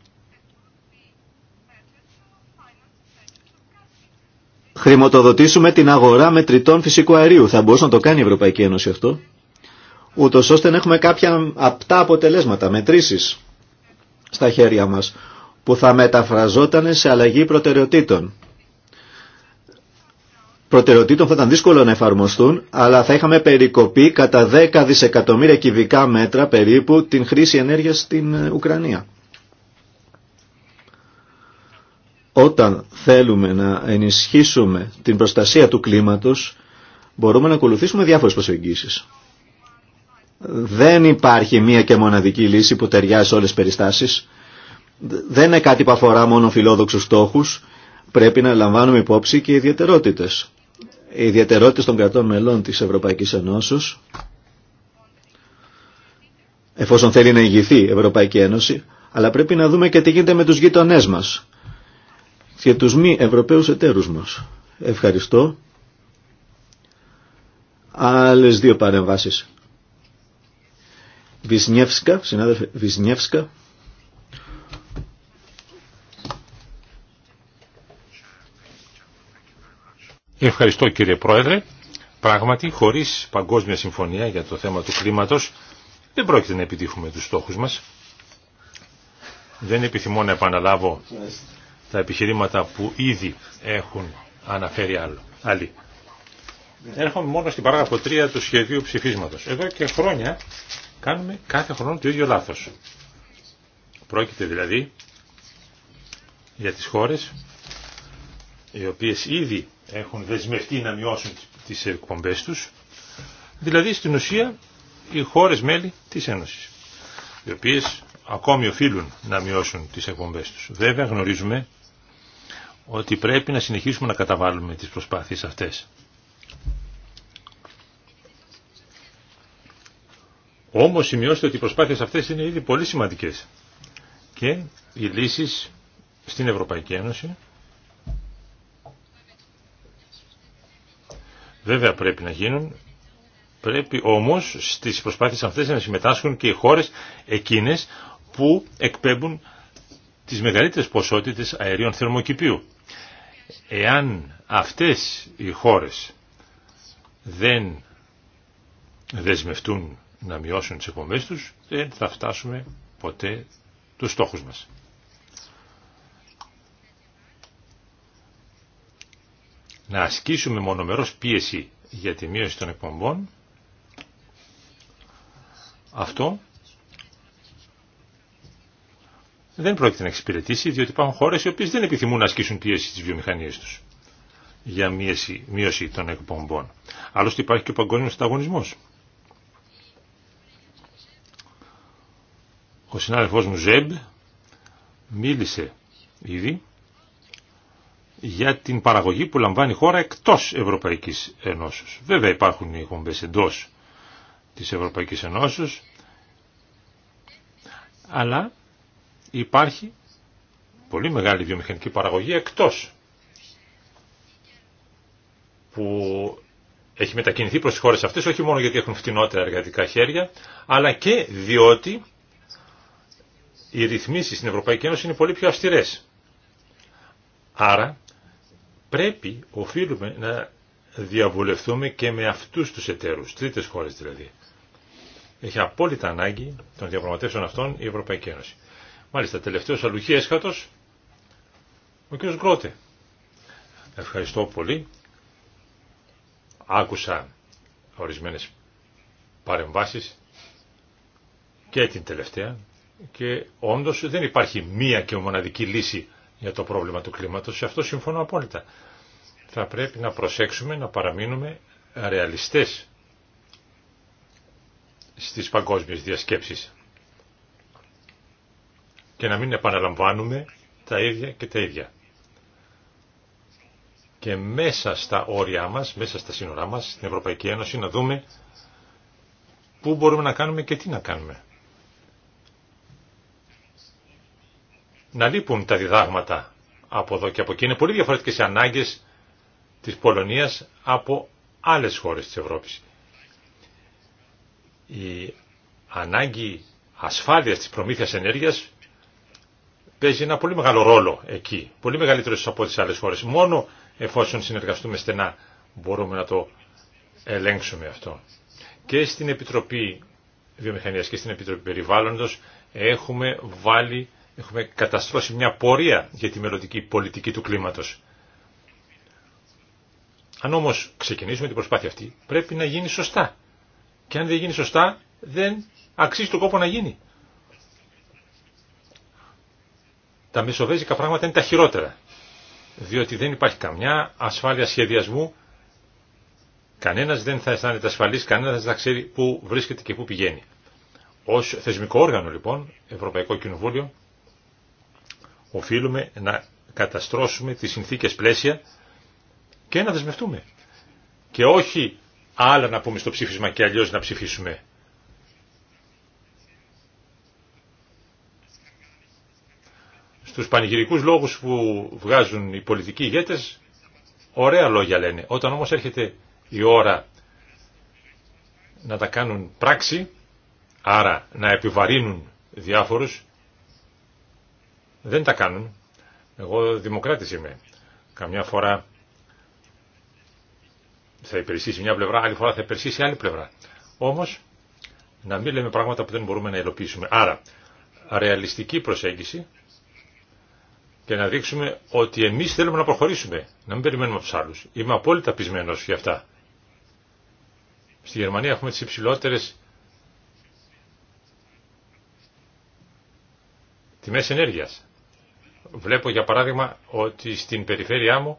χρηματοδοτήσουμε την αγορά μετρητών φυσικού αερίου. Θα μπορούσε να το κάνει η Ευρωπαϊκή Ένωση αυτό ούτως ώστε να έχουμε κάποια απτά αποτελέσματα, μετρήσεις στα χέρια μας που θα μεταφραζόταν σε αλλαγή προτεραιοτήτων. Προτεραιοτήτων θα ήταν δύσκολο να εφαρμοστούν, αλλά θα είχαμε περικοπή κατά 10 δισεκατομμύρια κυβικά μέτρα περίπου την χρήση ενέργειας στην ε, Ουκρανία. Όταν θέλουμε να ενισχύσουμε την προστασία του κλίματος, μπορούμε να ακολουθήσουμε διάφορες προσεγγίσεις. Δεν υπάρχει μία και μοναδική λύση που ταιριάζει σε όλες τις περιστάσεις. Δεν είναι κάτι που αφορά μόνο φιλόδοξους στόχους. Πρέπει να λαμβάνουμε υπόψη και οι ιδιαιτερότητες. Οι ιδιαιτερότητες των κρατών μελών της Ευρωπαϊκής Ενώσεως, εφόσον θέλει να ηγηθεί η Ευρωπαϊκή Ένωση, αλλά πρέπει να δούμε και τι γίνεται με τους γείτονές μας και τους μη Ευρωπαίους εταίρους μας. Ευχαριστώ. Άλλες δύο παρεμβάσεις. Βυσνιεύσκα, συνάδελφε Βυσνιεύσκα. Ευχαριστώ κύριε Πρόεδρε. Πράγματι, χωρίς παγκόσμια συμφωνία για το θέμα του κλίματος, δεν πρόκειται να επιτύχουμε τους στόχους μας. Δεν επιθυμώ να επαναλάβω τα επιχειρήματα που ήδη έχουν αναφέρει άλλο. άλλοι. Έρχομαι μόνο στην παράγραφο 3 του σχεδίου ψηφίσματος. Εδώ και χρόνια Κάνουμε κάθε χρόνο το ίδιο λάθος. Πρόκειται δηλαδή για τις χώρες οι οποίες ήδη έχουν δεσμευτεί να μειώσουν τις εκπομπές τους, δηλαδή στην ουσία οι χώρες μέλη της Ένωσης, οι οποίες ακόμη οφείλουν να μειώσουν τις εκπομπές τους. Βέβαια γνωρίζουμε ότι πρέπει να συνεχίσουμε να καταβάλουμε τις προσπάθειες αυτές. Όμως σημειώστε ότι οι προσπάθειες αυτές είναι ήδη πολύ σημαντικές. Και οι λύσεις στην Ευρωπαϊκή Ένωση βέβαια πρέπει να γίνουν. Πρέπει όμως στις προσπάθειες αυτές να συμμετάσχουν και οι χώρες εκείνες που εκπέμπουν τις μεγαλύτερες ποσότητες αερίων θερμοκηπίου. Εάν αυτές οι χώρες δεν δεσμευτούν να μειώσουν τις εκπομπές τους, δεν θα φτάσουμε ποτέ τους στόχους μας. Να ασκήσουμε μονομερός πίεση για τη μείωση των εκπομπών, αυτό δεν πρόκειται να εξυπηρετήσει, διότι υπάρχουν χώρες οι οποίες δεν επιθυμούν να ασκήσουν πίεση στις βιομηχανίες τους για μείωση, μείωση των εκπομπών. Άλλωστε υπάρχει και ο παγκόσμιος ανταγωνισμός. Ο συνάδελφός μου Ζέμπ μίλησε ήδη για την παραγωγή που λαμβάνει η χώρα εκτός Ευρωπαϊκής Ενώσεως. Βέβαια υπάρχουν οι κομπές εντός της Ευρωπαϊκής Ενώσεως, αλλά υπάρχει πολύ μεγάλη βιομηχανική παραγωγή εκτός που έχει μετακινηθεί προς τις χώρες αυτές όχι μόνο γιατί έχουν φτηνότερα εργατικά χέρια αλλά και διότι οι ρυθμίσεις στην Ευρωπαϊκή Ένωση είναι πολύ πιο αυστηρές. Άρα πρέπει, οφείλουμε να διαβουλευτούμε και με αυτούς τους εταίρους, τρίτες χώρες δηλαδή. Έχει απόλυτα ανάγκη των διαπραγματεύσεων αυτών η Ευρωπαϊκή Ένωση. Μάλιστα, τελευταίος αλουχή έσχατος, ο κ. Γκρότε. Ευχαριστώ πολύ. Άκουσα ορισμένες παρεμβάσεις και την τελευταία και όντως δεν υπάρχει μία και μοναδική λύση για το πρόβλημα του κλίματος. Σε αυτό συμφωνώ απόλυτα. Θα πρέπει να προσέξουμε να παραμείνουμε ρεαλιστές στις παγκόσμιες διασκέψεις και να μην επαναλαμβάνουμε τα ίδια και τα ίδια. Και μέσα στα όρια μας, μέσα στα σύνορά μας, στην Ευρωπαϊκή Ένωση, να δούμε πού μπορούμε να κάνουμε και τι να κάνουμε. να λείπουν τα διδάγματα από εδώ και από εκεί. Είναι πολύ διαφορετικές οι ανάγκες της Πολωνίας από άλλες χώρες της Ευρώπης. Η ανάγκη ασφάλειας της προμήθειας ενέργειας παίζει ένα πολύ μεγάλο ρόλο εκεί, πολύ μεγαλύτερο από τις άλλες χώρες. Μόνο εφόσον συνεργαστούμε στενά μπορούμε να το ελέγξουμε αυτό. Και στην Επιτροπή Βιομηχανίας και στην Επιτροπή Περιβάλλοντος έχουμε βάλει έχουμε καταστρώσει μια πορεία για τη μελλοντική πολιτική του κλίματος. Αν όμως ξεκινήσουμε την προσπάθεια αυτή, πρέπει να γίνει σωστά. Και αν δεν γίνει σωστά, δεν αξίζει το κόπο να γίνει. Τα μεσοβέζικα πράγματα είναι τα χειρότερα. Διότι δεν υπάρχει καμιά ασφάλεια σχεδιασμού. Κανένας δεν θα αισθάνεται ασφαλής, κανένας δεν θα ξέρει πού βρίσκεται και πού πηγαίνει. Ως θεσμικό όργανο λοιπόν, Ευρωπαϊκό Κοινοβούλιο, Οφείλουμε να καταστρώσουμε τις συνθήκες πλαίσια και να δεσμευτούμε. Και όχι άλλα να πούμε στο ψήφισμα και αλλιώς να ψηφίσουμε. Στους πανηγυρικούς λόγους που βγάζουν οι πολιτικοί ηγέτες, ωραία λόγια λένε. Όταν όμως έρχεται η ώρα να τα κάνουν πράξη, άρα να επιβαρύνουν διάφορους, δεν τα κάνουν. Εγώ δημοκράτης είμαι. Καμιά φορά θα υπηρεσίσει μια πλευρά, άλλη φορά θα υπηρεσίσει άλλη πλευρά. Όμως, να μην λέμε πράγματα που δεν μπορούμε να υλοποιήσουμε. Άρα, ρεαλιστική προσέγγιση και να δείξουμε ότι εμείς θέλουμε να προχωρήσουμε, να μην περιμένουμε από τους άλλους. Είμαι απόλυτα πεισμένος για αυτά. Στη Γερμανία έχουμε τις υψηλότερες τιμές ενέργειας. Βλέπω για παράδειγμα ότι στην περιφέρειά μου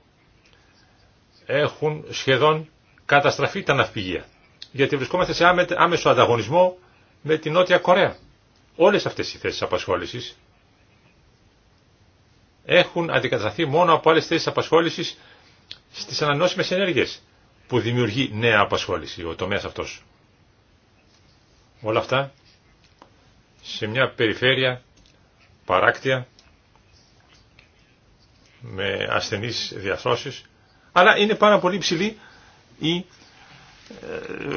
έχουν σχεδόν καταστραφεί τα ναυπηγεία. Γιατί βρισκόμαστε σε άμεσο ανταγωνισμό με την Νότια Κορέα. Όλες αυτές οι θέσεις απασχόλησης έχουν αντικατασταθεί μόνο από άλλες θέσεις απασχόλησης στις ανανόσιμες ενέργειες που δημιουργεί νέα απασχόληση ο τομέας αυτός. Όλα αυτά σε μια περιφέρεια παράκτια με ασθενείς διαθρώσεις, αλλά είναι πάρα πολύ ψηλή η,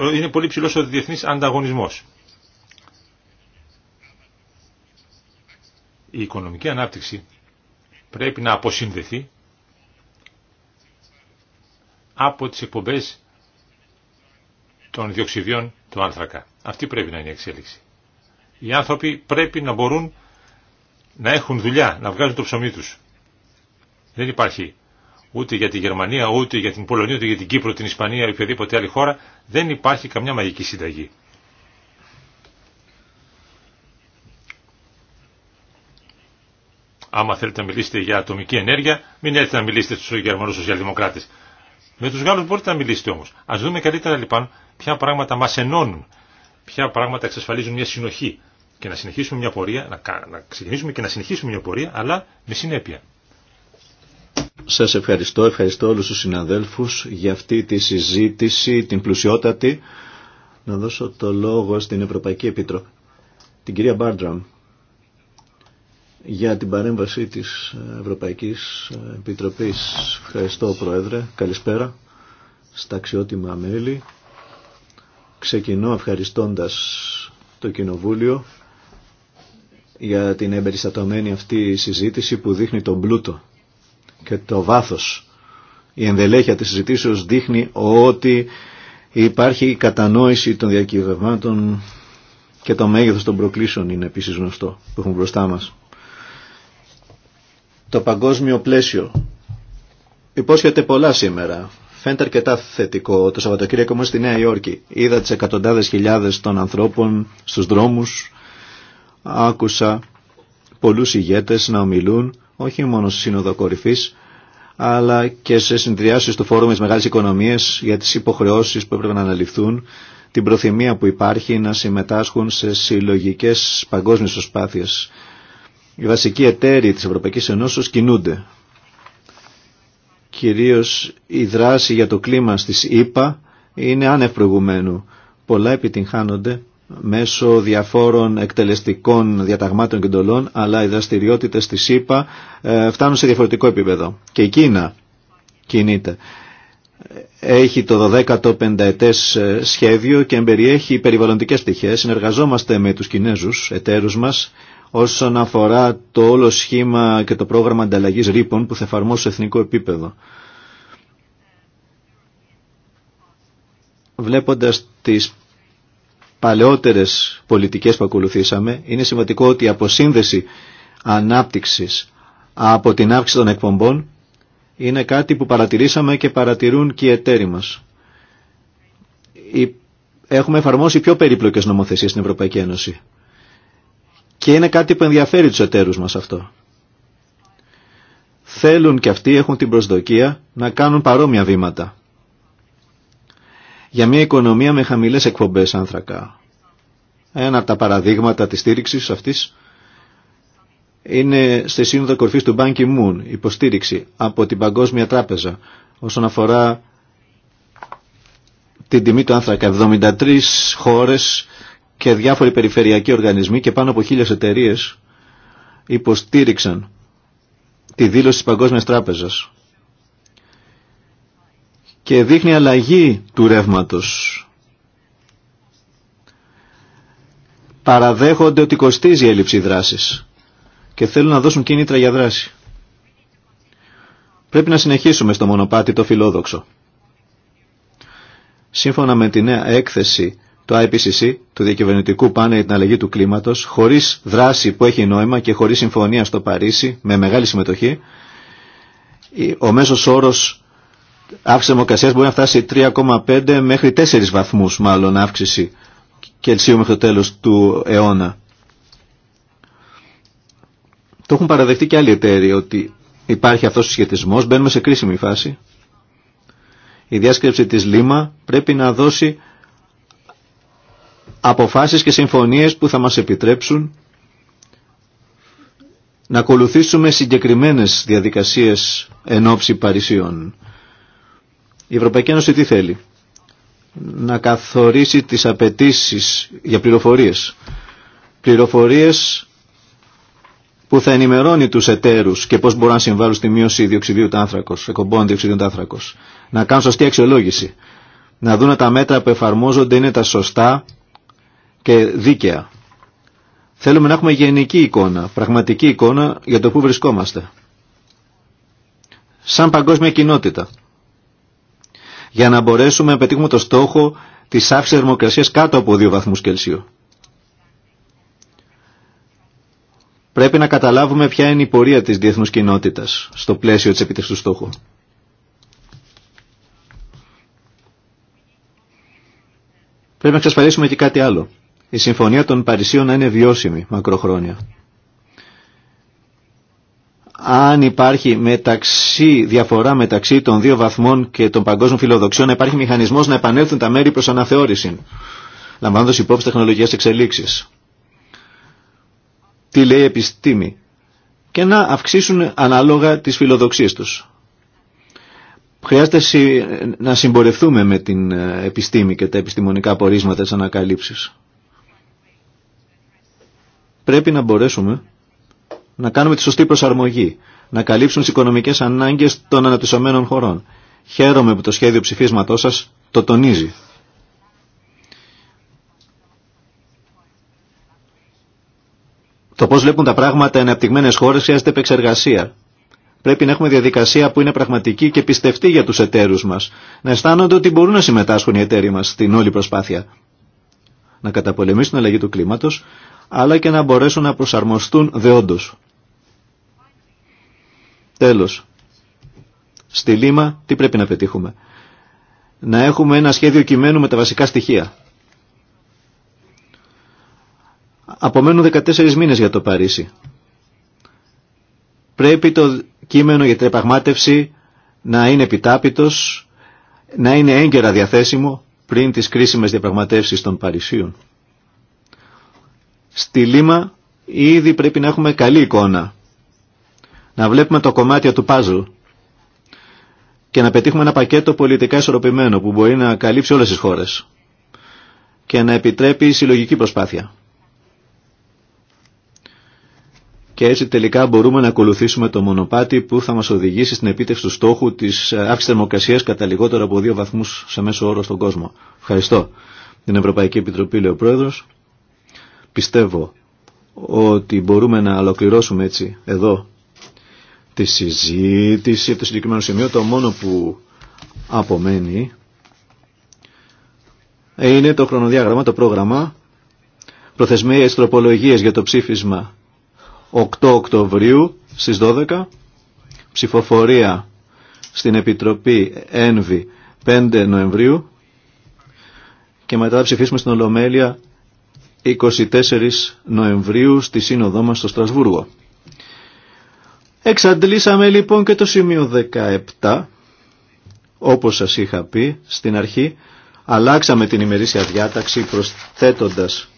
ε, είναι πολύ ψηλός ο διεθνής ανταγωνισμός. Η οικονομική ανάπτυξη πρέπει να αποσυνδεθεί από τις εκπομπές των διοξιδιών του άνθρακα. Αυτή πρέπει να είναι η εξέλιξη. Οι άνθρωποι πρέπει να μπορούν να έχουν δουλειά, να βγάζουν το ψωμί τους. Δεν υπάρχει ούτε για τη Γερμανία, ούτε για την Πολωνία, ούτε για την Κύπρο, την Ισπανία ή οποιαδήποτε άλλη χώρα. Δεν υπάρχει καμιά μαγική συνταγή. Άμα θέλετε να μιλήσετε για ατομική ενέργεια, μην έρθετε να μιλήσετε στους Γερμανούς Σοσιαλδημοκράτες. Με τους Γάλλους μπορείτε να μιλήσετε όμως. Ας δούμε καλύτερα λοιπόν ποια πράγματα μας ενώνουν, ποια πράγματα εξασφαλίζουν μια συνοχή και να συνεχίσουμε μια πορεία, να, να ξεκινήσουμε και να συνεχίσουμε μια πορεία, αλλά με συνέπεια. Σας ευχαριστώ, ευχαριστώ όλους τους συναδέλφους για αυτή τη συζήτηση, την πλουσιότατη. Να δώσω το λόγο στην Ευρωπαϊκή Επίτροπη, την κυρία Μπάρντραμ, για την παρέμβαση της Ευρωπαϊκής Επιτροπής. Ευχαριστώ, Πρόεδρε. Καλησπέρα στα αξιότιμα μέλη. Ξεκινώ ευχαριστώντας το Κοινοβούλιο για την εμπεριστατωμένη αυτή συζήτηση που δείχνει τον πλούτο και το βάθος. Η ενδελέχεια της συζητήσεως δείχνει ότι υπάρχει η κατανόηση των διακυβευμάτων και το μέγεθος των προκλήσεων είναι επίσης γνωστό που έχουν μπροστά μας. Το παγκόσμιο πλαίσιο υπόσχεται πολλά σήμερα. Φαίνεται αρκετά θετικό. Το Σαββατοκύριακο μου στη Νέα Υόρκη είδα τις εκατοντάδες χιλιάδες των ανθρώπων στους δρόμους. Άκουσα πολλούς ηγέτες να ομιλούν όχι μόνο στη Σύνοδο Κορυφή, αλλά και σε συνδυάσει του Φόρουμ της Μεγάλης Οικονομίας για τις υποχρεώσεις που έπρεπε να αναλυφθούν, την προθυμία που υπάρχει να συμμετάσχουν σε συλλογικέ παγκόσμιες προσπάθειε. Οι βασικοί εταίροι της Ευρωπαϊκής Ενώσης κινούνται. Κυρίως η δράση για το κλίμα στις ΗΠΑ είναι άνευ προηγουμένου. Πολλά επιτυγχάνονται μέσω διαφόρων εκτελεστικών διαταγμάτων και εντολών, αλλά οι δραστηριότητες της ΣΥΠΑ ε, φτάνουν σε διαφορετικό επίπεδο. Και η Κίνα κινείται. Έχει το 12ο πενταετές ε, σχέδιο και εμπεριέχει περιβαλλοντικές στοιχεία. Συνεργαζόμαστε με τους Κινέζους, εταίρους μας, όσον αφορά το όλο σχήμα και το πρόγραμμα ανταλλαγής ρήπων που θα εφαρμόσει σε εθνικό επίπεδο. Βλέποντας τις παλαιότερες πολιτικές που ακολουθήσαμε, είναι σημαντικό ότι η αποσύνδεση ανάπτυξης από την αύξηση των εκπομπών είναι κάτι που παρατηρήσαμε και παρατηρούν και οι εταίροι μας. Έχουμε εφαρμόσει πιο περίπλοκες νομοθεσίες στην Ευρωπαϊκή Ένωση. Και είναι κάτι που ενδιαφέρει τους εταίρους μας αυτό. Θέλουν και αυτοί έχουν την προσδοκία να κάνουν παρόμοια βήματα για μια οικονομία με χαμηλές εκπομπές άνθρακα. Ένα από τα παραδείγματα της στήριξης αυτής είναι στη σύνοδο κορφής του Ban Ki-moon, υποστήριξη από την Παγκόσμια Τράπεζα όσον αφορά την τιμή του άνθρακα. 73 χώρες και διάφοροι περιφερειακοί οργανισμοί και πάνω από χίλιες εταιρείε υποστήριξαν τη δήλωση της Παγκόσμιας Τράπεζας και δείχνει αλλαγή του ρεύματος. Παραδέχονται ότι κοστίζει η έλλειψη δράσης και θέλουν να δώσουν κίνητρα για δράση. Πρέπει να συνεχίσουμε στο μονοπάτι το φιλόδοξο. Σύμφωνα με τη νέα έκθεση του IPCC, του Διακυβερνητικού Πάνελ για την Αλλαγή του Κλίματος, χωρίς δράση που έχει νόημα και χωρίς συμφωνία στο Παρίσι, με μεγάλη συμμετοχή, ο μέσος όρος αύξηση δημοκρασίας μπορεί να φτάσει 3,5 μέχρι 4 βαθμούς μάλλον αύξηση Κελσίου μέχρι το τέλος του αιώνα. Το έχουν παραδεχτεί και άλλοι εταίροι ότι υπάρχει αυτός ο σχετισμός, μπαίνουμε σε κρίσιμη φάση. Η διάσκεψη της Λίμα πρέπει να δώσει αποφάσεις και συμφωνίες που θα μας επιτρέψουν να ακολουθήσουμε συγκεκριμένες διαδικασίες εν ώψη Παρισιών. Η Ευρωπαϊκή Ένωση τι θέλει. Να καθορίσει τις απαιτήσει για πληροφορίες. Πληροφορίες που θα ενημερώνει τους εταίρους και πώς μπορούν να συμβάλλουν στη μείωση διοξιδίου του άνθρακος, εκπομπών διοξιδίου του Να κάνουν σωστή αξιολόγηση. Να δουν τα μέτρα που εφαρμόζονται είναι τα σωστά και δίκαια. Θέλουμε να έχουμε γενική εικόνα, πραγματική εικόνα για το που βρισκόμαστε. Σαν παγκόσμια κοινότητα για να μπορέσουμε να πετύχουμε το στόχο της αύξησης θερμοκρασίας κάτω από 2 βαθμούς Κελσίου. Πρέπει να καταλάβουμε ποια είναι η πορεία της διεθνούς κοινότητας στο πλαίσιο της επίτευξης του στόχου. Πρέπει να εξασφαλίσουμε και κάτι άλλο. Η Συμφωνία των Παρισίων να είναι βιώσιμη μακροχρόνια αν υπάρχει μεταξύ, διαφορά μεταξύ των δύο βαθμών και των παγκόσμιων φιλοδοξιών, υπάρχει μηχανισμός να επανέλθουν τα μέρη προς αναθεώρηση, λαμβάνοντας υπόψη τεχνολογίας εξελίξεις. Τι λέει η επιστήμη. Και να αυξήσουν ανάλογα τις φιλοδοξίες τους. Χρειάζεται να συμπορευτούμε με την ε, επιστήμη και τα επιστημονικά απορίσματα της ανακαλύψης. Πρέπει να μπορέσουμε να κάνουμε τη σωστή προσαρμογή, να καλύψουν τι οικονομικέ ανάγκε των αναπτυσσομένων χωρών. Χαίρομαι που το σχέδιο ψηφίσματό σα το τονίζει. Το πώ βλέπουν τα πράγματα οι αναπτυγμένε χώρε χρειάζεται επεξεργασία. Πρέπει να έχουμε διαδικασία που είναι πραγματική και πιστευτή για του εταίρου μα, Να αισθάνονται ότι μπορούν να συμμετάσχουν οι εταίροι μα στην όλη προσπάθεια. Να καταπολεμήσουν την αλλαγή του κλίματο αλλά και να μπορέσουν να προσαρμοστούν δεόντω. Τέλος. Στη Λίμα τι πρέπει να πετύχουμε. Να έχουμε ένα σχέδιο κειμένου με τα βασικά στοιχεία. Απομένουν 14 μήνες για το Παρίσι. Πρέπει το κείμενο για την επαγμάτευση να είναι επιτάπητος, να είναι έγκαιρα διαθέσιμο πριν τις κρίσιμες διαπραγματεύσεις των Παρισίων. Στη Λίμα ήδη πρέπει να έχουμε καλή εικόνα να βλέπουμε τα κομμάτια του παζλ και να πετύχουμε ένα πακέτο πολιτικά ισορροπημένο που μπορεί να καλύψει όλες τις χώρες και να επιτρέπει συλλογική προσπάθεια. Και έτσι τελικά μπορούμε να ακολουθήσουμε το μονοπάτι που θα μας οδηγήσει στην επίτευξη του στόχου της ε, αύξησης θερμοκρασίας κατά λιγότερο από δύο βαθμούς σε μέσο όρο στον κόσμο. Ευχαριστώ την Ευρωπαϊκή Επιτροπή, λέει ο Πρόεδρος. Πιστεύω ότι μπορούμε να ολοκληρώσουμε έτσι εδώ τη συζήτηση από το συγκεκριμένο σημείο. Το μόνο που απομένει είναι το χρονοδιάγραμμα, το πρόγραμμα προθεσμίες τροπολογίες για το ψήφισμα 8 Οκτωβρίου στις 12 ψηφοφορία στην Επιτροπή ΕΝΒΗ 5 Νοεμβρίου και μετά ψηφίσουμε στην Ολομέλεια 24 Νοεμβρίου στη Σύνοδό μας στο Στρασβούργο. Εξαντλήσαμε λοιπόν και το σημείο 17, όπως σας είχα πει στην αρχή, αλλάξαμε την ημερήσια διάταξη προσθέτοντας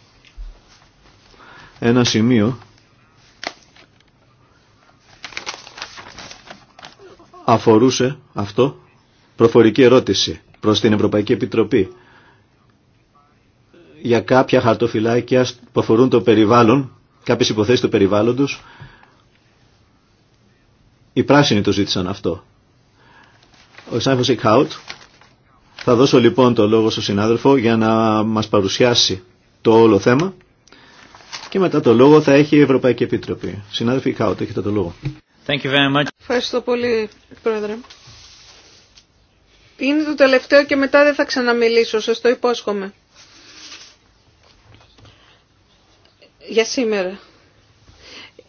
ένα σημείο αφορούσε αυτό προφορική ερώτηση προς την Ευρωπαϊκή Επιτροπή για κάποια χαρτοφυλάκια που αφορούν το περιβάλλον, κάποιες υποθέσεις του περιβάλλοντος οι πράσινοι το ζήτησαν αυτό. Ο Σάιφος Ικάουτ θα δώσω λοιπόν το λόγο στον συνάδελφο για να μας παρουσιάσει το όλο θέμα και μετά το λόγο θα έχει η Ευρωπαϊκή Επίτροπη. Συνάδελφοι Ικάουτ, έχετε το λόγο. Thank you very much. Ευχαριστώ πολύ, Πρόεδρε. Είναι το τελευταίο και μετά δεν θα ξαναμιλήσω, σας το υπόσχομαι. Για σήμερα.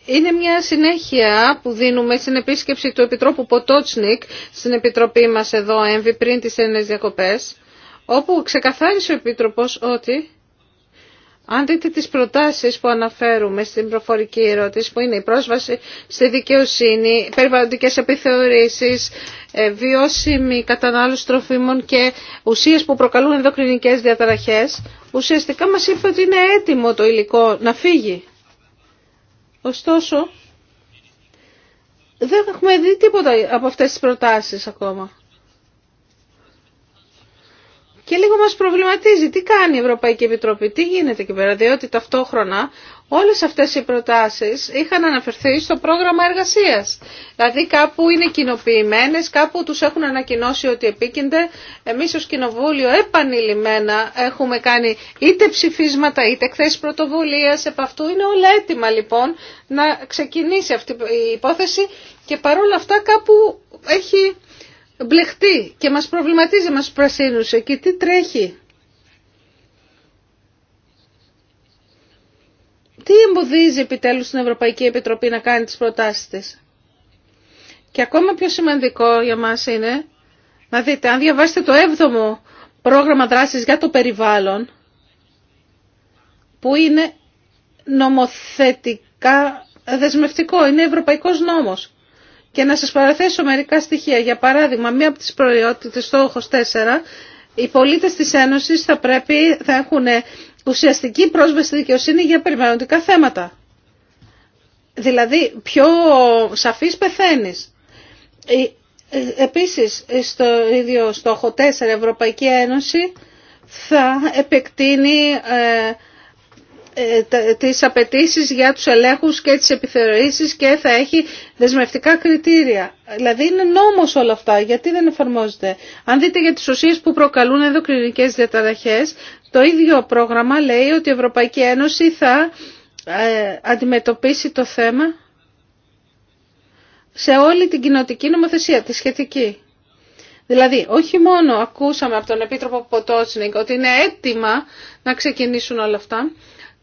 Είναι μια συνέχεια που δίνουμε στην επίσκεψη του Επιτρόπου Ποτότσνικ στην Επιτροπή μας εδώ, έμβη, πριν τις έννοιες διακοπές, όπου ξεκαθάρισε ο Επίτροπος ότι αν δείτε τις προτάσεις που αναφέρουμε στην προφορική ερώτηση που είναι η πρόσβαση στη δικαιοσύνη, περιβαλλοντικές επιθεωρήσεις, ε, βιώσιμη κατανάλωση τροφίμων και ουσίες που προκαλούν ενδοκρινικές διαταραχές, ουσιαστικά μας είπε ότι είναι έτοιμο το υλικό να φύγει. Ωστόσο, δεν έχουμε δει τίποτα από αυτές τις προτάσεις ακόμα. Και λίγο μας προβληματίζει τι κάνει η Ευρωπαϊκή Επιτροπή, τι γίνεται εκεί πέρα, διότι ταυτόχρονα Όλες αυτές οι προτάσεις είχαν αναφερθεί στο πρόγραμμα εργασίας. Δηλαδή κάπου είναι κοινοποιημένε, κάπου τους έχουν ανακοινώσει ότι επίκυνται. Εμείς ως Κοινοβούλιο επανειλημμένα έχουμε κάνει είτε ψηφίσματα είτε εκθέσεις πρωτοβουλίας. Επ' αυτού είναι όλα έτοιμα λοιπόν να ξεκινήσει αυτή η υπόθεση και παρόλα αυτά κάπου έχει μπλεχτεί και μας προβληματίζει μας πρασίνουσε εκεί τι τρέχει. Τι εμποδίζει επιτέλους την Ευρωπαϊκή Επιτροπή να κάνει τις προτάσεις της. Και ακόμα πιο σημαντικό για μας είναι να δείτε, αν διαβάσετε το 7ο πρόγραμμα δράσης για το περιβάλλον, που είναι νομοθετικά δεσμευτικό, είναι ευρωπαϊκός νόμος. Και να σας παραθέσω μερικά στοιχεία. Για παράδειγμα, μία από τις προϊότητες, στόχος 4, οι πολίτες της Ένωσης θα πρέπει, θα έχουν ουσιαστική πρόσβαση στη δικαιοσύνη για περιβαλλοντικά θέματα. Δηλαδή, πιο σαφής πεθαίνεις. Ε, ε, επίσης, στο ίδιο στόχο 4, Ευρωπαϊκή Ένωση θα επεκτείνει ε, τις απαιτήσεις για τους ελέγχους και τις επιθεωρήσεις και θα έχει δεσμευτικά κριτήρια. Δηλαδή είναι νόμος όλα αυτά, γιατί δεν εφαρμόζεται. Αν δείτε για τις ουσίες που προκαλούν εδώ κλινικές διαταραχές, το ίδιο πρόγραμμα λέει ότι η Ευρωπαϊκή Ένωση θα ε, αντιμετωπίσει το θέμα σε όλη την κοινοτική νομοθεσία, τη σχετική. Δηλαδή, όχι μόνο ακούσαμε από τον Επίτροπο Ποτότσνικ ότι είναι έτοιμα να ξεκινήσουν όλα αυτά,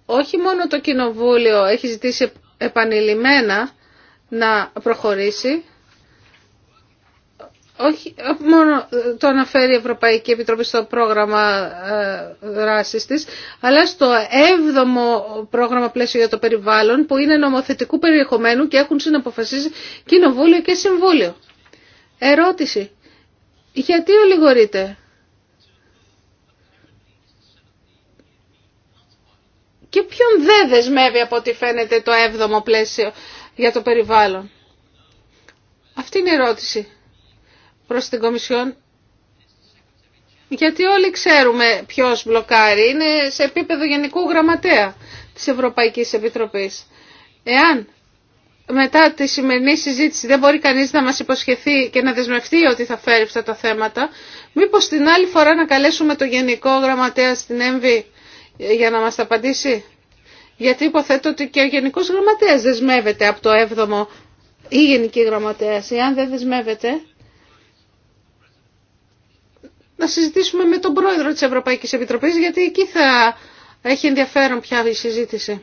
όχι μόνο το Κοινοβούλιο έχει ζητήσει επανειλημμένα να προχωρήσει, όχι μόνο το αναφέρει η Ευρωπαϊκή Επιτροπή στο πρόγραμμα ε, δράση τη. αλλά στο 7ο πρόγραμμα πλαίσιο για το περιβάλλον που είναι νομοθετικού περιεχομένου και έχουν συναποφασίσει κοινοβούλιο και συμβούλιο. Ερώτηση. Γιατί ολιγορείτε. Και ποιον δεν δεσμεύει από ό,τι φαίνεται το 7ο πλαίσιο για το περιβάλλον. Αυτή είναι η ερώτηση προς την Κομισιόν. Γιατί όλοι ξέρουμε ποιος μπλοκάρει. Είναι σε επίπεδο Γενικού Γραμματέα της Ευρωπαϊκής Επιτροπής. Εάν μετά τη σημερινή συζήτηση δεν μπορεί κανείς να μας υποσχεθεί και να δεσμευτεί ότι θα φέρει αυτά τα θέματα, μήπως την άλλη φορά να καλέσουμε το Γενικό Γραμματέα στην ΕΜΒΗ για να μας απαντήσει. Γιατί υποθέτω ότι και ο Γενικός Γραμματέας δεσμεύεται από το 7ο ή Γενική Γραμματέας. Εάν δεν δεσμεύεται, να συζητήσουμε με τον πρόεδρο της Ευρωπαϊκής Επιτροπής γιατί εκεί θα έχει ενδιαφέρον πια η συζήτηση.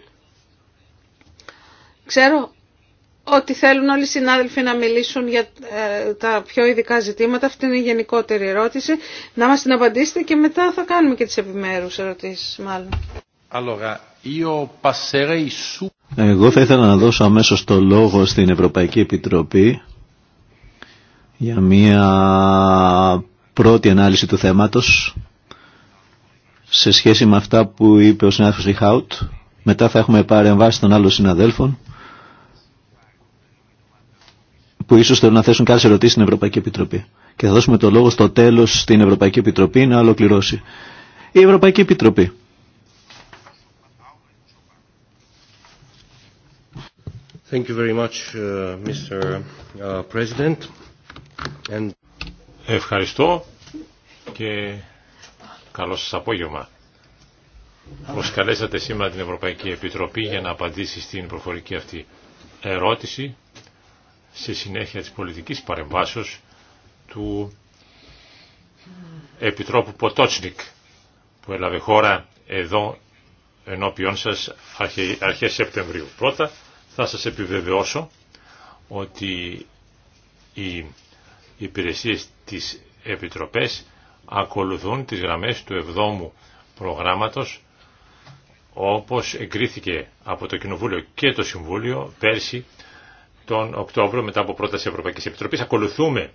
Ξέρω ότι θέλουν όλοι οι συνάδελφοι να μιλήσουν για ε, τα πιο ειδικά ζητήματα. Αυτή είναι η γενικότερη ερώτηση. Να μας την απαντήσετε και μετά θα κάνουμε και τις επιμέρους ερωτήσεις μάλλον. Εγώ θα ήθελα να δώσω αμέσως το λόγο στην Ευρωπαϊκή Επιτροπή για μία πρώτη ανάλυση του θέματος σε σχέση με αυτά που είπε ο συνάδελφος Ριχάουτ. Μετά θα έχουμε παρεμβάσει των άλλων συναδέλφων που ίσως θέλουν να θέσουν κάποιες ερωτήσεις στην Ευρωπαϊκή Επιτροπή. Και θα δώσουμε το λόγο στο τέλος στην Ευρωπαϊκή Επιτροπή να ολοκληρώσει. Η Ευρωπαϊκή Επιτροπή. Thank you very much, uh, Mr. Uh, President. And... Ευχαριστώ και καλό σας απόγευμα. Προσκαλέσατε σήμερα την Ευρωπαϊκή Επιτροπή για να απαντήσει στην προφορική αυτή ερώτηση σε συνέχεια της πολιτικής παρεμβάσεως του Επιτρόπου Ποτότσνικ που έλαβε χώρα εδώ ενώπιον σας αρχές Σεπτεμβρίου. Πρώτα θα σας επιβεβαιώσω ότι η οι υπηρεσίες της Επιτροπές ακολουθούν τις γραμμές του 7ου προγράμματος όπως εγκρίθηκε από το Κοινοβούλιο και το Συμβούλιο πέρσι τον Οκτώβριο μετά από πρόταση Ευρωπαϊκής Επιτροπής. Ακολουθούμε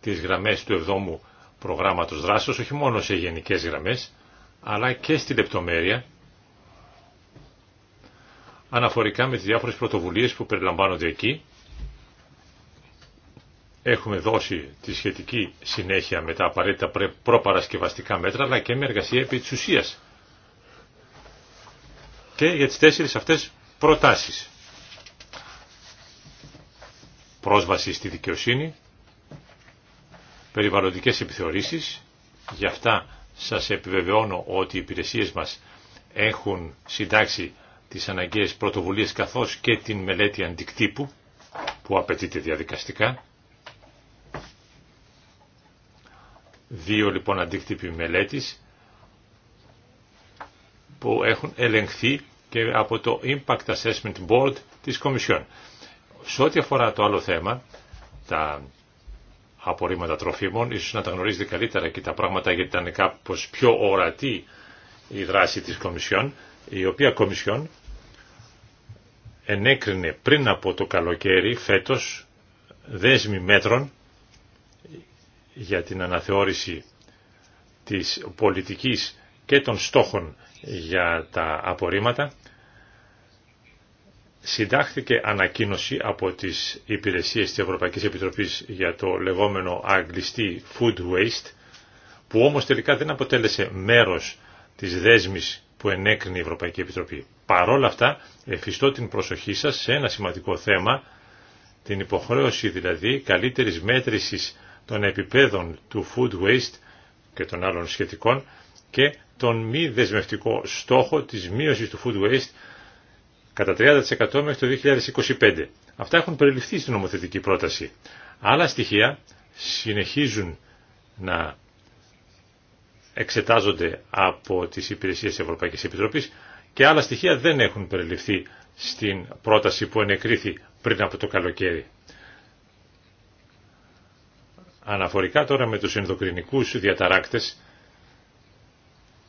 τις γραμμές του 7ου προγράμματος δράσεως όχι μόνο σε γενικές γραμμές αλλά και στη λεπτομέρεια αναφορικά με τις διάφορες πρωτοβουλίες που περιλαμβάνονται εκεί Έχουμε δώσει τη σχετική συνέχεια με τα απαραίτητα προπαρασκευαστικά μέτρα, αλλά και με εργασία επί της ουσίας. Και για τις τέσσερις αυτές προτάσεις. Πρόσβαση στη δικαιοσύνη, περιβαλλοντικές επιθεωρήσεις, γι' αυτά σας επιβεβαιώνω ότι οι υπηρεσίες μας έχουν συντάξει τις αναγκαίες πρωτοβουλίες καθώς και την μελέτη αντικτύπου που απαιτείται διαδικαστικά Δύο λοιπόν αντίκτυποι μελέτης που έχουν ελεγχθεί και από το Impact Assessment Board της Κομισιόν. Σε ό,τι αφορά το άλλο θέμα, τα απορρίμματα τροφίμων, ίσως να τα γνωρίζετε καλύτερα και τα πράγματα γιατί ήταν κάπως πιο ορατή η δράση της Κομισιόν, η οποία Κομισιόν ενέκρινε πριν από το καλοκαίρι φέτος δέσμη μέτρων για την αναθεώρηση της πολιτικής και των στόχων για τα απορρίμματα συντάχθηκε ανακοίνωση από τις υπηρεσίες της Ευρωπαϊκής Επιτροπής για το λεγόμενο αγγλιστή food waste που όμως τελικά δεν αποτέλεσε μέρος της δέσμης που ενέκρινε η Ευρωπαϊκή Επιτροπή. Παρόλα αυτά εφιστώ την προσοχή σας σε ένα σημαντικό θέμα την υποχρέωση δηλαδή καλύτερης μέτρησης των επιπέδων του food waste και των άλλων σχετικών και τον μη δεσμευτικό στόχο της μείωσης του food waste κατά 30% μέχρι το 2025. Αυτά έχουν περιληφθεί στην νομοθετική πρόταση. Άλλα στοιχεία συνεχίζουν να εξετάζονται από τις υπηρεσίες Ευρωπαϊκής Επιτροπής και άλλα στοιχεία δεν έχουν περιληφθεί στην πρόταση που ενεκρίθη πριν από το καλοκαίρι. Αναφορικά τώρα με τους ενδοκρινικούς διαταράκτες,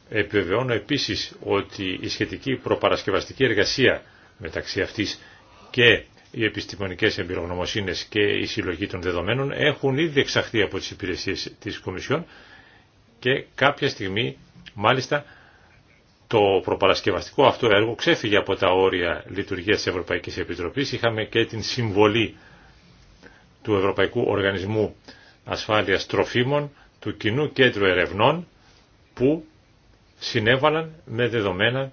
επιβεβαιώνω επίσης ότι η σχετική προπαρασκευαστική εργασία μεταξύ αυτής και οι επιστημονικές εμπειρογνωμοσύνες και η συλλογή των δεδομένων έχουν ήδη εξαχθεί από τις υπηρεσίες της Κομισιόν και κάποια στιγμή μάλιστα το προπαρασκευαστικό αυτό έργο ξέφυγε από τα όρια λειτουργίας της Ευρωπαϊκής Επιτροπής. Είχαμε και την συμβολή του Ευρωπαϊκού Οργανισμού ασφάλειας τροφίμων του Κοινού Κέντρου Ερευνών που συνέβαλαν με δεδομένα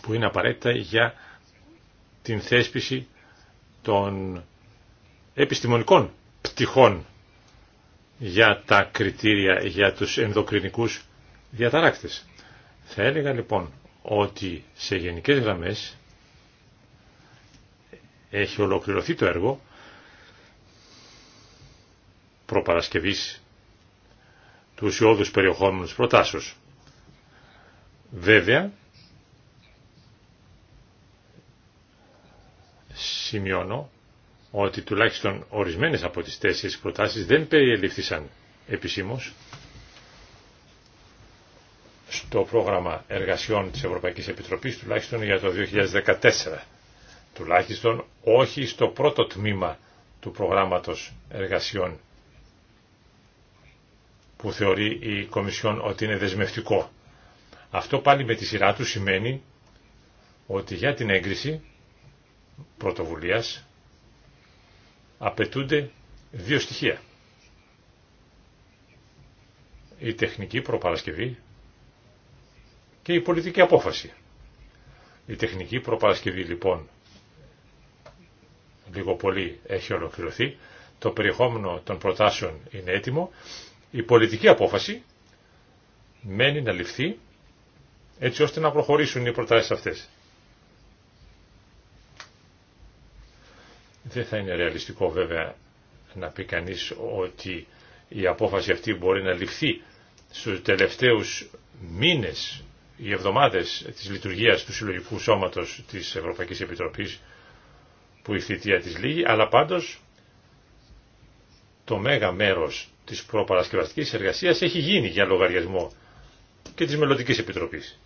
που είναι απαραίτητα για την θέσπιση των επιστημονικών πτυχών για τα κριτήρια για τους ενδοκρινικούς διαταράκτες. Θα έλεγα λοιπόν ότι σε γενικές γραμμές έχει ολοκληρωθεί το έργο, προπαρασκευής του ουσιώδους περιεχόμενου της προτάσεως. Βέβαια, σημειώνω ότι τουλάχιστον ορισμένες από τις τέσσερις προτάσεις δεν περιελήφθησαν επισήμως στο πρόγραμμα εργασιών της Ευρωπαϊκής Επιτροπής τουλάχιστον για το 2014. Τουλάχιστον όχι στο πρώτο τμήμα του προγράμματος εργασιών που θεωρεί η Κομισιόν ότι είναι δεσμευτικό. Αυτό πάλι με τη σειρά του σημαίνει ότι για την έγκριση πρωτοβουλίας απαιτούνται δύο στοιχεία. Η τεχνική προπαρασκευή και η πολιτική απόφαση. Η τεχνική προπαρασκευή λοιπόν λίγο πολύ έχει ολοκληρωθεί. Το περιεχόμενο των προτάσεων είναι έτοιμο η πολιτική απόφαση μένει να ληφθεί έτσι ώστε να προχωρήσουν οι προτάσεις αυτές. Δεν θα είναι ρεαλιστικό βέβαια να πει κανείς ότι η απόφαση αυτή μπορεί να ληφθεί στους τελευταίους μήνες ή εβδομάδες της λειτουργίας του Συλλογικού Σώματος της Ευρωπαϊκής Επιτροπής που η θητεία της λύγει, αλλά πάντως το μέγα μέρος της προπαρασκευαστικής εργασίας έχει γίνει για λογαριασμό και της μελλοντική Επιτροπής.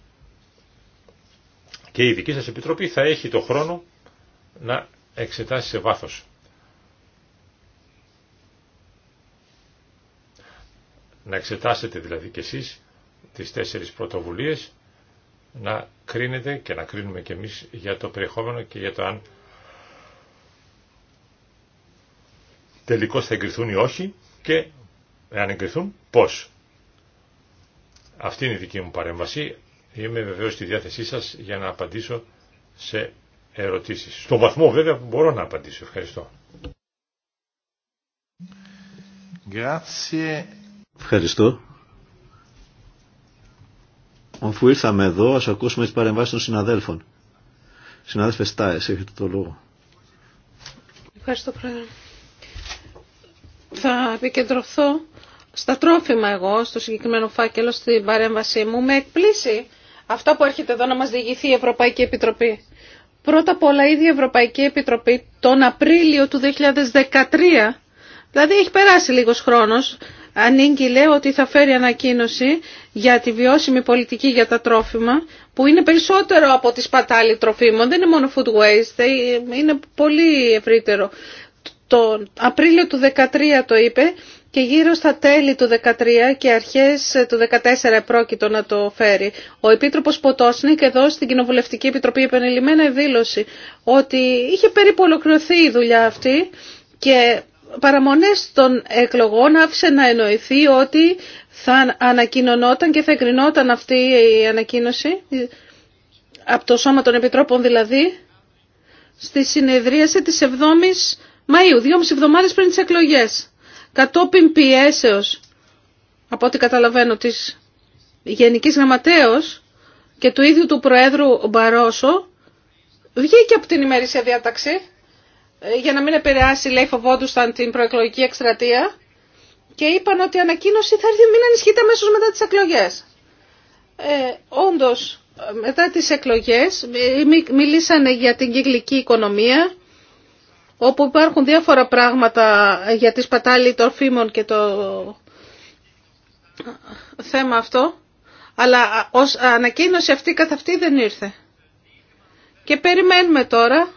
Και η δική σας Επιτροπή θα έχει το χρόνο να εξετάσει σε βάθος. Να εξετάσετε δηλαδή κι εσείς τις τέσσερις πρωτοβουλίες, να κρίνετε και να κρίνουμε και εμείς για το περιεχόμενο και για το αν τελικώς θα εγκριθούν ή όχι και εάν εγκριθούν, πώς. Αυτή είναι η δική μου παρέμβαση. Είμαι βεβαίως στη διάθεσή σας για να απαντήσω σε ερωτήσεις. Στον βαθμό βέβαια που μπορώ να απαντήσω. Ευχαριστώ. Ευχαριστώ. Αφού ήρθαμε εδώ, ας ακούσουμε τις παρεμβάσεις των συναδέλφων. Συνάδελφε Στάες, έχετε το λόγο. Ευχαριστώ, Πρόεδρε. Θα επικεντρωθώ στα τρόφιμα εγώ, στο συγκεκριμένο φάκελο, στην παρέμβασή μου, με εκπλήσει αυτά που έρχεται εδώ να μας διηγηθεί η Ευρωπαϊκή Επιτροπή. Πρώτα απ' όλα, η Ευρωπαϊκή Επιτροπή τον Απρίλιο του 2013, δηλαδή έχει περάσει λίγος χρόνος, ανήγγειλε ότι θα φέρει ανακοίνωση για τη βιώσιμη πολιτική για τα τρόφιμα, που είναι περισσότερο από τη σπατάλη τροφίμων, δεν είναι μόνο food waste, ε, είναι πολύ ευρύτερο. Τον Απρίλιο του 2013 το είπε και γύρω στα τέλη του 2013 και αρχές του 2014 πρόκειτο να το φέρει. Ο Επίτροπος Ποτόσνικ εδώ στην Κοινοβουλευτική Επιτροπή επανειλημμένα δήλωσε ότι είχε περίπου ολοκληρωθεί η δουλειά αυτή και παραμονές των εκλογών άφησε να εννοηθεί ότι θα ανακοινωνόταν και θα εγκρινόταν αυτή η ανακοίνωση από το Σώμα των Επιτρόπων δηλαδή στη συνεδρίαση της 7ης Μαΐου, δυόμιση εβδομάδες πριν τις εκλογές κατόπιν πιέσεως, από ό,τι καταλαβαίνω, της Γενικής Γραμματέως και του ίδιου του Προέδρου Μπαρόσο, βγήκε από την ημερήσια διάταξη ε, για να μην επηρεάσει, λέει, φοβόντουσαν την προεκλογική εκστρατεία και είπαν ότι η ανακοίνωση θα έρθει μην ανισχύεται αμέσω μετά τις εκλογές. Ε, όντως, ε, μετά τις εκλογές μιλήσανε για την κυκλική οικονομία όπου υπάρχουν διάφορα πράγματα για τη σπατάλη των φήμων και το θέμα αυτό, αλλά ως ανακοίνωση αυτή καθ' αυτή δεν ήρθε. Και περιμένουμε τώρα,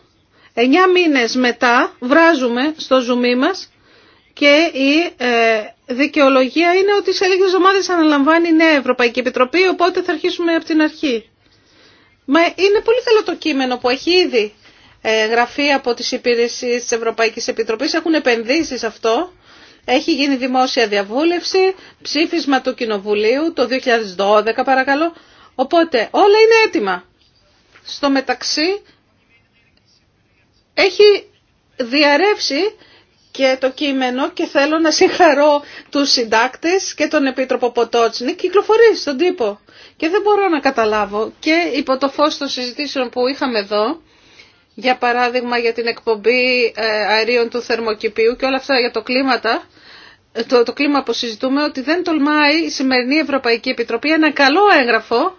εννιά μήνες μετά βράζουμε στο ζουμί μας και η ε, δικαιολογία είναι ότι σε λίγες ομάδες αναλαμβάνει η Νέα Ευρωπαϊκή Επιτροπή, οπότε θα αρχίσουμε από την αρχή. Μα είναι πολύ καλό το κείμενο που έχει ήδη ε, γραφεία από τις υπηρεσίες της Ευρωπαϊκής Επιτροπής έχουν επενδύσει σε αυτό. Έχει γίνει δημόσια διαβούλευση, ψήφισμα του Κοινοβουλίου το 2012 παρακαλώ. Οπότε όλα είναι έτοιμα. Στο μεταξύ έχει διαρρεύσει και το κείμενο και θέλω να συγχαρώ τους συντάκτες και τον Επίτροπο Ποτότσνη κυκλοφορεί στον τύπο. Και δεν μπορώ να καταλάβω και υπό το φως των συζητήσεων που είχαμε εδώ για παράδειγμα για την εκπομπή ε, αερίων του θερμοκηπίου και όλα αυτά για το κλίμα, το, το κλίμα που συζητούμε, ότι δεν τολμάει η σημερινή Ευρωπαϊκή Επιτροπή ένα καλό έγγραφο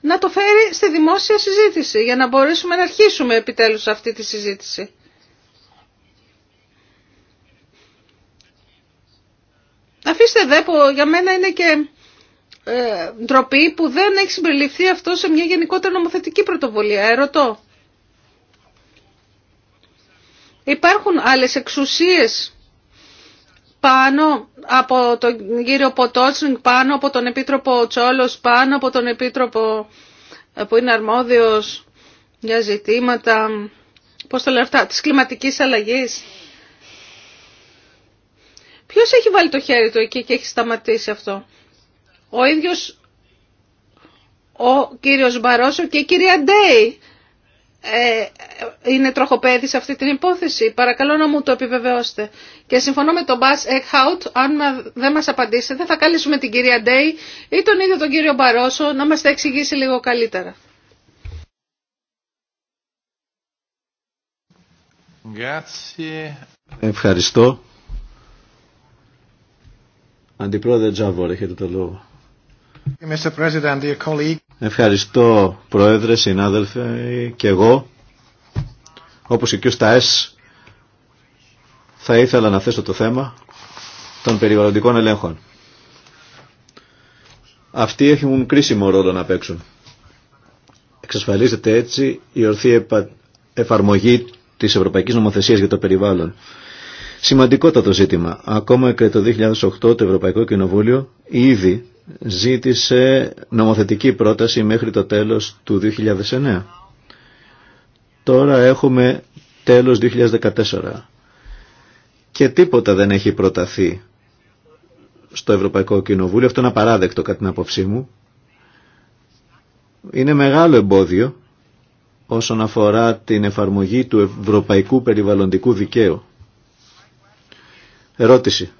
να το φέρει στη δημόσια συζήτηση, για να μπορέσουμε να αρχίσουμε επιτέλους αυτή τη συζήτηση. Αφήστε δε που για μένα είναι και ε, ντροπή που δεν έχει συμπεριληφθεί αυτό σε μια γενικότερα νομοθετική πρωτοβουλία. Ερωτώ. Υπάρχουν άλλες εξουσίες πάνω από τον κύριο Ποτότσινγκ, πάνω από τον Επίτροπο Τσόλος, πάνω από τον Επίτροπο ε, που είναι αρμόδιος για ζητήματα, πώς το της κλιματικής αλλαγής. Ποιος έχει βάλει το χέρι του εκεί και έχει σταματήσει αυτό. Ο ίδιος ο κύριος Μπαρόσο και η κυρία Ντέι ε, είναι τροχοπέδη σε αυτή την υπόθεση. Παρακαλώ να μου το επιβεβαιώσετε. Και συμφωνώ με τον Μπάς Εκχάουτ, αν δεν μας απαντήσετε θα καλέσουμε την κυρία Ντέι ή τον ίδιο τον κύριο Μπαρόσο να μας τα εξηγήσει λίγο καλύτερα. Ευχαριστώ. Αντιπρόεδρε Τζάβορ, έχετε το λόγο. Mr. President, dear colleague. Ευχαριστώ Πρόεδρε, συνάδελφε και εγώ, όπως και ο Σταές, θα ήθελα να θέσω το θέμα των περιβαλλοντικών ελέγχων. Αυτοί έχουν κρίσιμο ρόλο να παίξουν. Εξασφαλίζεται έτσι η ορθή εφαρμογή της Ευρωπαϊκής Νομοθεσίας για το περιβάλλον. Σημαντικότατο ζήτημα. Ακόμα και το 2008 το Ευρωπαϊκό Κοινοβούλιο ήδη ζήτησε νομοθετική πρόταση μέχρι το τέλος του 2009. Τώρα έχουμε τέλος 2014 και τίποτα δεν έχει προταθεί στο Ευρωπαϊκό Κοινοβούλιο. Αυτό είναι απαράδεκτο κατά την άποψή μου. Είναι μεγάλο εμπόδιο όσον αφορά την εφαρμογή του Ευρωπαϊκού Περιβαλλοντικού Δικαίου. Ερώτηση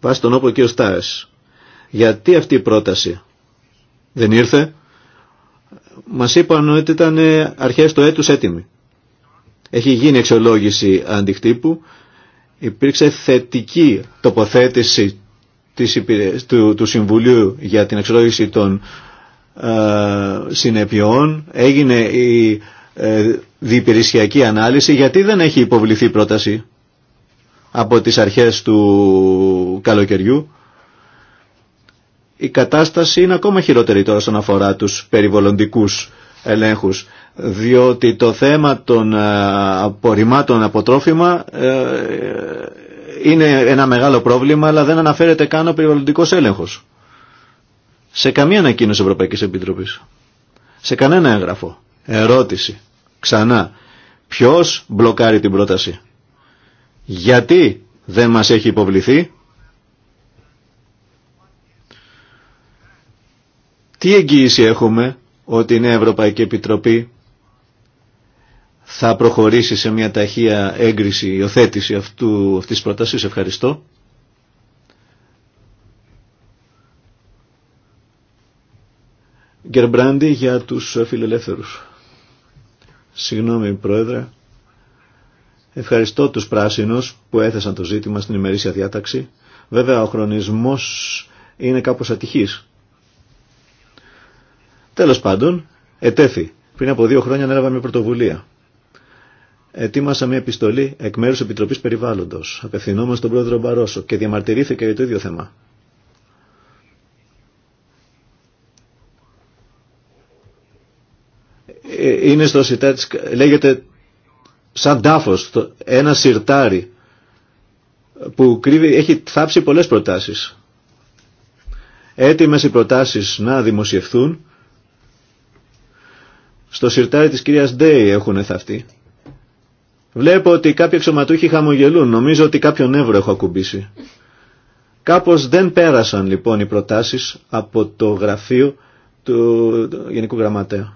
βάσει τον όποιο ο Στάρες. Γιατί αυτή η πρόταση δεν ήρθε. Μας είπαν ότι ήταν ε, αρχές του έτους έτοιμη. Έχει γίνει εξολόγηση αντιχτύπου. Υπήρξε θετική τοποθέτηση του, Συμβουλίου για την εξολόγηση των ε, συνεπειών. Έγινε η ε, ανάλυση. Γιατί δεν έχει υποβληθεί πρόταση από τις αρχές του καλοκαιριού. Η κατάσταση είναι ακόμα χειρότερη τώρα αφορά τους περιβολοντικούς ελέγχους, διότι το θέμα των ε, απορριμμάτων από τρόφιμα ε, είναι ένα μεγάλο πρόβλημα, αλλά δεν αναφέρεται καν ο περιβαλλοντικός έλεγχος. Σε καμία ανακοίνωση Ευρωπαϊκής Επιτροπής. Σε κανένα έγγραφο. Ερώτηση. Ξανά. Ποιος μπλοκάρει την πρόταση. Γιατί δεν μας έχει υποβληθεί. Τι εγγύηση έχουμε ότι η Νέα Ευρωπαϊκή Επιτροπή θα προχωρήσει σε μια ταχεία έγκριση, υιοθέτηση αυτού, αυτής της πρότασης. Ευχαριστώ. Γκερμπράντι για τους φιλελεύθερους. Συγγνώμη Πρόεδρε. Ευχαριστώ τους πράσινους που έθεσαν το ζήτημα στην ημερήσια διάταξη. Βέβαια ο χρονισμός είναι κάπως ατυχής. Τέλος πάντων, ετέθη. Πριν από δύο χρόνια ανέλαβα μια πρωτοβουλία. Ετοίμασα μια επιστολή εκ μέρους Επιτροπής Περιβάλλοντος. Απευθυνόμαστε στον πρόεδρο Μπαρόσο και διαμαρτυρήθηκε για το ίδιο θέμα. Ε, είναι στο λέγεται σαν τάφος, ένα σιρτάρι που έχει θάψει πολλές προτάσεις. Έτοιμες οι προτάσεις να δημοσιευθούν. Στο σιρτάρι της κυρίας Ντέι έχουν θαυτεί. Βλέπω ότι κάποιοι εξωματούχοι χαμογελούν. Νομίζω ότι κάποιο νεύρο έχω ακουμπήσει. Κάπως δεν πέρασαν λοιπόν οι προτάσεις από το γραφείο του Γενικού Γραμματέα.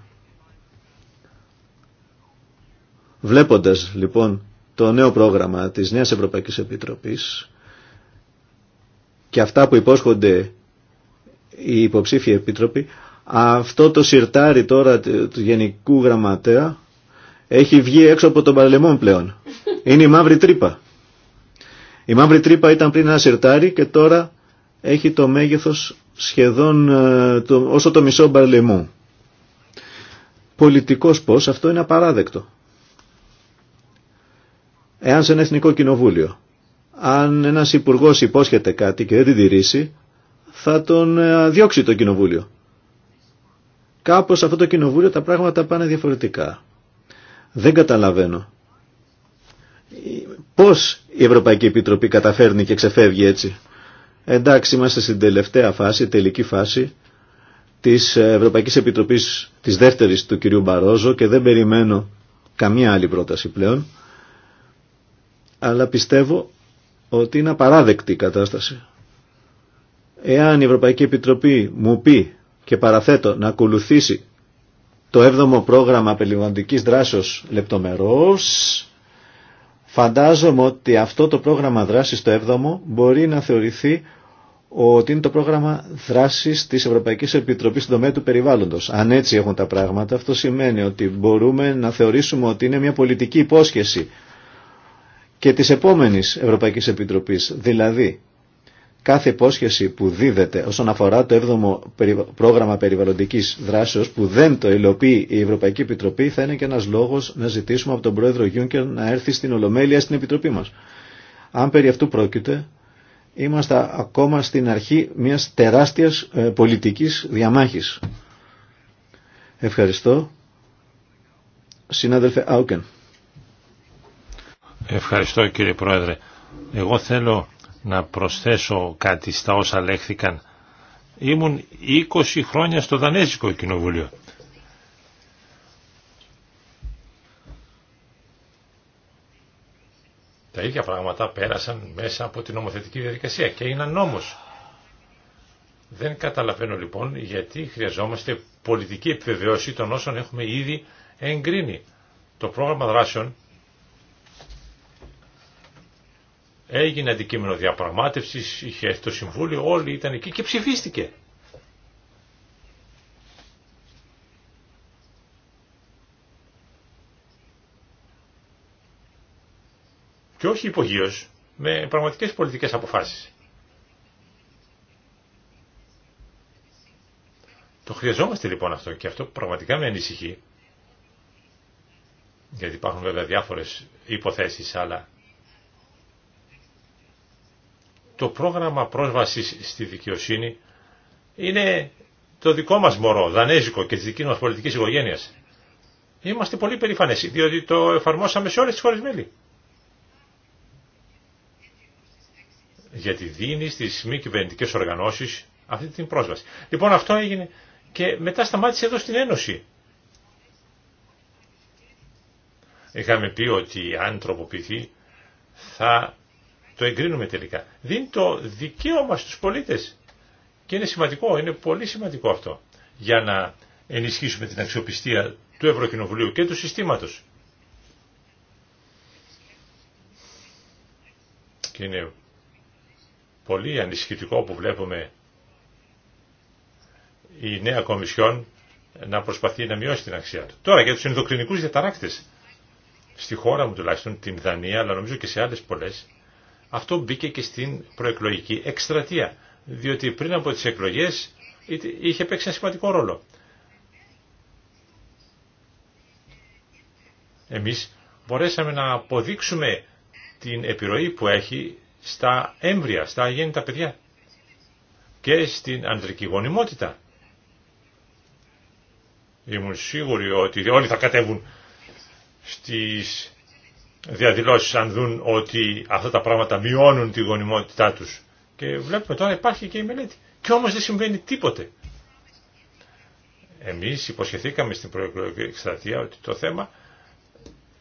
Βλέποντας λοιπόν το νέο πρόγραμμα της Νέας Ευρωπαϊκής Επιτροπής και αυτά που υπόσχονται οι υποψήφοι επίτροποι, αυτό το σιρτάρι τώρα του Γενικού Γραμματέα έχει βγει έξω από τον παρελαιμόν πλέον. Είναι η μαύρη τρύπα. Η μαύρη τρύπα ήταν πριν ένα σιρτάρι και τώρα έχει το μέγεθος σχεδόν ε, το, όσο το μισό μπαρλεμού. Πολιτικός πως αυτό είναι απαράδεκτο. Εάν σε ένα εθνικό κοινοβούλιο, αν ένας υπουργό υπόσχεται κάτι και δεν τη τηρήσει, θα τον ε, διώξει το κοινοβούλιο. Κάπως αυτό το κοινοβούλιο τα πράγματα πάνε διαφορετικά. Δεν καταλαβαίνω. Πώς η Ευρωπαϊκή Επιτροπή καταφέρνει και ξεφεύγει έτσι. Εντάξει, είμαστε στην τελευταία φάση, τελική φάση της Ευρωπαϊκή Επιτροπή, της δεύτερη του κυρίου Μπαρόζο και δεν περιμένω καμία άλλη πρόταση πλέον αλλά πιστεύω ότι είναι απαράδεκτη η κατάσταση. Εάν η Ευρωπαϊκή Επιτροπή μου πει και παραθέτω να ακολουθήσει το 7ο πρόγραμμα περιβαλλοντικής δράσεως λεπτομερώς, φαντάζομαι ότι αυτό το πρόγραμμα δράσης το 7ο μπορεί να θεωρηθεί ότι είναι το πρόγραμμα δράσης της Ευρωπαϊκής Επιτροπής στον τομέα του περιβάλλοντος. Αν έτσι έχουν τα πράγματα, αυτό σημαίνει ότι μπορούμε να θεωρήσουμε ότι είναι μια πολιτική υπόσχεση και της επόμενης Ευρωπαϊκής Επιτροπής. Δηλαδή, κάθε υπόσχεση που δίδεται όσον αφορά το 7ο πρόγραμμα περιβαλλοντικής δράσεως που δεν το υλοποιεί η Ευρωπαϊκή Επιτροπή θα είναι και ένας λόγος να ζητήσουμε από τον Πρόεδρο Γιούνκερ να έρθει στην Ολομέλεια στην Επιτροπή μας. Αν περί αυτού πρόκειται, είμαστε ακόμα στην αρχή μιας τεράστιας ε, πολιτικής διαμάχης. Ευχαριστώ. Συνάδελφε Άουκεν. Ευχαριστώ κύριε Πρόεδρε. Εγώ θέλω να προσθέσω κάτι στα όσα λέχθηκαν. Ήμουν 20 χρόνια στο Δανέζικο Κοινοβούλιο. Τα ίδια πράγματα πέρασαν μέσα από την νομοθετική διαδικασία και είναι νόμος. Δεν καταλαβαίνω λοιπόν γιατί χρειαζόμαστε πολιτική επιβεβαιώση των όσων έχουμε ήδη εγκρίνει. Το πρόγραμμα δράσεων Έγινε αντικείμενο διαπραγμάτευσης, είχε έρθει το Συμβούλιο, όλοι ήταν εκεί και ψηφίστηκε. Και όχι υπογείως, με πραγματικές πολιτικές αποφάσεις. Το χρειαζόμαστε λοιπόν αυτό και αυτό πραγματικά με ανησυχεί, γιατί υπάρχουν βέβαια διάφορες υποθέσεις, αλλά το πρόγραμμα πρόσβασης στη δικαιοσύνη είναι το δικό μας μωρό, δανέζικο και της δικής μας πολιτικής οικογένειας. Είμαστε πολύ περήφανες, διότι το εφαρμόσαμε σε όλες τις χώρες μέλη. Γιατί δίνει στις μη κυβερνητικέ οργανώσεις αυτή την πρόσβαση. Λοιπόν αυτό έγινε και μετά σταμάτησε εδώ στην Ένωση. Είχαμε πει ότι αν τροποποιηθεί θα το εγκρίνουμε τελικά. Δίνει το δικαίωμα στους πολίτες. Και είναι σημαντικό, είναι πολύ σημαντικό αυτό για να ενισχύσουμε την αξιοπιστία του Ευρωκοινοβουλίου και του συστήματος. Και είναι πολύ ανησυχητικό που βλέπουμε η νέα Κομισιόν να προσπαθεί να μειώσει την αξία του. Τώρα για τους ενδοκρινικούς διαταράκτες. Στη χώρα μου τουλάχιστον, την Δανία, αλλά νομίζω και σε άλλες πολλές, αυτό μπήκε και στην προεκλογική εκστρατεία, διότι πριν από τις εκλογές είχε παίξει ένα σημαντικό ρόλο. Εμείς μπορέσαμε να αποδείξουμε την επιρροή που έχει στα έμβρια, στα αγέννητα παιδιά και στην ανδρική γονιμότητα. Ήμουν σίγουροι ότι όλοι θα κατέβουν στις διαδηλώσεις αν δουν ότι αυτά τα πράγματα μειώνουν τη γονιμότητά τους. Και βλέπουμε τώρα υπάρχει και η μελέτη. Και όμως δεν συμβαίνει τίποτε. Εμείς υποσχεθήκαμε στην προεκλογική εκστρατεία ότι το θέμα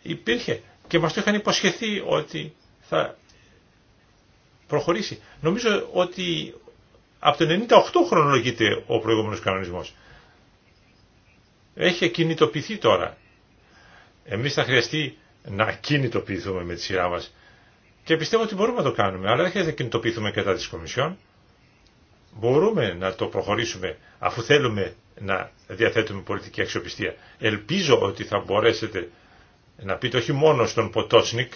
υπήρχε και μας το είχαν υποσχεθεί ότι θα προχωρήσει. Νομίζω ότι από το 98 χρονολογείται ο προηγούμενος κανονισμός. Έχει κινητοποιηθεί τώρα. Εμείς θα χρειαστεί να κινητοποιηθούμε με τη σειρά μας. Και πιστεύω ότι μπορούμε να το κάνουμε, αλλά δεν χρειάζεται να κινητοποιηθούμε κατά της Κομισιόν. Μπορούμε να το προχωρήσουμε αφού θέλουμε να διαθέτουμε πολιτική αξιοπιστία. Ελπίζω ότι θα μπορέσετε να πείτε όχι μόνο στον Ποτότσνικ,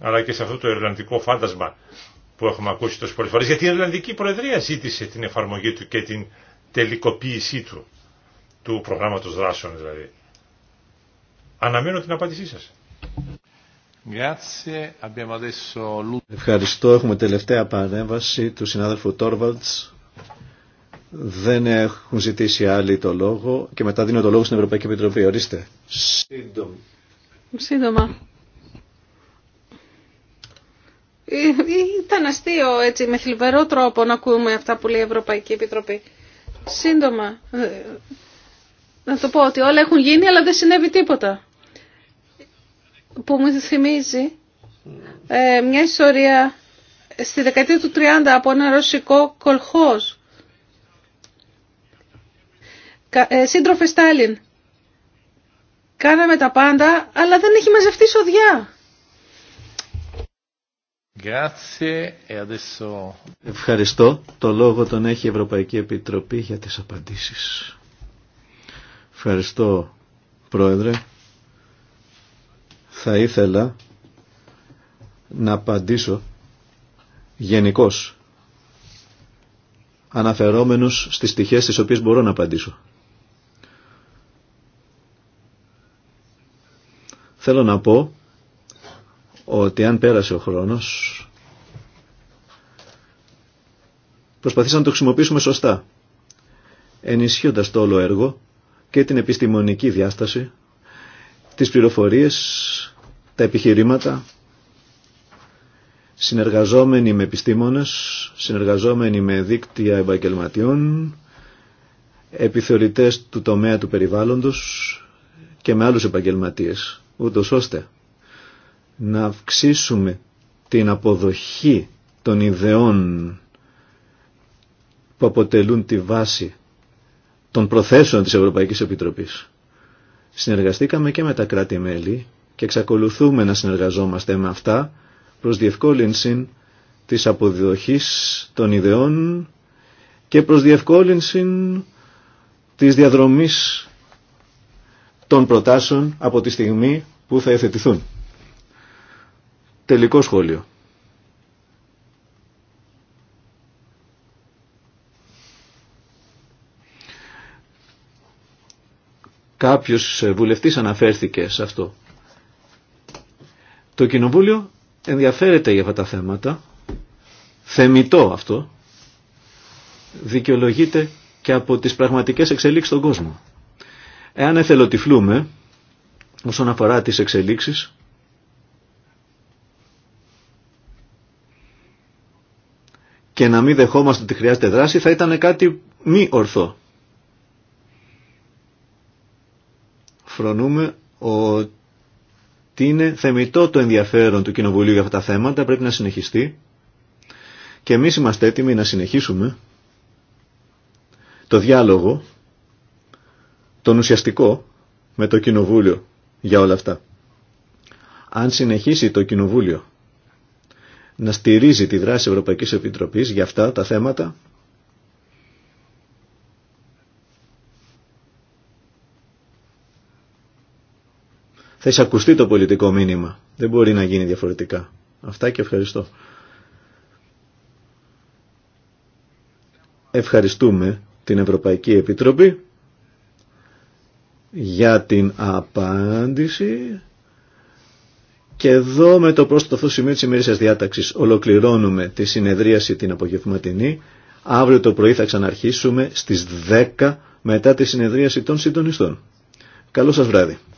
αλλά και σε αυτό το Ιρλανδικό φάντασμα που έχουμε ακούσει τόσο πολλές φορές, γιατί η Ιρλανδική Προεδρία ζήτησε την εφαρμογή του και την τελικοποίησή του, του προγράμματος δράσεων δηλαδή. Αναμένω την απάντησή σας. Ευχαριστώ. Έχουμε τελευταία παρέμβαση του συνάδελφου Τόρβαλτς. Δεν έχουν ζητήσει άλλοι το λόγο και μετά δίνω το λόγο στην Ευρωπαϊκή Επιτροπή. Ορίστε. Σύντομα. Σύντομα. Ε, ε, ήταν αστείο έτσι με θλιβερό τρόπο να ακούμε αυτά που λέει η Ευρωπαϊκή Επιτροπή. Σύντομα. Ε, να το πω ότι όλα έχουν γίνει αλλά δεν συνέβη τίποτα που μου θυμίζει ε, μια ιστορία στη δεκαετία του 30 από ένα ρωσικό κολχός. Ε, σύντροφε Στάλιν, κάναμε τα πάντα, αλλά δεν έχει μαζευτεί σοδιά. E Ευχαριστώ. Το λόγο τον έχει η Ευρωπαϊκή Επιτροπή για τις απαντήσεις. Ευχαριστώ, Πρόεδρε θα ήθελα να απαντήσω γενικώς αναφερόμενος στις στοιχείες στις οποίες μπορώ να απαντήσω. Θέλω να πω ότι αν πέρασε ο χρόνος προσπαθήσαμε να το χρησιμοποιήσουμε σωστά ενισχύοντας το όλο έργο και την επιστημονική διάσταση τις πληροφορίες τα επιχειρήματα, συνεργαζόμενοι με επιστήμονες, συνεργαζόμενοι με δίκτυα επαγγελματιών, επιθεωρητές του τομέα του περιβάλλοντος και με άλλους επαγγελματίες, ούτως ώστε να αυξήσουμε την αποδοχή των ιδεών που αποτελούν τη βάση των προθέσεων της Ευρωπαϊκής Επιτροπής. Συνεργαστήκαμε και με τα κράτη-μέλη και εξακολουθούμε να συνεργαζόμαστε με αυτά προς διευκόλυνση της αποδοχής των ιδεών και προς διευκόλυνση της διαδρομής των προτάσεων από τη στιγμή που θα εθετηθούν. Τελικό σχόλιο. Κάποιος βουλευτής αναφέρθηκε σε αυτό. Το Κοινοβούλιο ενδιαφέρεται για αυτά τα θέματα, θεμητό αυτό, δικαιολογείται και από τις πραγματικές εξελίξεις στον κόσμο. Εάν εθελοτυφλούμε όσον αφορά τις εξελίξεις, και να μην δεχόμαστε ότι χρειάζεται δράση θα ήταν κάτι μη ορθό. Φρονούμε ότι ότι είναι θεμητό το ενδιαφέρον του Κοινοβουλίου για αυτά τα θέματα, πρέπει να συνεχιστεί και εμείς είμαστε έτοιμοι να συνεχίσουμε το διάλογο, τον ουσιαστικό με το Κοινοβούλιο για όλα αυτά. Αν συνεχίσει το Κοινοβούλιο να στηρίζει τη δράση Ευρωπαϊκής Επιτροπής για αυτά τα θέματα, θα εισακουστεί το πολιτικό μήνυμα. Δεν μπορεί να γίνει διαφορετικά. Αυτά και ευχαριστώ. Ευχαριστούμε την Ευρωπαϊκή Επιτροπή για την απάντηση. Και εδώ με το πρόσθετο σημείο της ημερήσιας διάταξης ολοκληρώνουμε τη συνεδρίαση την απογευματινή. Αύριο το πρωί θα ξαναρχίσουμε στις 10 μετά τη συνεδρίαση των συντονιστών. Καλό σας βράδυ.